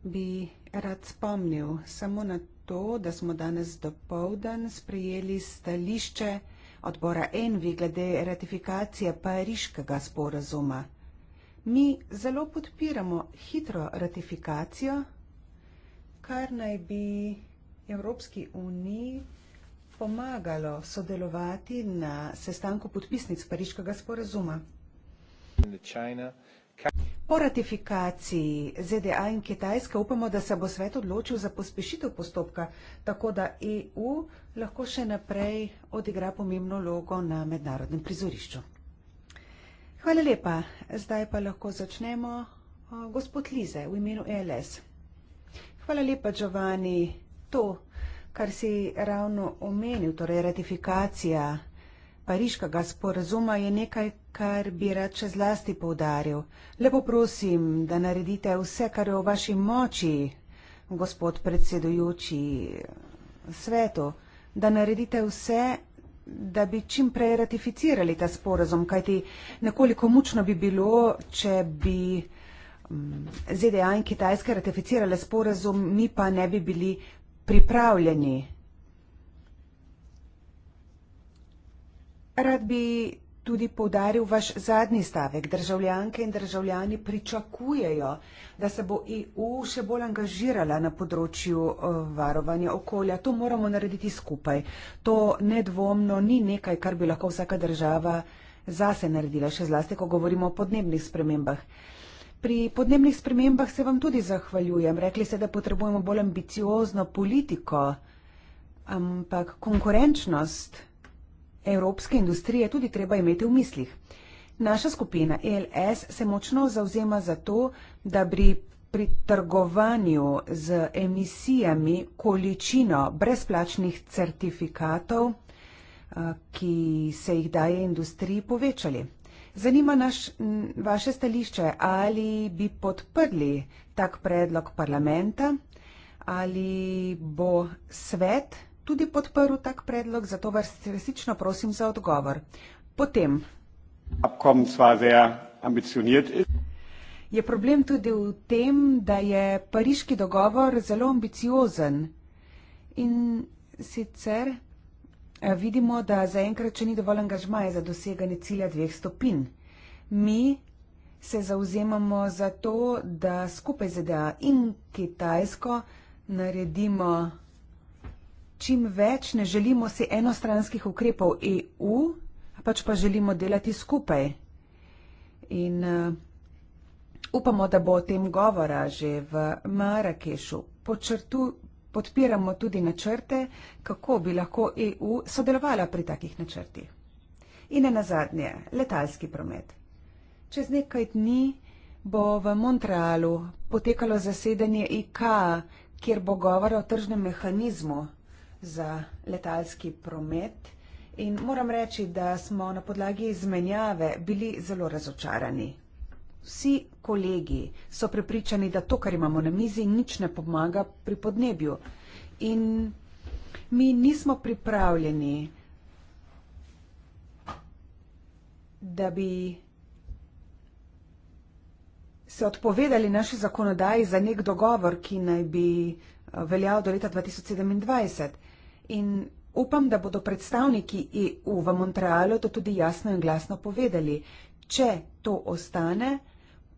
bi rad spomnil samo na to, da smo danes dopoldan sprejeli stališče odbora Envi glede ratifikacije pariškega sporazuma. Mi zelo podpiramo hitro ratifikacijo, kar naj bi Evropski uniji pomagalo sodelovati na sestanku podpisnic pariškega sporazuma. Po ratifikaciji ZDA in Kitajske upamo, da se bo svet odločil za pospešitev postopka, tako da EU lahko še naprej odigra pomembno logo na mednarodnem prizorišču. Hvala lepa. Zdaj pa lahko začnemo. Gospod Lize, v imenu ELS. Hvala lepa, Giovanni. To, kar si ravno omenil, torej ratifikacija pariškega sporazuma je nekaj, kar bi rad čez lasti povdaril. Lepo prosim, da naredite vse, kar je v vaši moči, gospod predsedujoči svetu, da naredite vse, da bi čim prej ratificirali ta sporazum, kajti nekoliko mučno bi bilo, če bi mm, ZDA in Kitajska ratificirale sporazum, mi pa ne bi bili pripravljeni. Rad bi tudi povdaril vaš zadnji stavek. Državljanke in državljani pričakujejo, da se bo EU še bolj angažirala na področju eh, varovanja okolja. To moramo narediti skupaj. To nedvomno ni nekaj, kar bi lahko vsaka država zase naredila, še zlasti, ko govorimo o podnebnih spremembah. Pri podnebnih spremembah se vam tudi zahvaljujem. Rekli ste, da potrebujemo bolj ambiciozno politiko, ampak konkurenčnost evropske industrije tudi treba imeti v mislih. Naša skupina ELS se močno zauzema za to, da bi pri trgovanju z emisijami količino brezplačnih certifikatov, eh, ki se jih daje industriji, povečali. Zanima naš, vaše stališče, ali bi podprli tak predlog parlamenta, ali bo svet tudi podprl tak predlog, zato vas resnično prosim za odgovor. Potem. Je problem tudi v tem, da je pariški dogovor zelo ambiciozen in sicer eh, vidimo, da zaenkrat še ni dovolj angažmaja za doseganje cilja dveh stopin. Mi se zauzemamo za to, da skupaj ZDA in Kitajsko naredimo čim več ne želimo si enostranskih ukrepov EU, pač pa želimo delati skupaj. In eh, upamo, da bo o tem govora že v Marakešu. Počrtu, podpiramo tudi načrte, kako bi lahko EU sodelovala pri takih načrtih. In ne nazadnje, letalski promet. Čez nekaj dni bo v Montrealu potekalo zasedanje IK, kjer bo govora o tržnem mehanizmu za letalski promet. In moram reči, da smo na podlagi izmenjave bili zelo razočarani. Vsi kolegi so prepričani, da to, kar imamo na mizi, nič ne pomaga pri podnebju. In mi nismo pripravljeni, da bi se odpovedali naši zakonodaji za nek dogovor, ki naj bi eh, veljal do leta 2027 in upam, da bodo predstavniki EU v Montrealu to tudi jasno in glasno povedali. Če to ostane,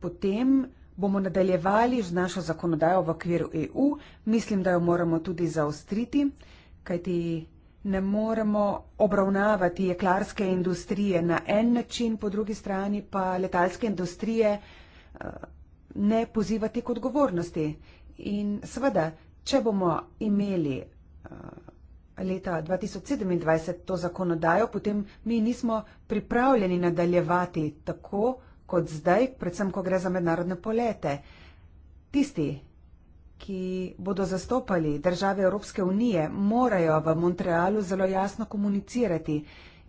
potem bomo nadaljevali z našo zakonodajo v okviru EU. Mislim, da jo moramo tudi zaostriti, kajti ne moremo obravnavati jeklarske industrije na en način, po drugi strani pa letalske industrije eh, ne pozivati k odgovornosti. In seveda, če bomo imeli eh, leta 2027 to zakonodajo, potem mi nismo pripravljeni nadaljevati tako kot zdaj, predvsem, ko gre za mednarodne polete. Tisti, ki bodo zastopali države Evropske unije, morajo v Montrealu zelo jasno komunicirati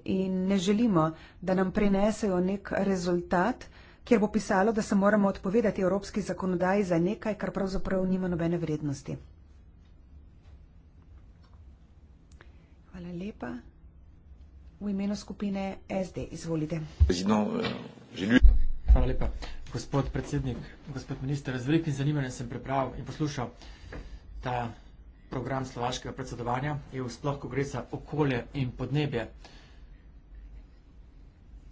in ne želimo, da nam prinesejo nek rezultat, kjer bo pisalo, da se moramo odpovedati evropski zakonodaji za nekaj, kar pravzaprav nima nobene vrednosti. Hvala lepa. V imenu skupine SD, izvolite. Hvala lepa. Gospod predsednik, gospod minister, z velikim zanimanjem sem prepravil in poslušal ta program slovaškega predsedovanja, je sploh, ko gre za okolje in podnebje.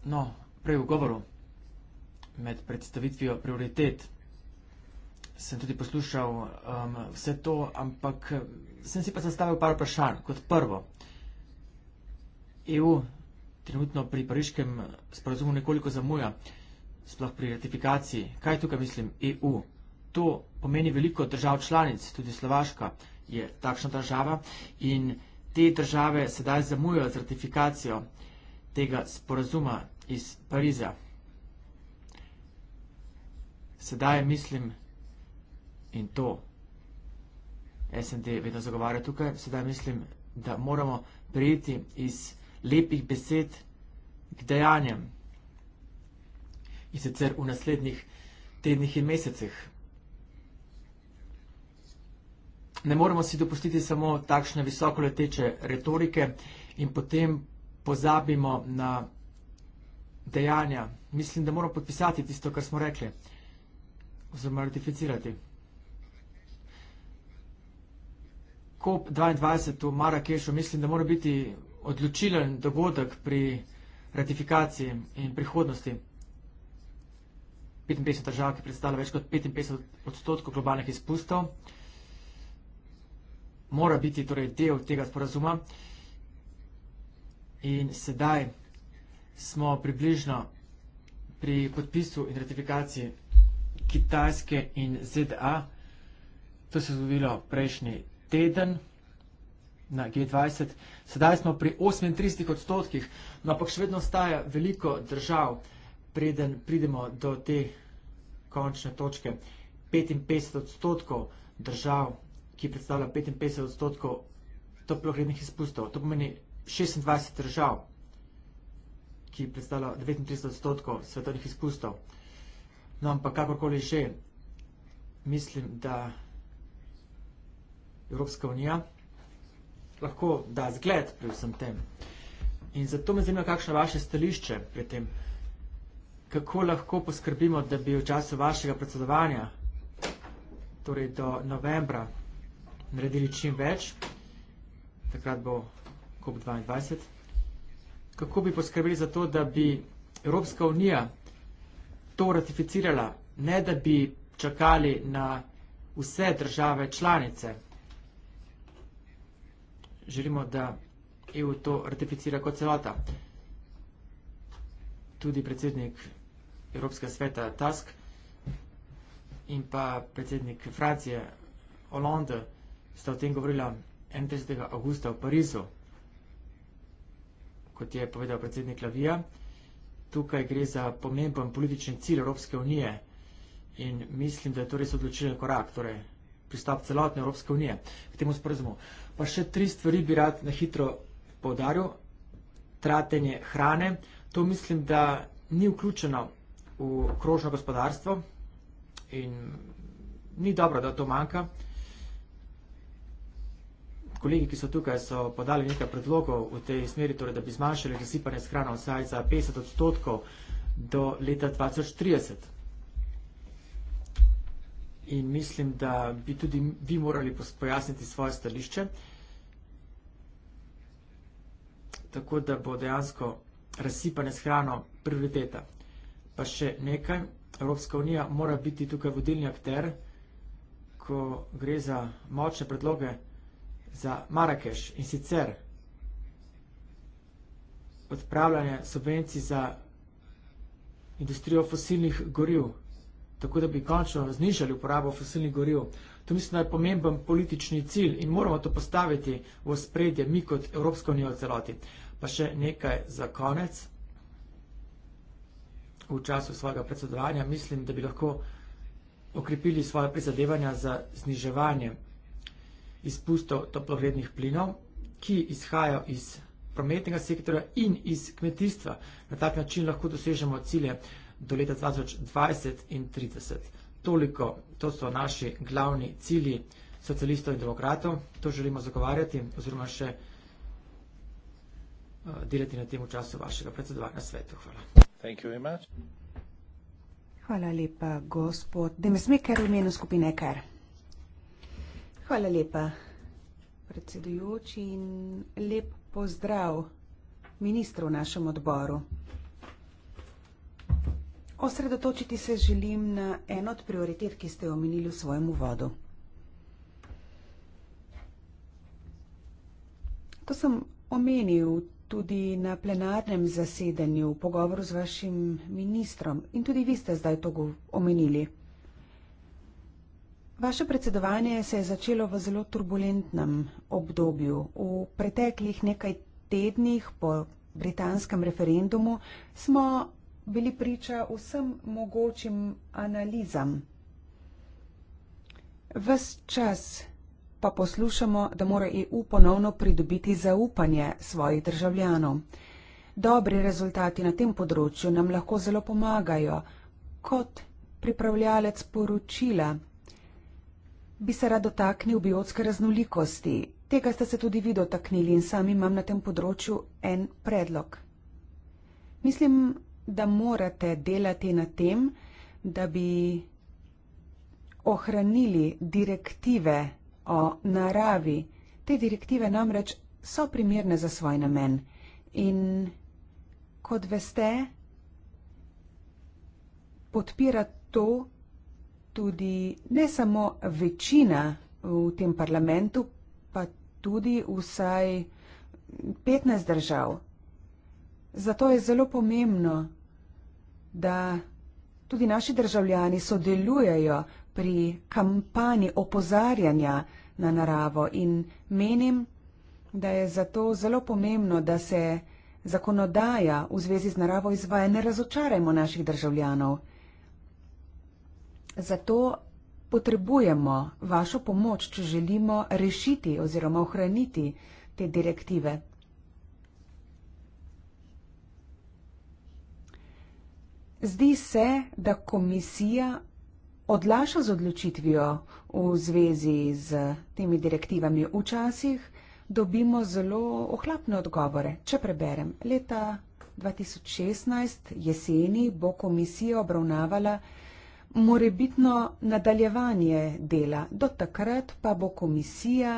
No, prej v govoru med predstavitvijo prioritet sem tudi poslušal um, vse to, ampak sem si pa zastavil par vprašanj. Kot prvo, EU trenutno pri pariškem sporazumu nekoliko zamuja, sploh pri ratifikaciji. Kaj tukaj mislim? EU. To pomeni veliko držav članic, tudi Slovaška je takšna država in te države sedaj zamujajo z ratifikacijo tega sporazuma iz Pariza. Sedaj mislim in to SND vedno zagovarja tukaj, sedaj mislim, da moramo prijeti iz Pariza lepih besed k dejanjem. In sicer v naslednjih tednih in mesecih. Ne moremo si dopustiti samo takšne visokoleteče retorike in potem pozabimo na dejanja. Mislim, da moramo podpisati tisto, kar smo rekli. Oziroma ratificirati. COP22 v Marakešu, mislim, da mora biti odločilen dogodek pri ratifikaciji in prihodnosti. 55 držav, ki predstavlja več kot 55 odstotkov globalnih izpustov, mora biti torej del tega sporazuma. In sedaj smo približno pri podpisu in ratifikaciji Kitajske in ZDA. To se je zgodilo prejšnji teden na G20. Sedaj smo pri 38 odstotkih, no ampak še vedno staja veliko držav, preden pridemo do te končne točke. 55 odstotkov držav, ki predstavlja 55 odstotkov toplogrednih izpustov. To pomeni 26 držav, ki predstavlja 39 odstotkov svetovnih izpustov. No ampak kakorkoli že, mislim, da Evropska unija lahko da zgled pri vsem tem. In zato me zanima, kakšno je vaše stališče pri tem, kako lahko poskrbimo, da bi v času vašega predsedovanja, torej do novembra, naredili čim več, takrat bo COP22, kako bi poskrbeli za to, da bi Evropska unija to ratificirala, ne da bi čakali na vse države članice želimo, da EU to ratificira kot celota. Tudi predsednik Evropskega sveta Tusk in pa predsednik Francije Hollande sta o tem govorila 31. augusta v Parizu, kot je povedal predsednik Lavija. Tukaj gre za pomemben politični cilj Evropske unije in mislim, da je to res odločilen korak, torej pristop celotne Evropske unije k temu sporazumu. Pa še tri stvari bi rad na hitro podaril. Tratenje hrane, to mislim, da ni vključeno v krožno gospodarstvo in ni dobro, da to manjka. Kolegi, ki so tukaj, so podali nekaj predlogov v tej smeri, torej, da bi zmanjšali razsipanje s hrano vsaj za 50 odstotkov do leta 2030 in mislim, da bi tudi vi morali pojasniti svoje stališče, tako da bo dejansko razsipanje s hrano prioriteta. Pa še nekaj, Evropska unija mora biti tukaj vodilni akter, ko gre za močne predloge za Marakeš in sicer odpravljanje subvencij za industrijo fosilnih goriv, tako da bi končno znižali uporabo fosilnih goriv. To mislim, da je pomemben politični cilj in moramo to postaviti v spredje mi kot Evropska unija v celoti. Pa še nekaj za konec. V času svojega predsedovanja mislim, da bi lahko okrepili svoje prizadevanja za zniževanje izpustov toplovrednih plinov, ki izhajajo iz prometnega sektora in iz kmetijstva. Na tak način lahko dosežemo cilje do leta 2020 in 2030. Toliko, to so naši glavni cilji socialistov in demokratov, to želimo zagovarjati oziroma še eh, delati na tem v času vašega predsedovanja svetu. Hvala. Hvala lepa, gospod. Da me sme ker v imenu skupine ker. Hvala lepa, predsedujoči in lep pozdrav ministru v našem odboru. Osredotočiti se želim na eno od prioritet, ki ste jo omenili v svojem uvodu. To sem omenil tudi na plenarnem zasedanju v pogovoru z vašim ministrom in tudi vi ste zdaj to omenili. Vaše predsedovanje se je začelo v zelo turbulentnem obdobju. V preteklih nekaj tednih po britanskem referendumu smo bili priča vsem mogočim analizam. Ves čas pa poslušamo, da mora EU ponovno pridobiti zaupanje svojih državljanov. Dobri rezultati na tem področju nam lahko zelo pomagajo, kot pripravljalec poročila. Bi se rad dotaknil biotske raznolikosti. Tega ste se tudi vi dotaknili in sam imam na tem področju en predlog. Mislim, da morate delati na tem, da bi ohranili direktive o naravi. Te direktive namreč so primerne za svoj namen. In kot veste, podpira to tudi ne samo večina v tem parlamentu, pa tudi vsaj 15 držav. Zato je zelo pomembno, da tudi naši državljani sodelujejo pri kampanji opozarjanja na naravo in menim, da je zato zelo pomembno, da se zakonodaja v zvezi z naravo izvaja, ne razočarajmo naših državljanov. Zato potrebujemo vašo pomoč, če želimo rešiti oziroma ohraniti te direktive. Zdi se, da komisija odlaša z odločitvijo v zvezi z temi direktivami. Včasih dobimo zelo ohlapne odgovore. Če preberem, leta 2016 jeseni bo komisija obravnavala morebitno nadaljevanje dela. Do takrat pa bo komisija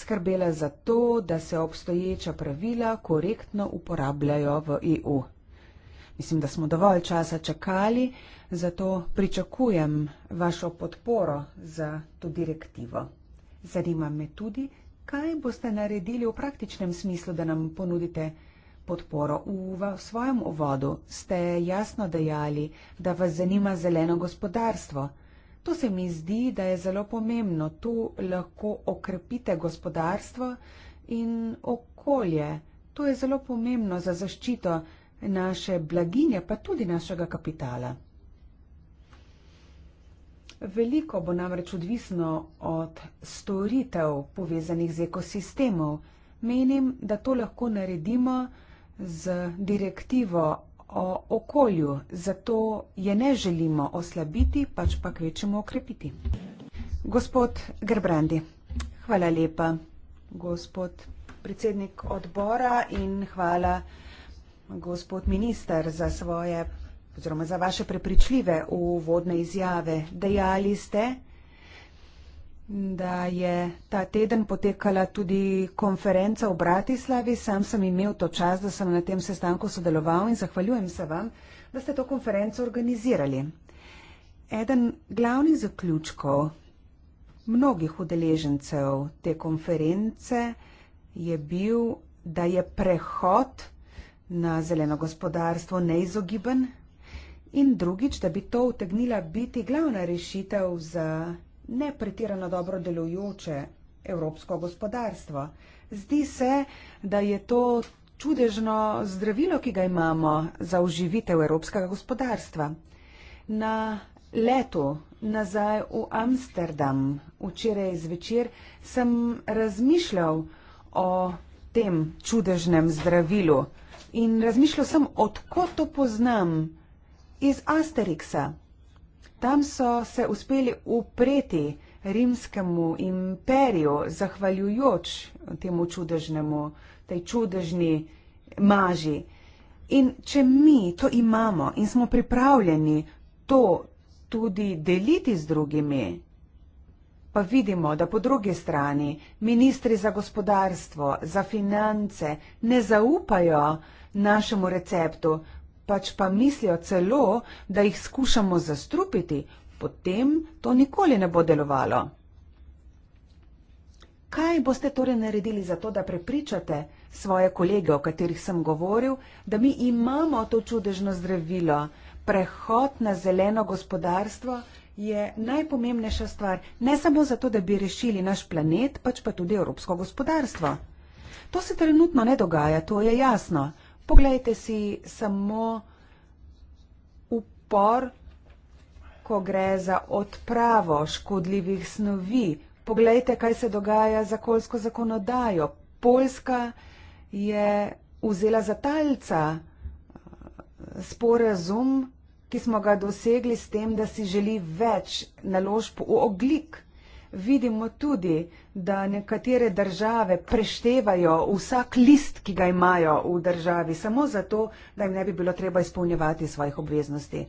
skrbela za to, da se obstoječa pravila korektno uporabljajo v EU. Mislim, da smo dovolj časa čakali, zato pričakujem vašo podporo za to direktivo. Zanima me tudi, kaj boste naredili v praktičnem smislu, da nam ponudite podporo. V svojem uvodu ste jasno dejali, da vas zanima zeleno gospodarstvo. To se mi zdi, da je zelo pomembno. Tu lahko okrepite gospodarstvo in okolje. To je zelo pomembno za zaščito naše blaginje, pa tudi našega kapitala. Veliko bo namreč odvisno od storitev povezanih z ekosistemov. Menim, da to lahko naredimo z direktivo o okolju, zato je ne želimo oslabiti, pač pa kvečemo okrepiti. Gospod Gerbrandi, hvala lepa, gospod predsednik odbora in hvala gospod minister, za svoje oziroma za vaše prepričljive uvodne izjave. Dejali ste, da je ta teden potekala tudi konferenca v Bratislavi. Sam sem imel to čas, da sem na tem sestanku sodeloval in zahvaljujem se vam, da ste to konferenco organizirali. Eden glavnih zaključkov mnogih udeležencev te konference je bil, da je prehod na zeleno gospodarstvo neizogiben in drugič, da bi to utegnila biti glavna rešitev za nepretirano dobro delujoče evropsko gospodarstvo. Zdi se, da je to čudežno zdravilo, ki ga imamo za uživitev evropskega gospodarstva. Na letu nazaj v Amsterdam včeraj zvečer sem razmišljal o tem čudežnem zdravilu in razmišljal sem, odkot to poznam. Iz Asterixa. Tam so se uspeli upreti rimskemu imperiju, zahvaljujoč temu čudežnemu, tej čudežni maži. In če mi to imamo in smo pripravljeni to tudi deliti z drugimi, pa vidimo, da po drugi strani ministri za gospodarstvo, za finance ne zaupajo, našemu receptu, pač pa mislijo celo, da jih skušamo zastrupiti, potem to nikoli ne bo delovalo. Kaj boste torej naredili za to, da prepričate svoje kolege, o katerih sem govoril, da mi imamo to čudežno zdravilo? Prehod na zeleno gospodarstvo je najpomembnejša stvar, ne samo zato, da bi rešili naš planet, pač pa tudi evropsko gospodarstvo. To se trenutno ne dogaja, to je jasno. Poglejte si samo upor, ko gre za odpravo škodljivih snovi. Poglejte, kaj se dogaja z okoljsko zakonodajo. Poljska je vzela za talca eh, sporazum, ki smo ga dosegli s tem, da si želi več naložb v oglik vidimo tudi, da nekatere države preštevajo vsak list, ki ga imajo v državi, samo zato, da jim ne bi bilo treba izpolnjevati svojih obveznosti.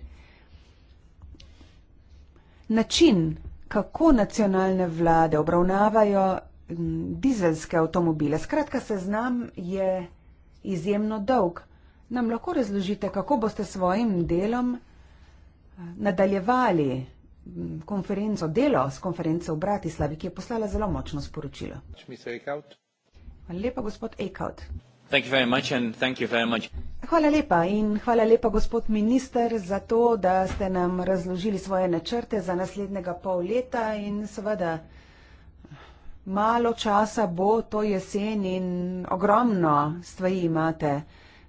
Način, kako nacionalne vlade obravnavajo dizelske avtomobile, skratka seznam je izjemno dolg. Nam lahko razložite, kako boste svojim delom eh, nadaljevali konferenco Delo, s konference v Bratislavi, ki je poslala zelo močno sporočilo. Lepa, gospod Ekaut. Hvala lepa in hvala lepa, gospod minister, za to, da ste nam razložili svoje načrte za naslednjega pol leta in seveda malo časa bo to jesen in ogromno stvari imate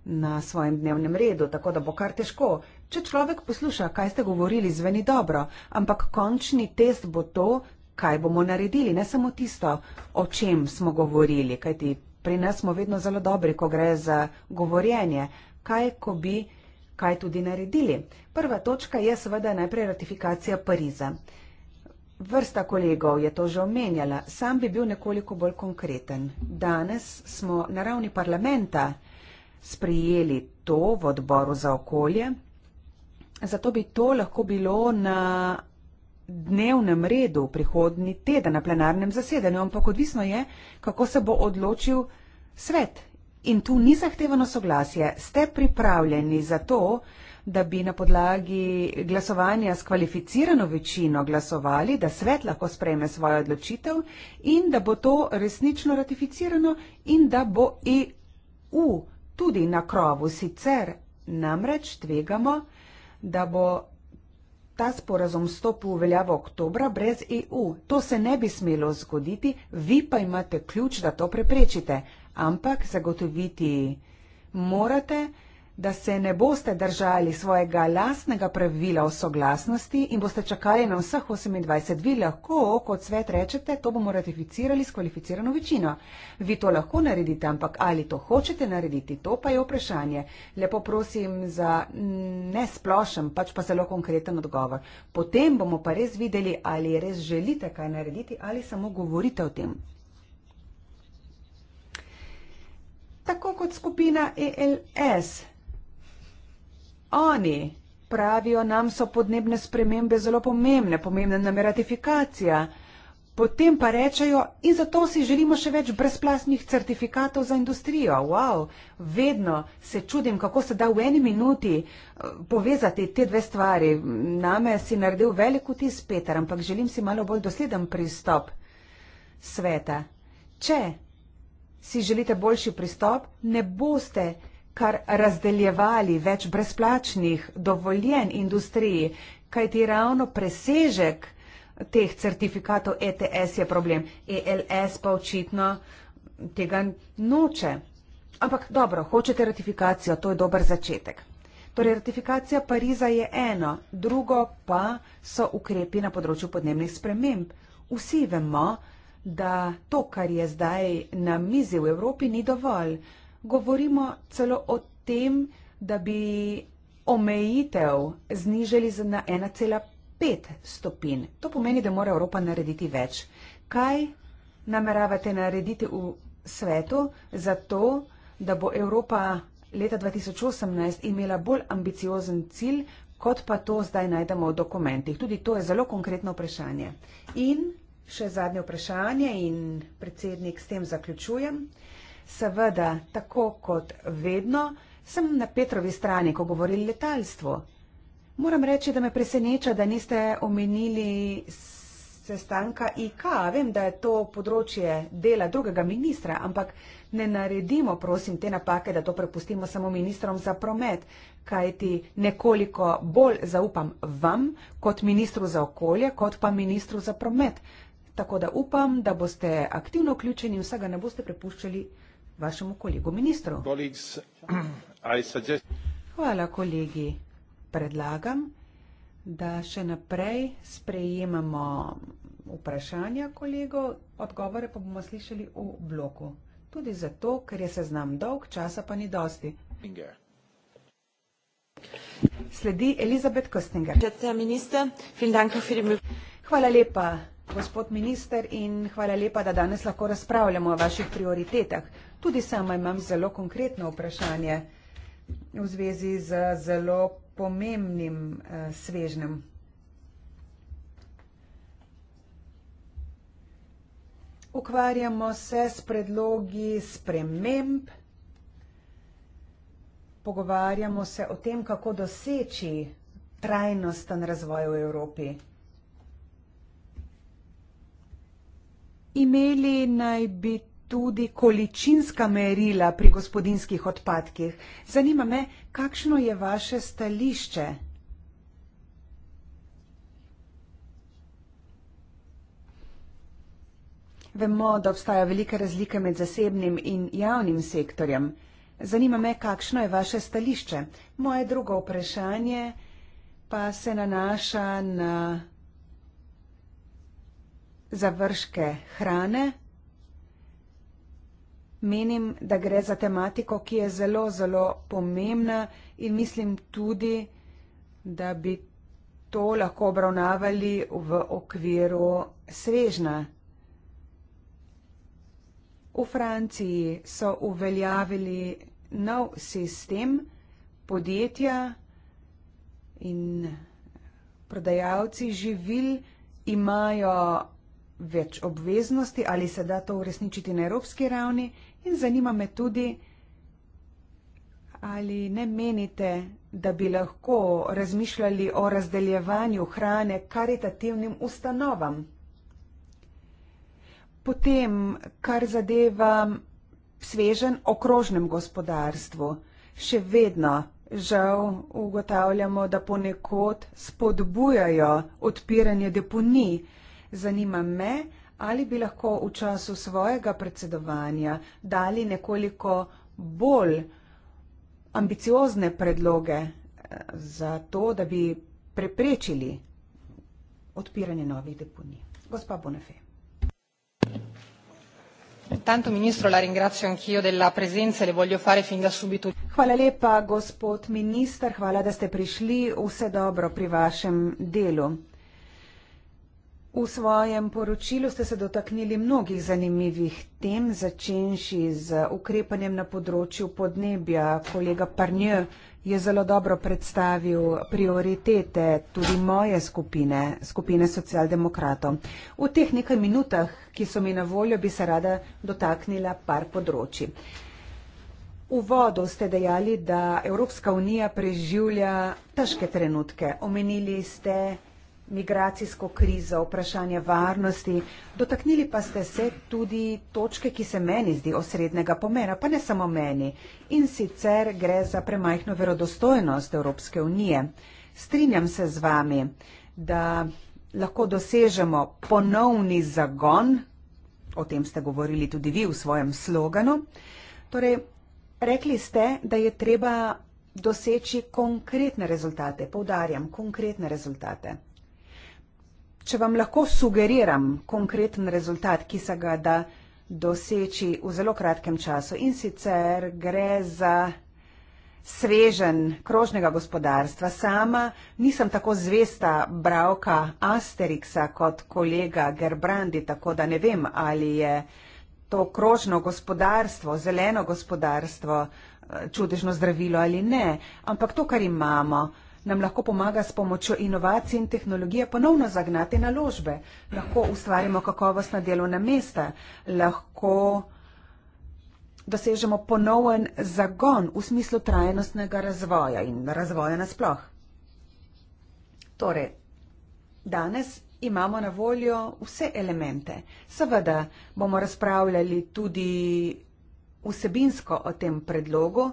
na svojem dnevnem redu, tako da bo kar težko. Če človek posluša, kaj ste govorili, zveni dobro, ampak končni test bo to, kaj bomo naredili, ne samo tisto, o čem smo govorili, kajti pri nas smo vedno zelo dobri, ko gre za govorjenje, kaj, ko bi, kaj tudi naredili. Prva točka je seveda najprej ratifikacija Pariza. Vrsta kolegov je to že omenjala, sam bi bil nekoliko bolj konkreten. Danes smo na ravni parlamenta sprijeli to v odboru za okolje, Zato bi to lahko bilo na dnevnem redu prihodni teden na plenarnem zasedanju, ampak odvisno je, kako se bo odločil svet. In tu ni zahtevano soglasje. Ste pripravljeni za to, da bi na podlagi glasovanja s kvalificirano večino glasovali, da svet lahko sprejme svojo odločitev in da bo to resnično ratificirano in da bo EU tudi na krovu sicer namreč tvegamo, da bo ta sporazum stopil v veljavo oktobra brez EU. To se ne bi smelo zgoditi, vi pa imate ključ, da to preprečite. Ampak zagotoviti morate, da se ne boste držali svojega lastnega pravila o soglasnosti in boste čakali na vseh 28. Vi lahko, kot svet rečete, to bomo ratificirali s kvalificirano večino. Vi to lahko naredite, ampak ali to hočete narediti, to pa je vprašanje. Lepo prosim za nesplošen, pač pa zelo konkreten odgovor. Potem bomo pa res videli, ali res želite kaj narediti ali samo govorite o tem. Tako kot skupina ELS, oni pravijo nam, so podnebne spremembe zelo pomembne, pomembna nam je ratifikacija. Potem pa rečejo, in zato si želimo še več brezplasnih certifikatov za industrijo. Wow, vedno se čudim, kako se da v eni minuti eh, povezati te dve stvari. Name si naredil velik vtis, Peter, ampak želim si malo bolj dosleden pristop sveta. Če si želite boljši pristop, ne boste kar razdeljevali več brezplačnih dovoljen industriji, kajti ravno presežek teh certifikatov ETS je problem. ELS pa očitno tega noče. Ampak dobro, hočete ratifikacijo, to je dober začetek. Torej, ratifikacija Pariza je eno, drugo pa so ukrepi na področju podnebnih sprememb. Vsi vemo, da to, kar je zdaj na mizi v Evropi, ni dovolj govorimo celo o tem, da bi omejitev znižali na 1,5 stopinj. To pomeni, da mora Evropa narediti več. Kaj nameravate narediti v svetu za to, da bo Evropa leta 2018 imela bolj ambiciozen cilj, kot pa to zdaj najdemo v dokumentih? Tudi to je zelo konkretno vprašanje. In še zadnje vprašanje in predsednik s tem zaključujem. Seveda, tako kot vedno, sem na Petrovi strani, ko govori letalstvo. Moram reči, da me preseneča, da niste omenili sestanka IK. Vem, da je to področje dela drugega ministra, ampak ne naredimo, prosim, te napake, da to prepustimo samo ministrom za promet, kajti nekoliko bolj zaupam vam kot ministru za okolje, kot pa ministru za promet. Tako da upam, da boste aktivno vključeni, vsega ne boste prepuščali vašemu kolegu ministru. Hvala, kolegi. Predlagam, da še naprej sprejemamo vprašanja kolegov, odgovore pa bomo slišali v bloku. Tudi zato, ker je seznam dolg, časa pa ni dosti. Sledi Elizabet Kostinger. Hvala lepa gospod minister in hvala lepa, da danes lahko razpravljamo o vaših prioritetah. Tudi sama imam zelo konkretno vprašanje v zvezi z zelo pomembnim eh, svežnem. Ukvarjamo se s predlogi sprememb, pogovarjamo se o tem, kako doseči trajnosten razvoj v Evropi. Imeli naj bi tudi količinska merila pri gospodinskih odpadkih. Zanima me, kakšno je vaše stališče? Vemo, da obstaja velika razlika med zasebnim in javnim sektorjem. Zanima me, kakšno je vaše stališče. Moje drugo vprašanje pa se nanaša na završke hrane. Menim, da gre za tematiko, ki je zelo, zelo pomembna in mislim tudi, da bi to lahko obravnavali v okviru svežna. V Franciji so uveljavili nov sistem podjetja in prodajalci živil imajo več obveznosti, ali se da to uresničiti na evropski ravni in zanima me tudi, ali ne menite, da bi lahko razmišljali o razdeljevanju hrane karitativnim ustanovam. Potem, kar zadeva svežen okrožnem gospodarstvu, še vedno žal ugotavljamo, da ponekod spodbujajo odpiranje deponij, Zanima me, ali bi lahko v času svojega predsedovanja dali nekoliko bolj ambiciozne predloge eh, za to, da bi preprečili odpiranje novih deponij. Gospa Bonafé. Intanto, ministro, la ringrazio anch'io della presenza e le voglio fare fin da subito. Hvala lepa, gospod minister, hvala, da ste prišli. Vse dobro pri vašem delu. V svojem poročilu ste se dotaknili mnogih zanimivih tem, začenši z ukrepanjem na področju podnebja. Kolega Parnjo je zelo dobro predstavil prioritete tudi moje skupine, skupine socialdemokratov. V teh nekaj minutah, ki so mi na voljo, bi se rada dotaknila par področji. V vodu ste dejali, da Evropska unija preživlja težke trenutke. Omenili ste migracijsko krizo, vprašanje varnosti, dotaknili pa ste se tudi točke, ki se meni zdi osrednjega pomena, pa ne samo meni. In sicer gre za premajhno verodostojnost Evropske unije. Strinjam se z vami, da lahko dosežemo ponovni zagon, o tem ste govorili tudi vi v svojem sloganu. Torej, rekli ste, da je treba doseči konkretne rezultate, poudarjam, konkretne rezultate. Če vam lahko sugeriram konkreten rezultat, ki se ga da doseči v zelo kratkem času in sicer gre za svežen krožnega gospodarstva. Sama nisem tako zvesta bravka Asterixa kot kolega Gerbrandi, tako da ne vem, ali je to krožno gospodarstvo, zeleno gospodarstvo eh, čudežno zdravilo ali ne, ampak to, kar imamo, nam lahko pomaga s pomočjo inovacij in tehnologije ponovno zagnati naložbe, lahko ustvarimo kakovostna delovna mesta, lahko dosežemo ponoven zagon v smislu trajnostnega razvoja in razvoja nasploh. Torej, danes imamo na voljo vse elemente. Seveda bomo razpravljali tudi vsebinsko o tem predlogu,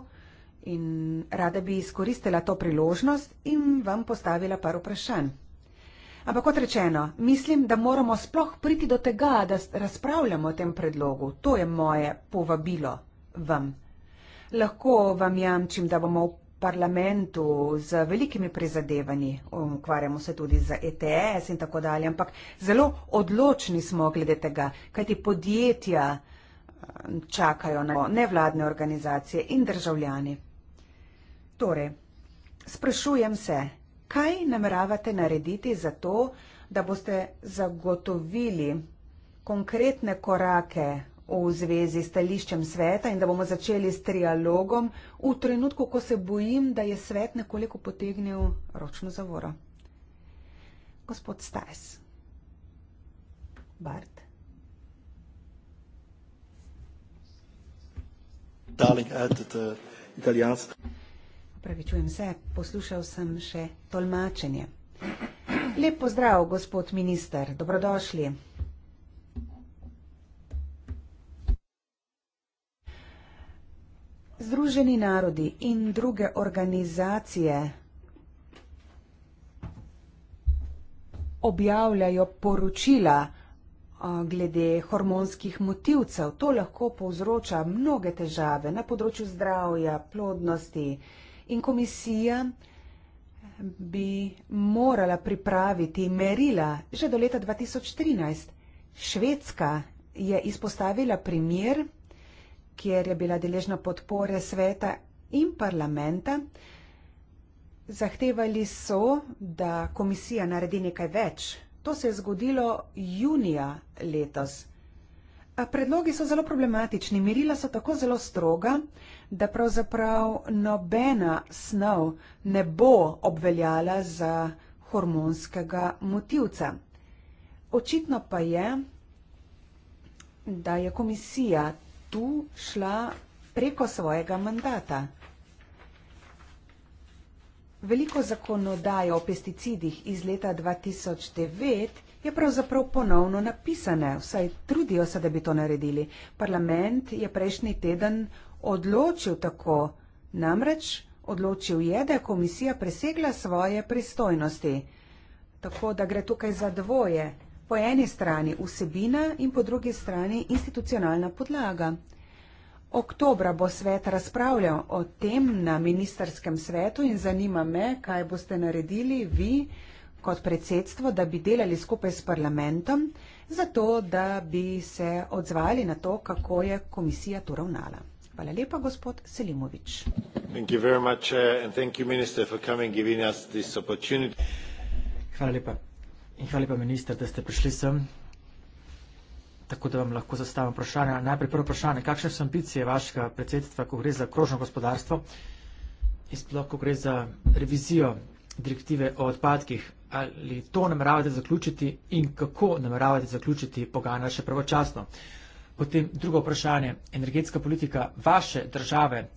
in rada bi izkoristila to priložnost in vam postavila par vprašanj. Ampak kot rečeno, mislim, da moramo sploh priti do tega, da razpravljamo o tem predlogu. To je moje povabilo vam. Lahko vam jamčim, da bomo v parlamentu z velikimi prizadevanji, ukvarjamo se tudi z ETS in tako dalje, ampak zelo odločni smo glede tega, kajti podjetja eh, čakajo na nevladne organizacije in državljani. Torej, sprašujem se, kaj nameravate narediti za to, da boste zagotovili konkretne korake v zvezi s stališčem sveta in da bomo začeli s trialogom v trenutku, ko se bojim, da je svet nekoliko potegnil ročno zavoro. Gospod Stajs. Bart. Daleč, eto, er äh, italijansko. Pravičujem se, poslušal sem še tolmačenje. Lep pozdrav, gospod minister, dobrodošli. Združeni narodi in druge organizacije objavljajo poročila glede hormonskih motivcev. To lahko povzroča mnoge težave na področju zdravja, plodnosti, in komisija bi morala pripraviti merila že do leta 2013. Švedska je izpostavila primer, kjer je bila deležna podpore sveta in parlamenta. Zahtevali so, da komisija naredi nekaj več. To se je zgodilo junija letos. Predlogi so zelo problematični, merila so tako zelo stroga, da pravzaprav nobena snov ne bo obveljala za hormonskega motivca. Očitno pa je, da je komisija tu šla preko svojega mandata. Veliko zakonodaje o pesticidih iz leta 2009 je pravzaprav ponovno napisane, vsaj trudijo se, da bi to naredili. Parlament je prejšnji teden odločil tako. Namreč odločil je, da je komisija presegla svoje pristojnosti. Tako da gre tukaj za dvoje. Po eni strani vsebina in po drugi strani institucionalna podlaga. Oktobra bo svet razpravljal o tem na ministerskem svetu in zanima me, kaj boste naredili vi kot predsedstvo, da bi delali skupaj s parlamentom, zato da bi se odzvali na to, kako je komisija tu ravnala. Hvala lepa, gospod Selimovič. Thank you very much and thank you minister for coming giving us this opportunity. Hvala lepa. In hvala lepa, minister, da ste prišli sem. Tako da vam lahko zastavim vprašanje. Najprej prvo vprašanje, kakšne so ambicije vašega predsedstva, ko gre za krožno gospodarstvo in sploh, ko gre za revizijo direktive o odpadkih? Ali to nameravate zaključiti in kako nameravate zaključiti pogajanja še pravočasno? Potem drugo vprašanje, energetska politika vaše države,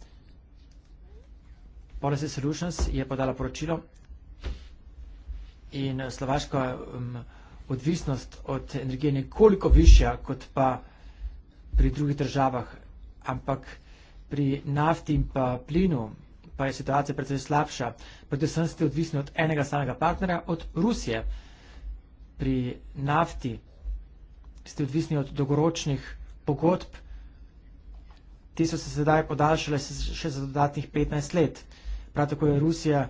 Policy Solutions je podala poročilo in slovaška um, odvisnost od energije nekoliko višja kot pa pri drugih državah, ampak pri nafti in pa plinu pa je situacija predvsej slabša. Predvsem ste odvisni od enega samega partnera, od Rusije. Pri nafti ste odvisni od dogoročnih partnerja pogodb, ti so se sedaj podaljšale še za dodatnih 15 let. Prav tako je Rusija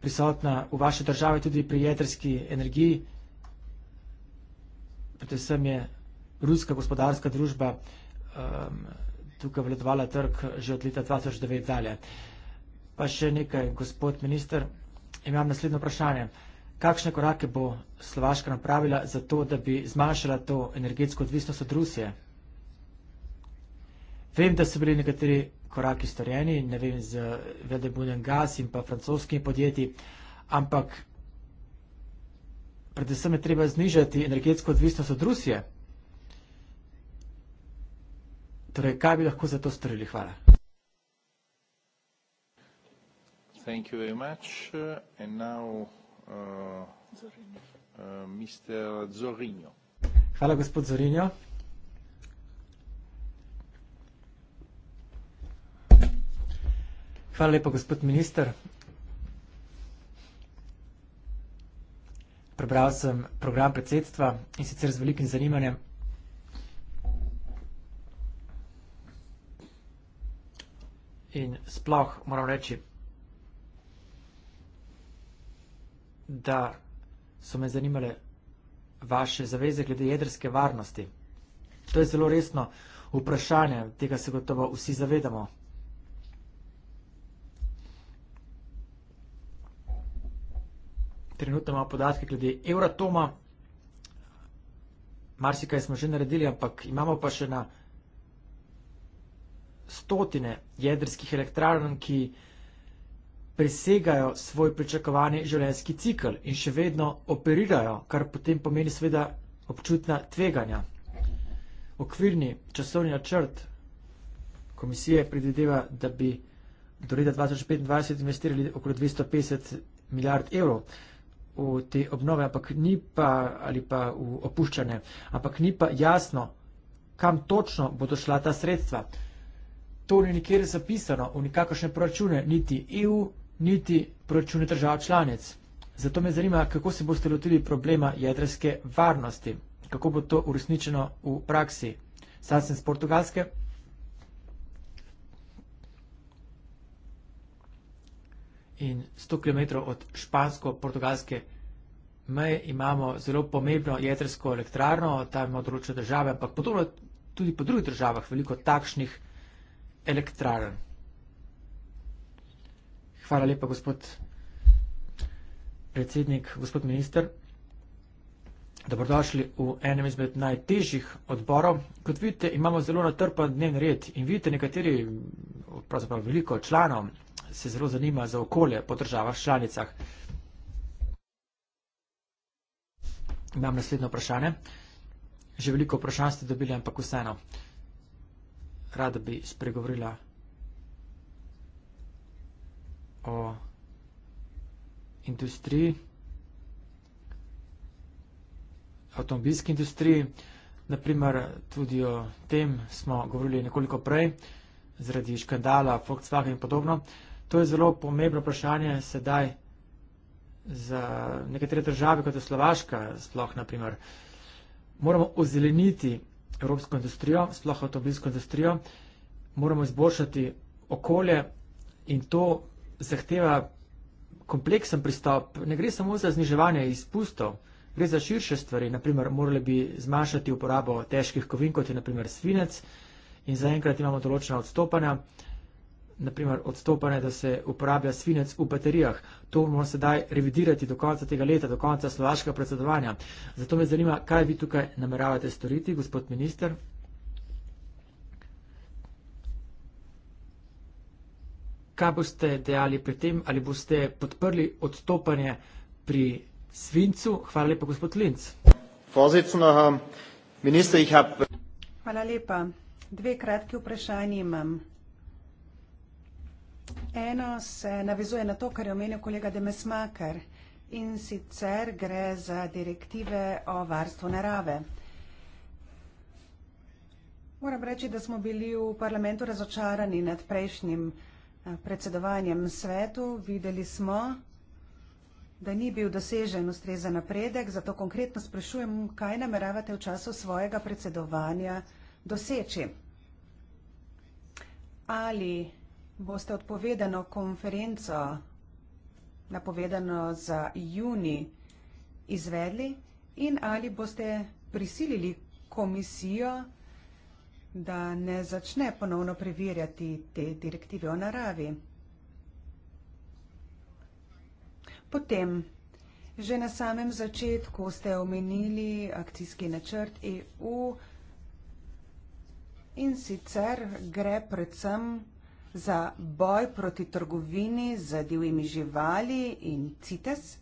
prisotna v vaši državi tudi pri jedrski energiji. Predvsem je ruska gospodarska družba um, tukaj vladovala trg že od leta 2009 dalje. Pa še nekaj, gospod minister, imam naslednje vprašanje. Kakšne korake bo Slovaška napravila za to, da bi zmanjšala to energetsko odvisnost od Rusije? Vem, da so bili nekateri koraki storjeni, ne vem, z Vedebunem Gas in pa francoskimi podjetji, ampak predvsem je treba znižati energetsko odvisnost od Rusije. Torej, kaj bi lahko za to storili? Hvala. Thank you very much. Uh, and now, uh, uh, Mr. Zorinjo. Hvala, gospod Zorinjo. Hvala lepa, gospod minister. Prebral sem program predsedstva in sicer z velikim zanimanjem. In sploh moram reči, da so me zanimale vaše zaveze glede jedrske varnosti. To je zelo resno vprašanje, tega se gotovo vsi zavedamo. trenutno imamo podatke glede Euratoma. Marsikaj smo že naredili, ampak imamo pa še na stotine jedrskih elektrarn, ki presegajo svoj pričakovani življenjski cikl in še vedno operirajo, kar potem pomeni seveda občutna tveganja. Okvirni časovni načrt komisije predvideva, da bi do leta 2025 investirali okrog 250 milijard evrov v te obnove, ampak ni pa ali pa v opuščanje, ampak ni pa jasno, kam točno bodo šla ta sredstva. To ni nikjer zapisano v nikakršne proračune, niti EU, niti proračune držav članic. Zato me zanima, kako se boste lotili problema jedrske varnosti, kako bo to uresničeno v praksi. Sam sem z Portugalske, in 100 km od špansko-portugalske meje imamo zelo pomembno jedrsko elektrarno, tam imamo določene države, ampak podobno tudi po drugih državah veliko takšnih elektrarn. Hvala lepa, gospod predsednik, gospod minister. Dobrodošli v enem izmed najtežjih odborov. Kot vidite, imamo zelo natrpan dnevni red in vidite nekateri, pravzaprav veliko članov se zelo zanima za okolje po državah članicah. Imam naslednje vprašanje. Že veliko vprašanj ste dobili, ampak vseeno. Rada bi spregovorila o industriji, avtomobilski industriji, naprimer tudi o tem smo govorili nekoliko prej, zaradi škandala, Volkswagen in podobno. Uh, To je zelo pomembno vprašanje sedaj za nekatere države, kot je Slovaška, sploh naprimer. Moramo ozeleniti evropsko industrijo, sploh avtomobilsko industrijo, moramo izboljšati okolje in to zahteva kompleksen pristop. Ne gre samo za zniževanje izpustov, gre za širše stvari. Naprimer, morali bi zmanjšati uporabo težkih kovin, kot je naprimer svinec in zaenkrat imamo določena odstopanja naprimer odstopanje, da se uporablja svinec v baterijah. To moramo sedaj revidirati do konca tega leta, do konca slovaškega predsedovanja. Zato me zanima, kaj vi tukaj nameravate storiti, gospod minister. Kaj boste dejali pri tem, ali boste podprli odstopanje pri svincu? Hvala lepa, gospod Linc. Eh, Hvala lepa. Dve kratki vprašanji imam. Eno se navezuje na to, kar je omenil kolega Demesmaker in sicer gre za direktive o varstvu narave. Moram reči, da smo bili v parlamentu razočarani nad prejšnjim eh, predsedovanjem svetu. Videli smo, da ni bil dosežen ustrezen napredek, zato konkretno sprašujem, kaj nameravate v času svojega predsedovanja doseči. Ali Boste odpovedano konferenco, napovedano za juni, izvedli in ali boste prisilili komisijo, da ne začne ponovno preverjati te direktive o naravi? Potem, že na samem začetku ste omenili akcijski načrt EU in sicer gre predvsem za za boj proti trgovini z divjimi živali in CITES.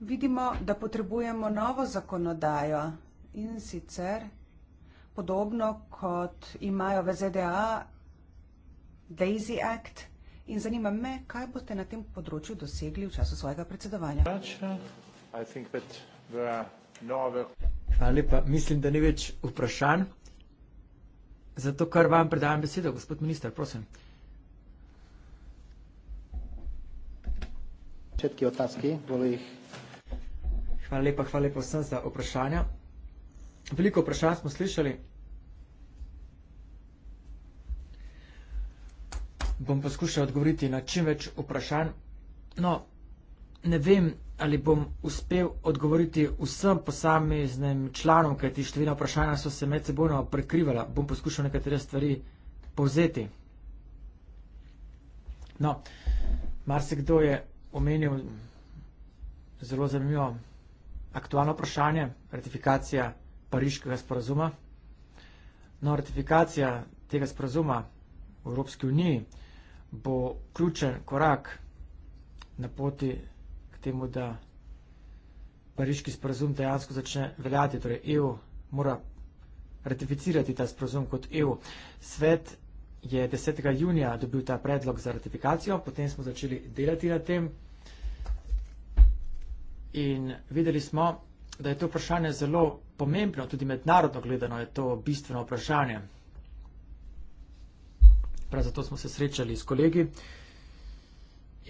Vidimo, da potrebujemo novo zakonodajo in sicer podobno kot imajo v ZDA Daisy Act in zanima me, kaj boste na tem področju dosegli v času svojega predsedovanja. No Hvala lepa. Mislim, da ni več vprašanj. Zato, kar vam predajam besedo, gospod minister, prosim. Četki otaski, bolj jih. Hvala lepa, hvala lepa vsem za vprašanja. Veliko vprašanj smo slišali. Bom poskušal odgovoriti na čim več vprašanj. No, ne vem, ali bom uspel odgovoriti vsem posameznim članom, kajti številna vprašanja so se med seboj prekrivala. Bom poskušal nekatere stvari povzeti. No, marsikdo je omenil zelo zanimivo aktualno vprašanje, ratifikacija pariškega sporazuma. No, ratifikacija tega sporazuma v Evropski uniji bo ključen korak na poti temu, da pariški sporazum dejansko začne veljati, torej EU mora ratificirati ta sporazum kot EU. Svet je 10. junija dobil ta predlog za ratifikacijo, potem smo začeli delati na tem in videli smo, da je to vprašanje zelo pomembno, tudi mednarodno gledano je to bistveno vprašanje. Prav zato smo se srečali s kolegi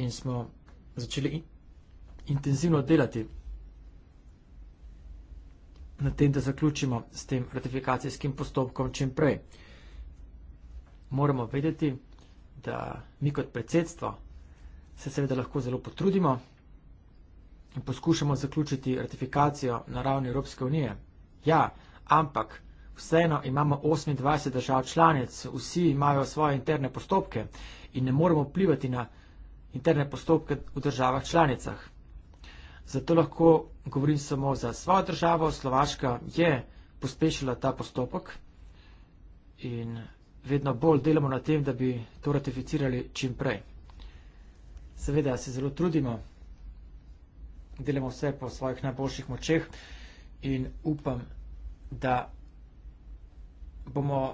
in smo začeli intenzivno delati na tem, da zaključimo s tem ratifikacijskim postopkom čim prej. Moramo vedeti, da mi kot predsedstvo se seveda lahko zelo potrudimo in poskušamo zaključiti ratifikacijo na ravni Evropske unije. Ja, ampak vseeno imamo 28 držav članic, vsi imajo svoje interne postopke in ne moremo plivati na interne postopke v državah članicah. Zato lahko govorim samo za svojo državo. Slovaška je pospešila ta postopek in vedno bolj delamo na tem, da bi to ratificirali čim prej. Seveda se zelo trudimo, delamo vse po svojih najboljših močeh in upam, da bomo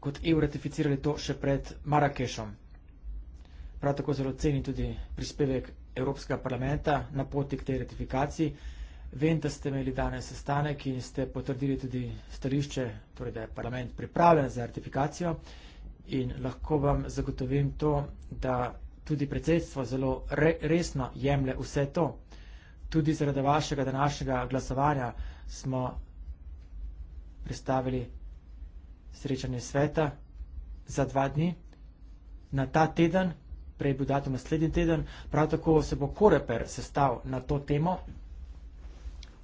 kot EU ratificirali to še pred Marakešom. Prav tako zelo cenim tudi prispevek Evropskega parlamenta na poti k tej ratifikaciji. Vem, da ste imeli danes sestanek in ste potrdili tudi stališče, torej da je parlament pripravljen za ratifikacijo in lahko vam zagotovim to, da tudi predsedstvo zelo re resno jemlje vse to. Tudi zaradi vašega današnjega glasovanja smo predstavili srečanje sveta za dva dni na ta teden prej bil datum naslednji teden, prav tako se bo Koreper sestav na to temo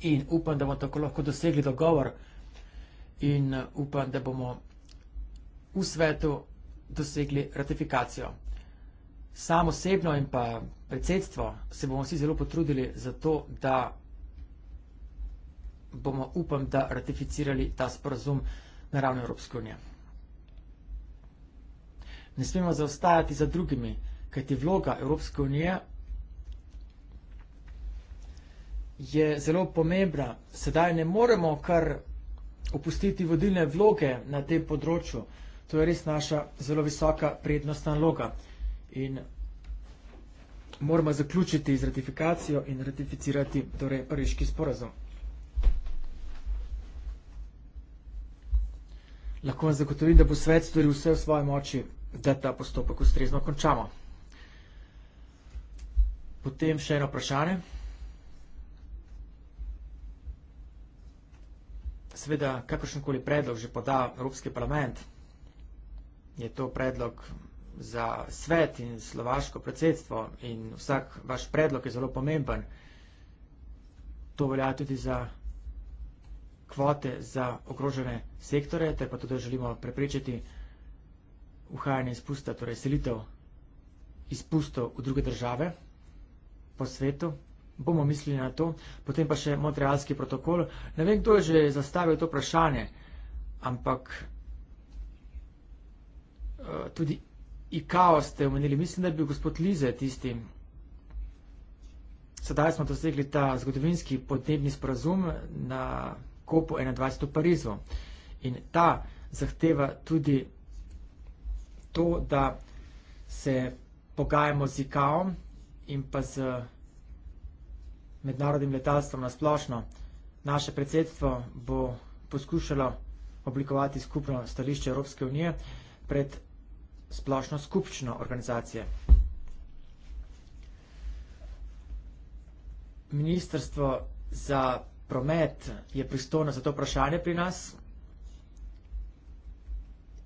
in upam, da bomo tako lahko dosegli dogovor in uh, upam, da bomo v svetu dosegli ratifikacijo. Sam osebno in pa predsedstvo se bomo vsi zelo potrudili za to, da bomo upam, da ratificirali ta sporazum na ravni Evropske unije. Ne smemo zaostajati za drugimi. Kajti vloga Evropske unije je zelo pomembna. Sedaj ne moremo kar opustiti vodilne vloge na tem področju. To je res naša zelo visoka prednostna loga. In moramo zaključiti z ratifikacijo in ratificirati torej pariški sporazum. Lahko vam zagotovim, da bo svet storil vse v svoji moči, da ta postopek ustrezno končamo. Potem še eno vprašanje. Sveda, kakršenkoli predlog že poda Evropski parlament, je to predlog za svet in slovaško predsedstvo in vsak vaš predlog je zelo pomemben. To velja tudi za kvote za ogrožene sektore, ter pa tudi želimo preprečiti uhajanje izpusta, torej selitev izpustov v druge države po svetu, bomo mislili na to, potem pa še Montrealski protokol. Ne vem, kdo je že zastavil to vprašanje, ampak eh, tudi IKAO ste omenili. Mislim, da je bil gospod Lize tisti. Sedaj smo dosegli ta zgodovinski podnebni sporazum na kopu 21 v Parizu. In ta zahteva tudi to, da se pogajamo z IKAO-om, in pa z mednarodnim letalstvom na splošno. Naše predsedstvo bo poskušalo oblikovati skupno stališče Evropske unije pred splošno skupčno organizacije. Ministrstvo za promet je pristojno za to vprašanje pri nas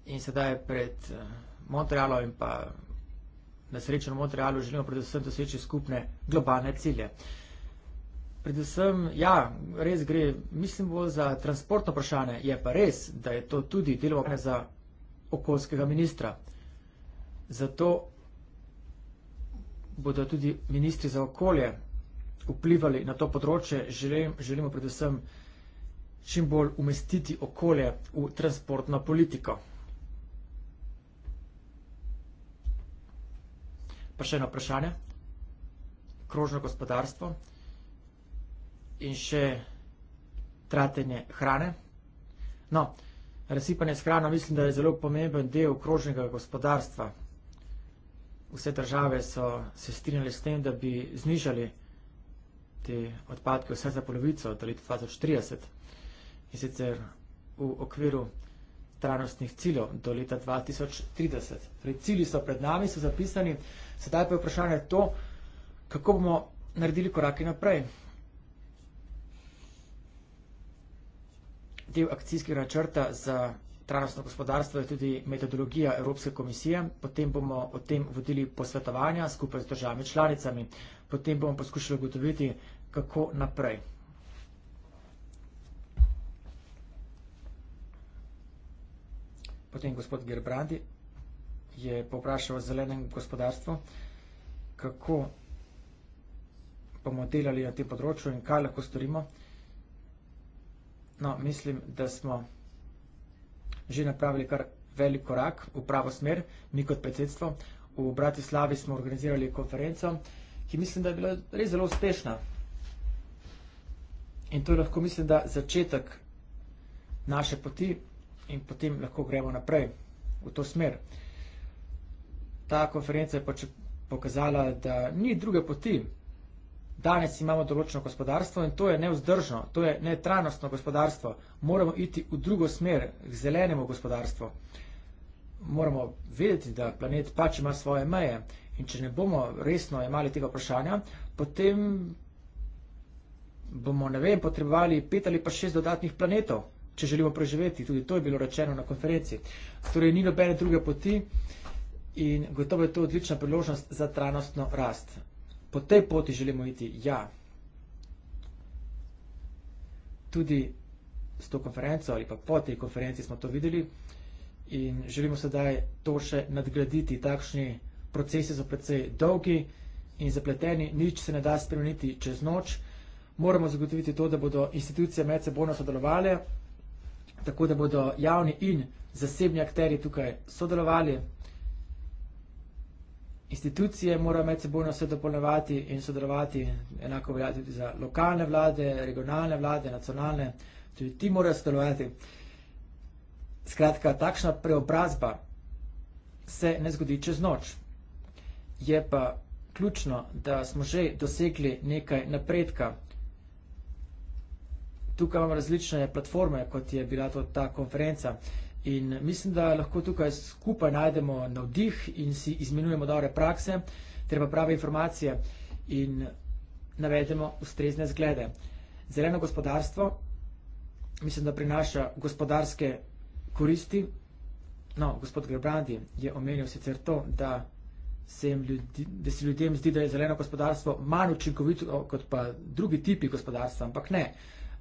in sedaj pred eh, Montrealom in pa na srečanju v Montrealu želimo predvsem doseči skupne globalne cilje. Predvsem, ja, res gre, mislim bolj za transportno vprašanje, je pa res, da je to tudi delo za okoljskega ministra. Zato bodo tudi ministri za okolje vplivali na to področje, Želim, želimo predvsem čim bolj umestiti okolje v transportno politiko. Pa še eno vprašanje. Krožno gospodarstvo in še tratenje hrane. No, razsipanje s hrano mislim, da je zelo pomemben del krožnega gospodarstva. Vse države so se strinjali s tem, da bi znižali te odpadke vse za polovico do leta 2030 in sicer v okviru trajnostnih ciljev do leta 2030. Torej, cilji so pred nami, so zapisani. Sedaj pa je vprašanje to, kako bomo naredili korake naprej. Del akcijskega načrta za trajnostno gospodarstvo je tudi metodologija Evropske komisije, potem bomo o tem vodili posvetovanja skupaj z državami članicami, potem bomo poskušali ugotoviti, kako naprej. Potem gospod Gerbrandi je povprašal o zelenem gospodarstvu, kako bomo delali na tem področju in kaj lahko storimo. No, mislim, da smo že napravili kar velik korak v pravo smer, mi kot predsedstvo. V Bratislavi smo organizirali konferenco, ki mislim, da je bila res zelo uspešna. In to je lahko, mislim, da začetek naše poti in potem lahko gremo naprej v to smer ta konferenca je pač pokazala, da ni druge poti. Danes imamo določeno gospodarstvo in to je neuzdržno, to je netrajnostno gospodarstvo. Moramo iti v drugo smer, k zelenemu gospodarstvu. Moramo vedeti, da planet pač ima svoje meje in če ne bomo resno imali tega vprašanja, potem bomo, ne vem, potrebovali pet ali pa šest dodatnih planetov, če želimo preživeti. Tudi to je bilo rečeno na konferenci. Torej ni nobene druge poti in gotovo je to odlična priložnost za trajnostno rast. Po tej poti želimo iti, ja. Tudi s to konferenco ali pa po tej konferenci smo to videli in želimo sedaj to še nadgraditi. Takšni procesi so predvsej dolgi in zapleteni, nič se ne da spremeniti čez noč. Moramo zagotoviti to, da bodo institucije med sebojno sodelovali, tako da bodo javni in zasebni akteri tukaj sodelovali institucije morajo med sebojno se dopolnjevati in sodelovati, enako velja tudi za lokalne vlade, regionalne vlade, nacionalne, tudi ti morajo sodelovati. Skratka, takšna preobrazba se ne zgodi čez noč. Je pa ključno, da smo že dosegli nekaj napredka. Tukaj imamo različne platforme, kot je bila to ta konferenca. In mislim, da lahko tukaj skupaj najdemo navdih in si izmenujemo dobre prakse, ter pa prave informacije in navedemo ustrezne zglede. Zeleno gospodarstvo, mislim, da prinaša gospodarske koristi. No, gospod Grebrandi je omenil sicer to, da se, ljudi, da se ljudem zdi, da je zeleno gospodarstvo manj učinkovito kot pa drugi tipi gospodarstva, ampak ne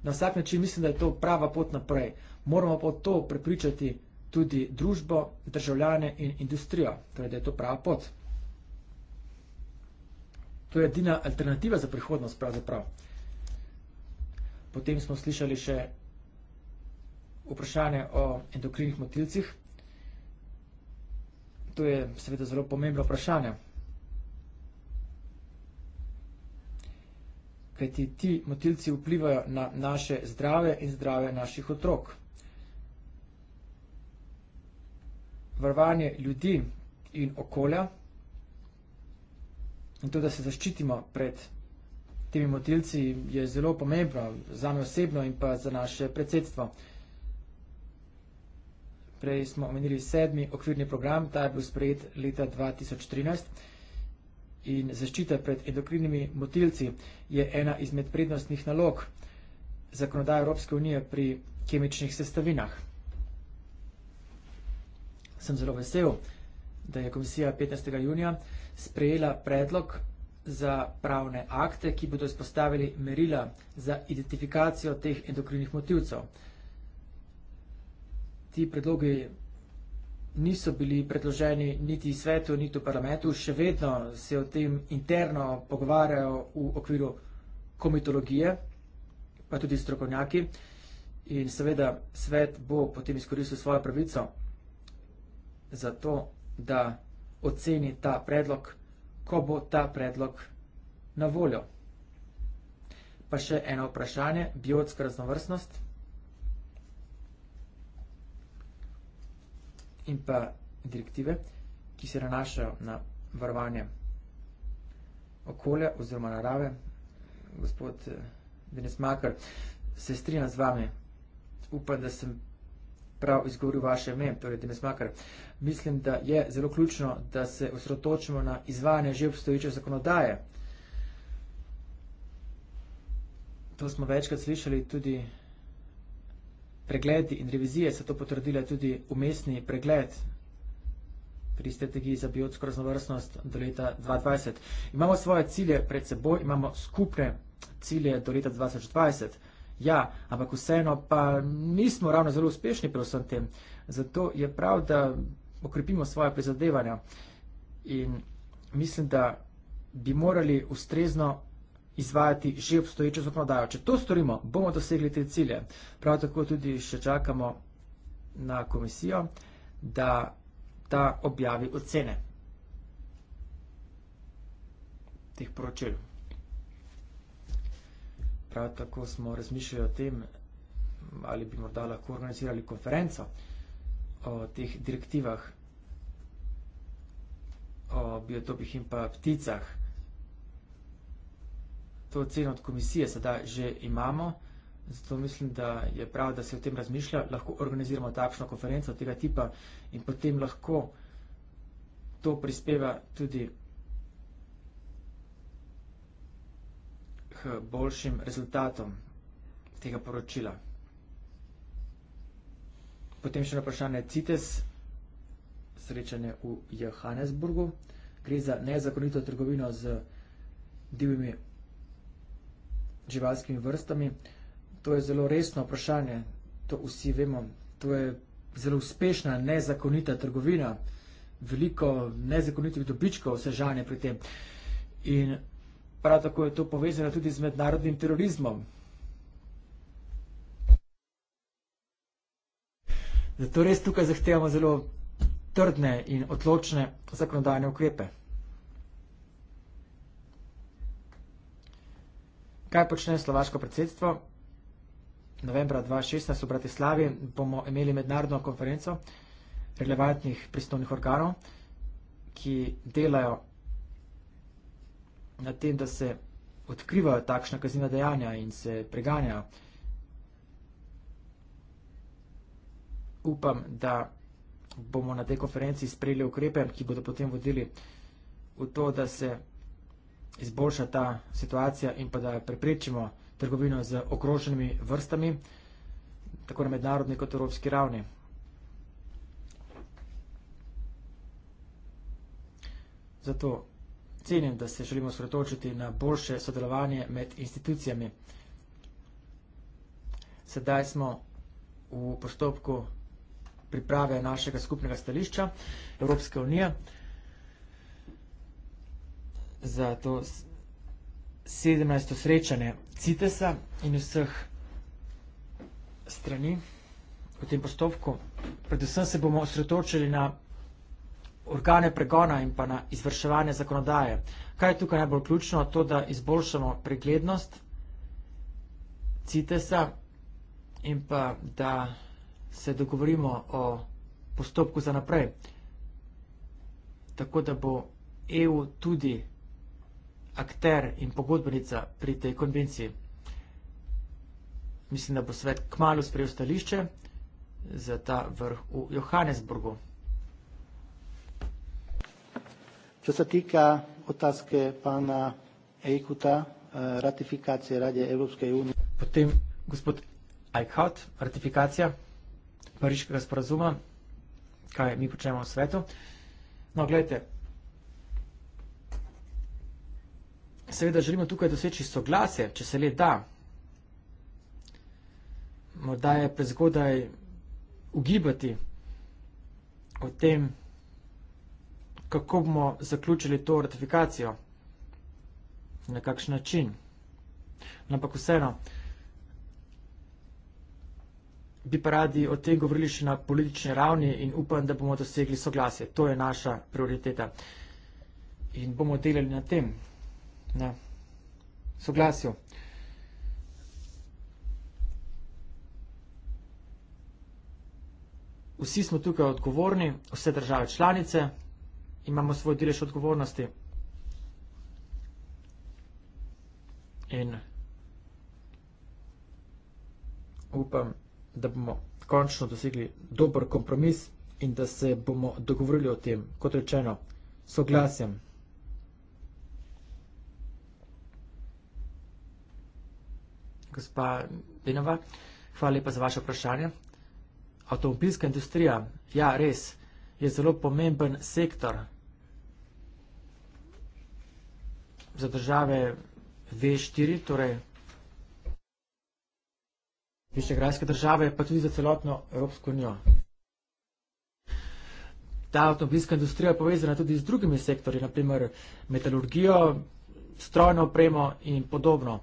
na vsak način mislim, da je to prava pot naprej. Moramo pa to prepričati tudi družbo, državljane in industrijo, torej da je to prava pot. To je edina alternativa za prihodnost, pravzaprav. Potem smo slišali še vprašanje o endokrinih motilcih. To je seveda zelo pomembno vprašanje. kajti ti motilci vplivajo na naše zdrave in zdrave naših otrok. Varvanje ljudi in okolja in to, da se zaščitimo pred temi motilci, je zelo pomembno za me osebno in pa za naše predsedstvo. Prej smo omenili sedmi okvirni program, ta je bil sprejet leta 2013 in zaščite pred endokrinimi motilci je ena izmed prednostnih nalog zakonodaje Evropske unije pri kemičnih sestavinah. Sem zelo vesel, da je komisija 15. junija sprejela predlog za pravne akte, ki bodo izpostavili merila za identifikacijo teh endokrinih motilcev. Ti predlogi niso bili predloženi niti svetu, niti v parlamentu, še vedno se o tem interno pogovarjajo v okviru komitologije, pa tudi strokovnjaki. In seveda svet bo potem izkoristil svojo pravico za to, da oceni ta predlog, ko bo ta predlog na voljo. Pa še eno vprašanje, biotska raznovrstnost. in pa direktive, ki se nanašajo na varovanje okolja oziroma narave. Gospod eh, Denis Makar, se strinjam z vami, upam, da sem prav izgovoril vaše ime, torej Denis Makar. Mislim, da je zelo ključno, da se osredotočimo na izvajanje že obstoječe zakonodaje. To smo večkrat slišali tudi pregledi in revizije so to potrdile tudi umestni pregled pri strategiji za biotsko raznovrstnost do leta 2020. Imamo svoje cilje pred seboj, imamo skupne cilje do leta 2020. Ja, ampak vseeno pa nismo ravno zelo uspešni pri vsem tem. Zato je prav, da okrepimo svoje prizadevanja in mislim, da bi morali ustrezno izvajati že obstoječo zakonodajo. Če to storimo, bomo dosegli te cilje. Prav tako tudi še čakamo na komisijo, da ta objavi ocene teh poročil. Prav tako smo razmišljali o tem, ali bi morda lahko organizirali konferenco o teh direktivah o biotopih in pa pticah to oceno od komisije sedaj že imamo, zato mislim, da je prav, da se o tem razmišlja. Lahko organiziramo takšno konferenco tega tipa in potem lahko to prispeva tudi k boljšim rezultatom tega poročila. Potem še na vprašanje CITES, srečanje v Johannesburgu. Gre za nezakonito trgovino z divjimi živalskimi vrstami. To je zelo resno vprašanje, to vsi vemo. To je zelo uspešna, nezakonita trgovina, veliko nezakonitih dobičkov se žanje pri tem. In prav tako je to povezano tudi z mednarodnim terorizmom. Zato res tukaj zahtevamo zelo trdne in odločne zakonodajne ukrepe. Kaj počne slovaško predsedstvo? Novembra 2016 v Bratislavi bomo imeli mednarodno konferenco relevantnih pristovnih organov, ki delajo na tem, da se odkrivajo takšna kazina dejanja in se preganjajo. Upam, da bomo na tej konferenci sprejeli ukrepe, ki bodo potem vodili v to, da se izboljša ta situacija in pa da preprečimo trgovino z okroženimi vrstami, tako na mednarodni kot evropski ravni. Zato cenim, da se želimo sretočiti na boljše sodelovanje med institucijami. Sedaj smo v postopku priprave našega skupnega stališča Evropske unije za to 17. srečanje CITES-a in vseh strani v tem postopku. Predvsem se bomo osredotočili na organe pregona in pa na izvrševanje zakonodaje. Kaj je tukaj najbolj ključno? To, da izboljšamo preglednost CITES-a in pa da se dogovorimo o postopku za naprej. Tako da bo EU tudi akter in pogodbenica pri tej konvenciji. Mislim, da bo svet kmalo sprejel stališče za ta vrh v Johannesburgu. Če se tika otaske pana Ejkuta, eh, ratifikacije Radje Evropske unije. Potem gospod Eichhout, ratifikacija pariškega sporazuma, kaj mi počnemo v svetu. No, gledajte, seveda želimo tukaj doseči soglasje, če se le da. Morda je prezgodaj ugibati o tem, kako bomo zaključili to ratifikacijo, na kakšen način. No, ampak vseeno, bi pa radi o tem govorili še na politični ravni in upam, da bomo dosegli soglasje. To je naša prioriteta. In bomo delali na tem. Na soglasju. Vsi smo tukaj odgovorni, vse države članice, imamo svoj delež odgovornosti. In upam, da bomo končno dosegli dober kompromis in da se bomo dogovorili o tem, kot rečeno, soglasjem. Ja. gospa Denova. Hvala lepa za vaše vprašanje. Avtomobilska industrija, ja, res, je zelo pomemben sektor za države V4, torej višegrajske države, pa tudi za celotno Evropsko unijo. Ta avtomobilska industrija je povezana tudi z drugimi sektori, naprimer metalurgijo, strojno opremo in podobno.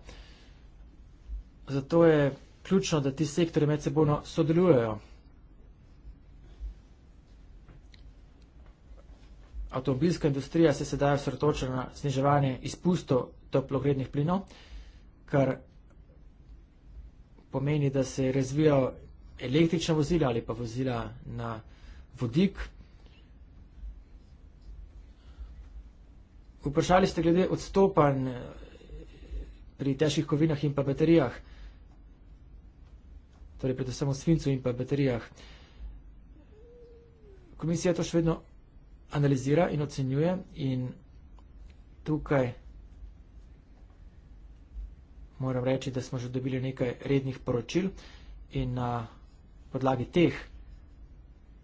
Zato je ključno, da ti sektori medsebojno sodelujejo. Avtomobilska industrija se sedaj osredotoča na sniževanje izpustov toplogrednih plinov, kar pomeni, da se razvijajo električna vozila ali pa vozila na vodik. Vprašali ste glede odstopanj pri težkih kovinah in pa baterijah torej predvsem v svincu in pa baterijah. Komisija to še vedno analizira in ocenjuje in tukaj moram reči, da smo že dobili nekaj rednih poročil in na podlagi teh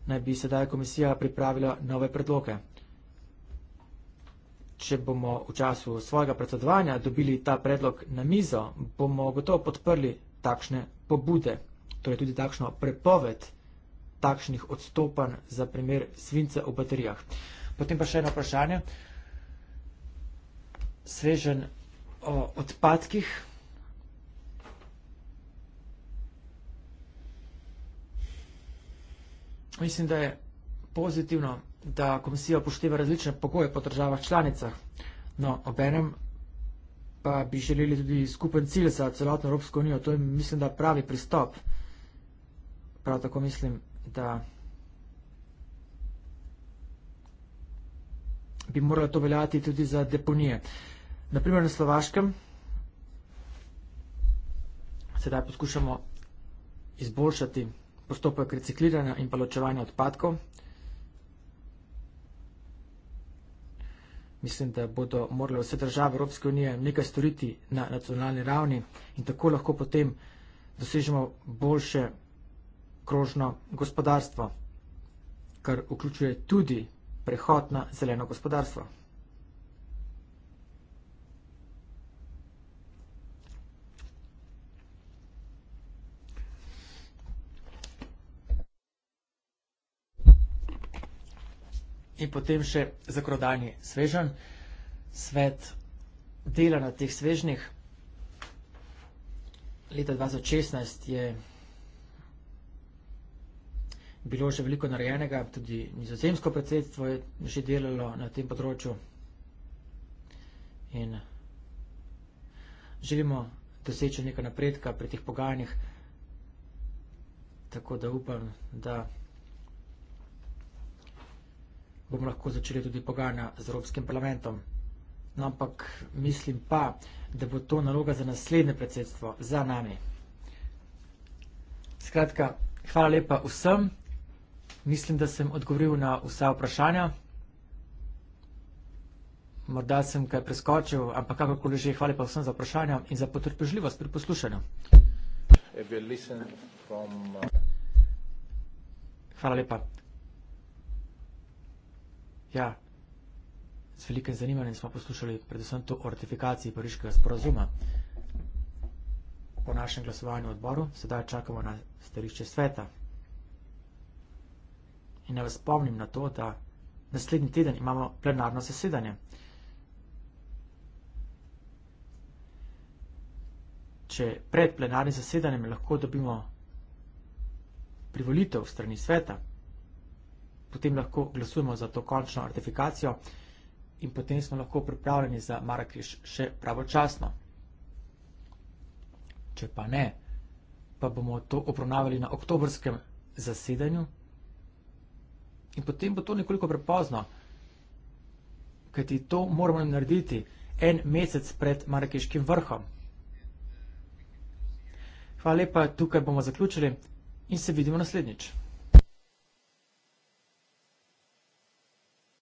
naj bi sedaj komisija pripravila nove predloge. Če bomo v času svojega predsedovanja dobili ta predlog na mizo, bomo gotovo podprli takšne pobude torej tudi takšno prepoved takšnih odstopanj za primer svince v baterijah. Potem pa še eno vprašanje. Svežen o odpadkih. Mislim, da je pozitivno, da komisija upošteva različne pogoje po državah članicah, no obenem pa bi želeli tudi skupen cilj za celotno Evropsko unijo. To je, mislim, da pravi pristop. Prav tako mislim, da bi moralo to veljati tudi za deponije. Naprimer na Slovaškem sedaj poskušamo izboljšati postopek recikliranja in paločevanja odpadkov. Mislim, da bodo morale vse države Evropske unije nekaj storiti na nacionalni ravni in tako lahko potem dosežemo boljše krožno gospodarstvo, kar vključuje tudi prehod na zeleno gospodarstvo. In potem še zakonodajni svežen, svet dela na teh svežnih. Leta 2016 je bilo že veliko narejenega, tudi nizozemsko predsedstvo je že delalo na tem področju. In želimo doseči nekaj napredka pri teh pogajanjih, tako da upam, da bomo lahko začeli tudi pogajanja z Evropskim parlamentom. No, ampak mislim pa, da bo to naloga za naslednje predsedstvo, za nami. Skratka, hvala lepa vsem. Mislim, da sem odgovoril na vsa vprašanja. Morda sem kaj preskočil, ampak kakorkoli že, hvala pa vsem za vprašanja in za potrpežljivost pri poslušanju. Uh, hvala lepa. Ja, z velikim zanimanjem smo poslušali predvsem to o ratifikaciji pariškega sporazuma po našem glasovanju odboru. Sedaj čakamo na stališče sveta in naj vas spomnim na to, da naslednji teden imamo plenarno zasedanje. Če pred plenarnim zasedanjem lahko dobimo privolitev strani sveta, potem lahko glasujemo za to končno artifikacijo in potem smo lahko pripravljeni za Marakeš še pravočasno. Če pa ne, pa bomo to obravnavali na oktobrskem zasedanju, In potem bo to nekoliko prepozno, kajti to moramo narediti en mesec pred marakeškim vrhom. Hvala lepa, tukaj bomo zaključili in se vidimo naslednjič.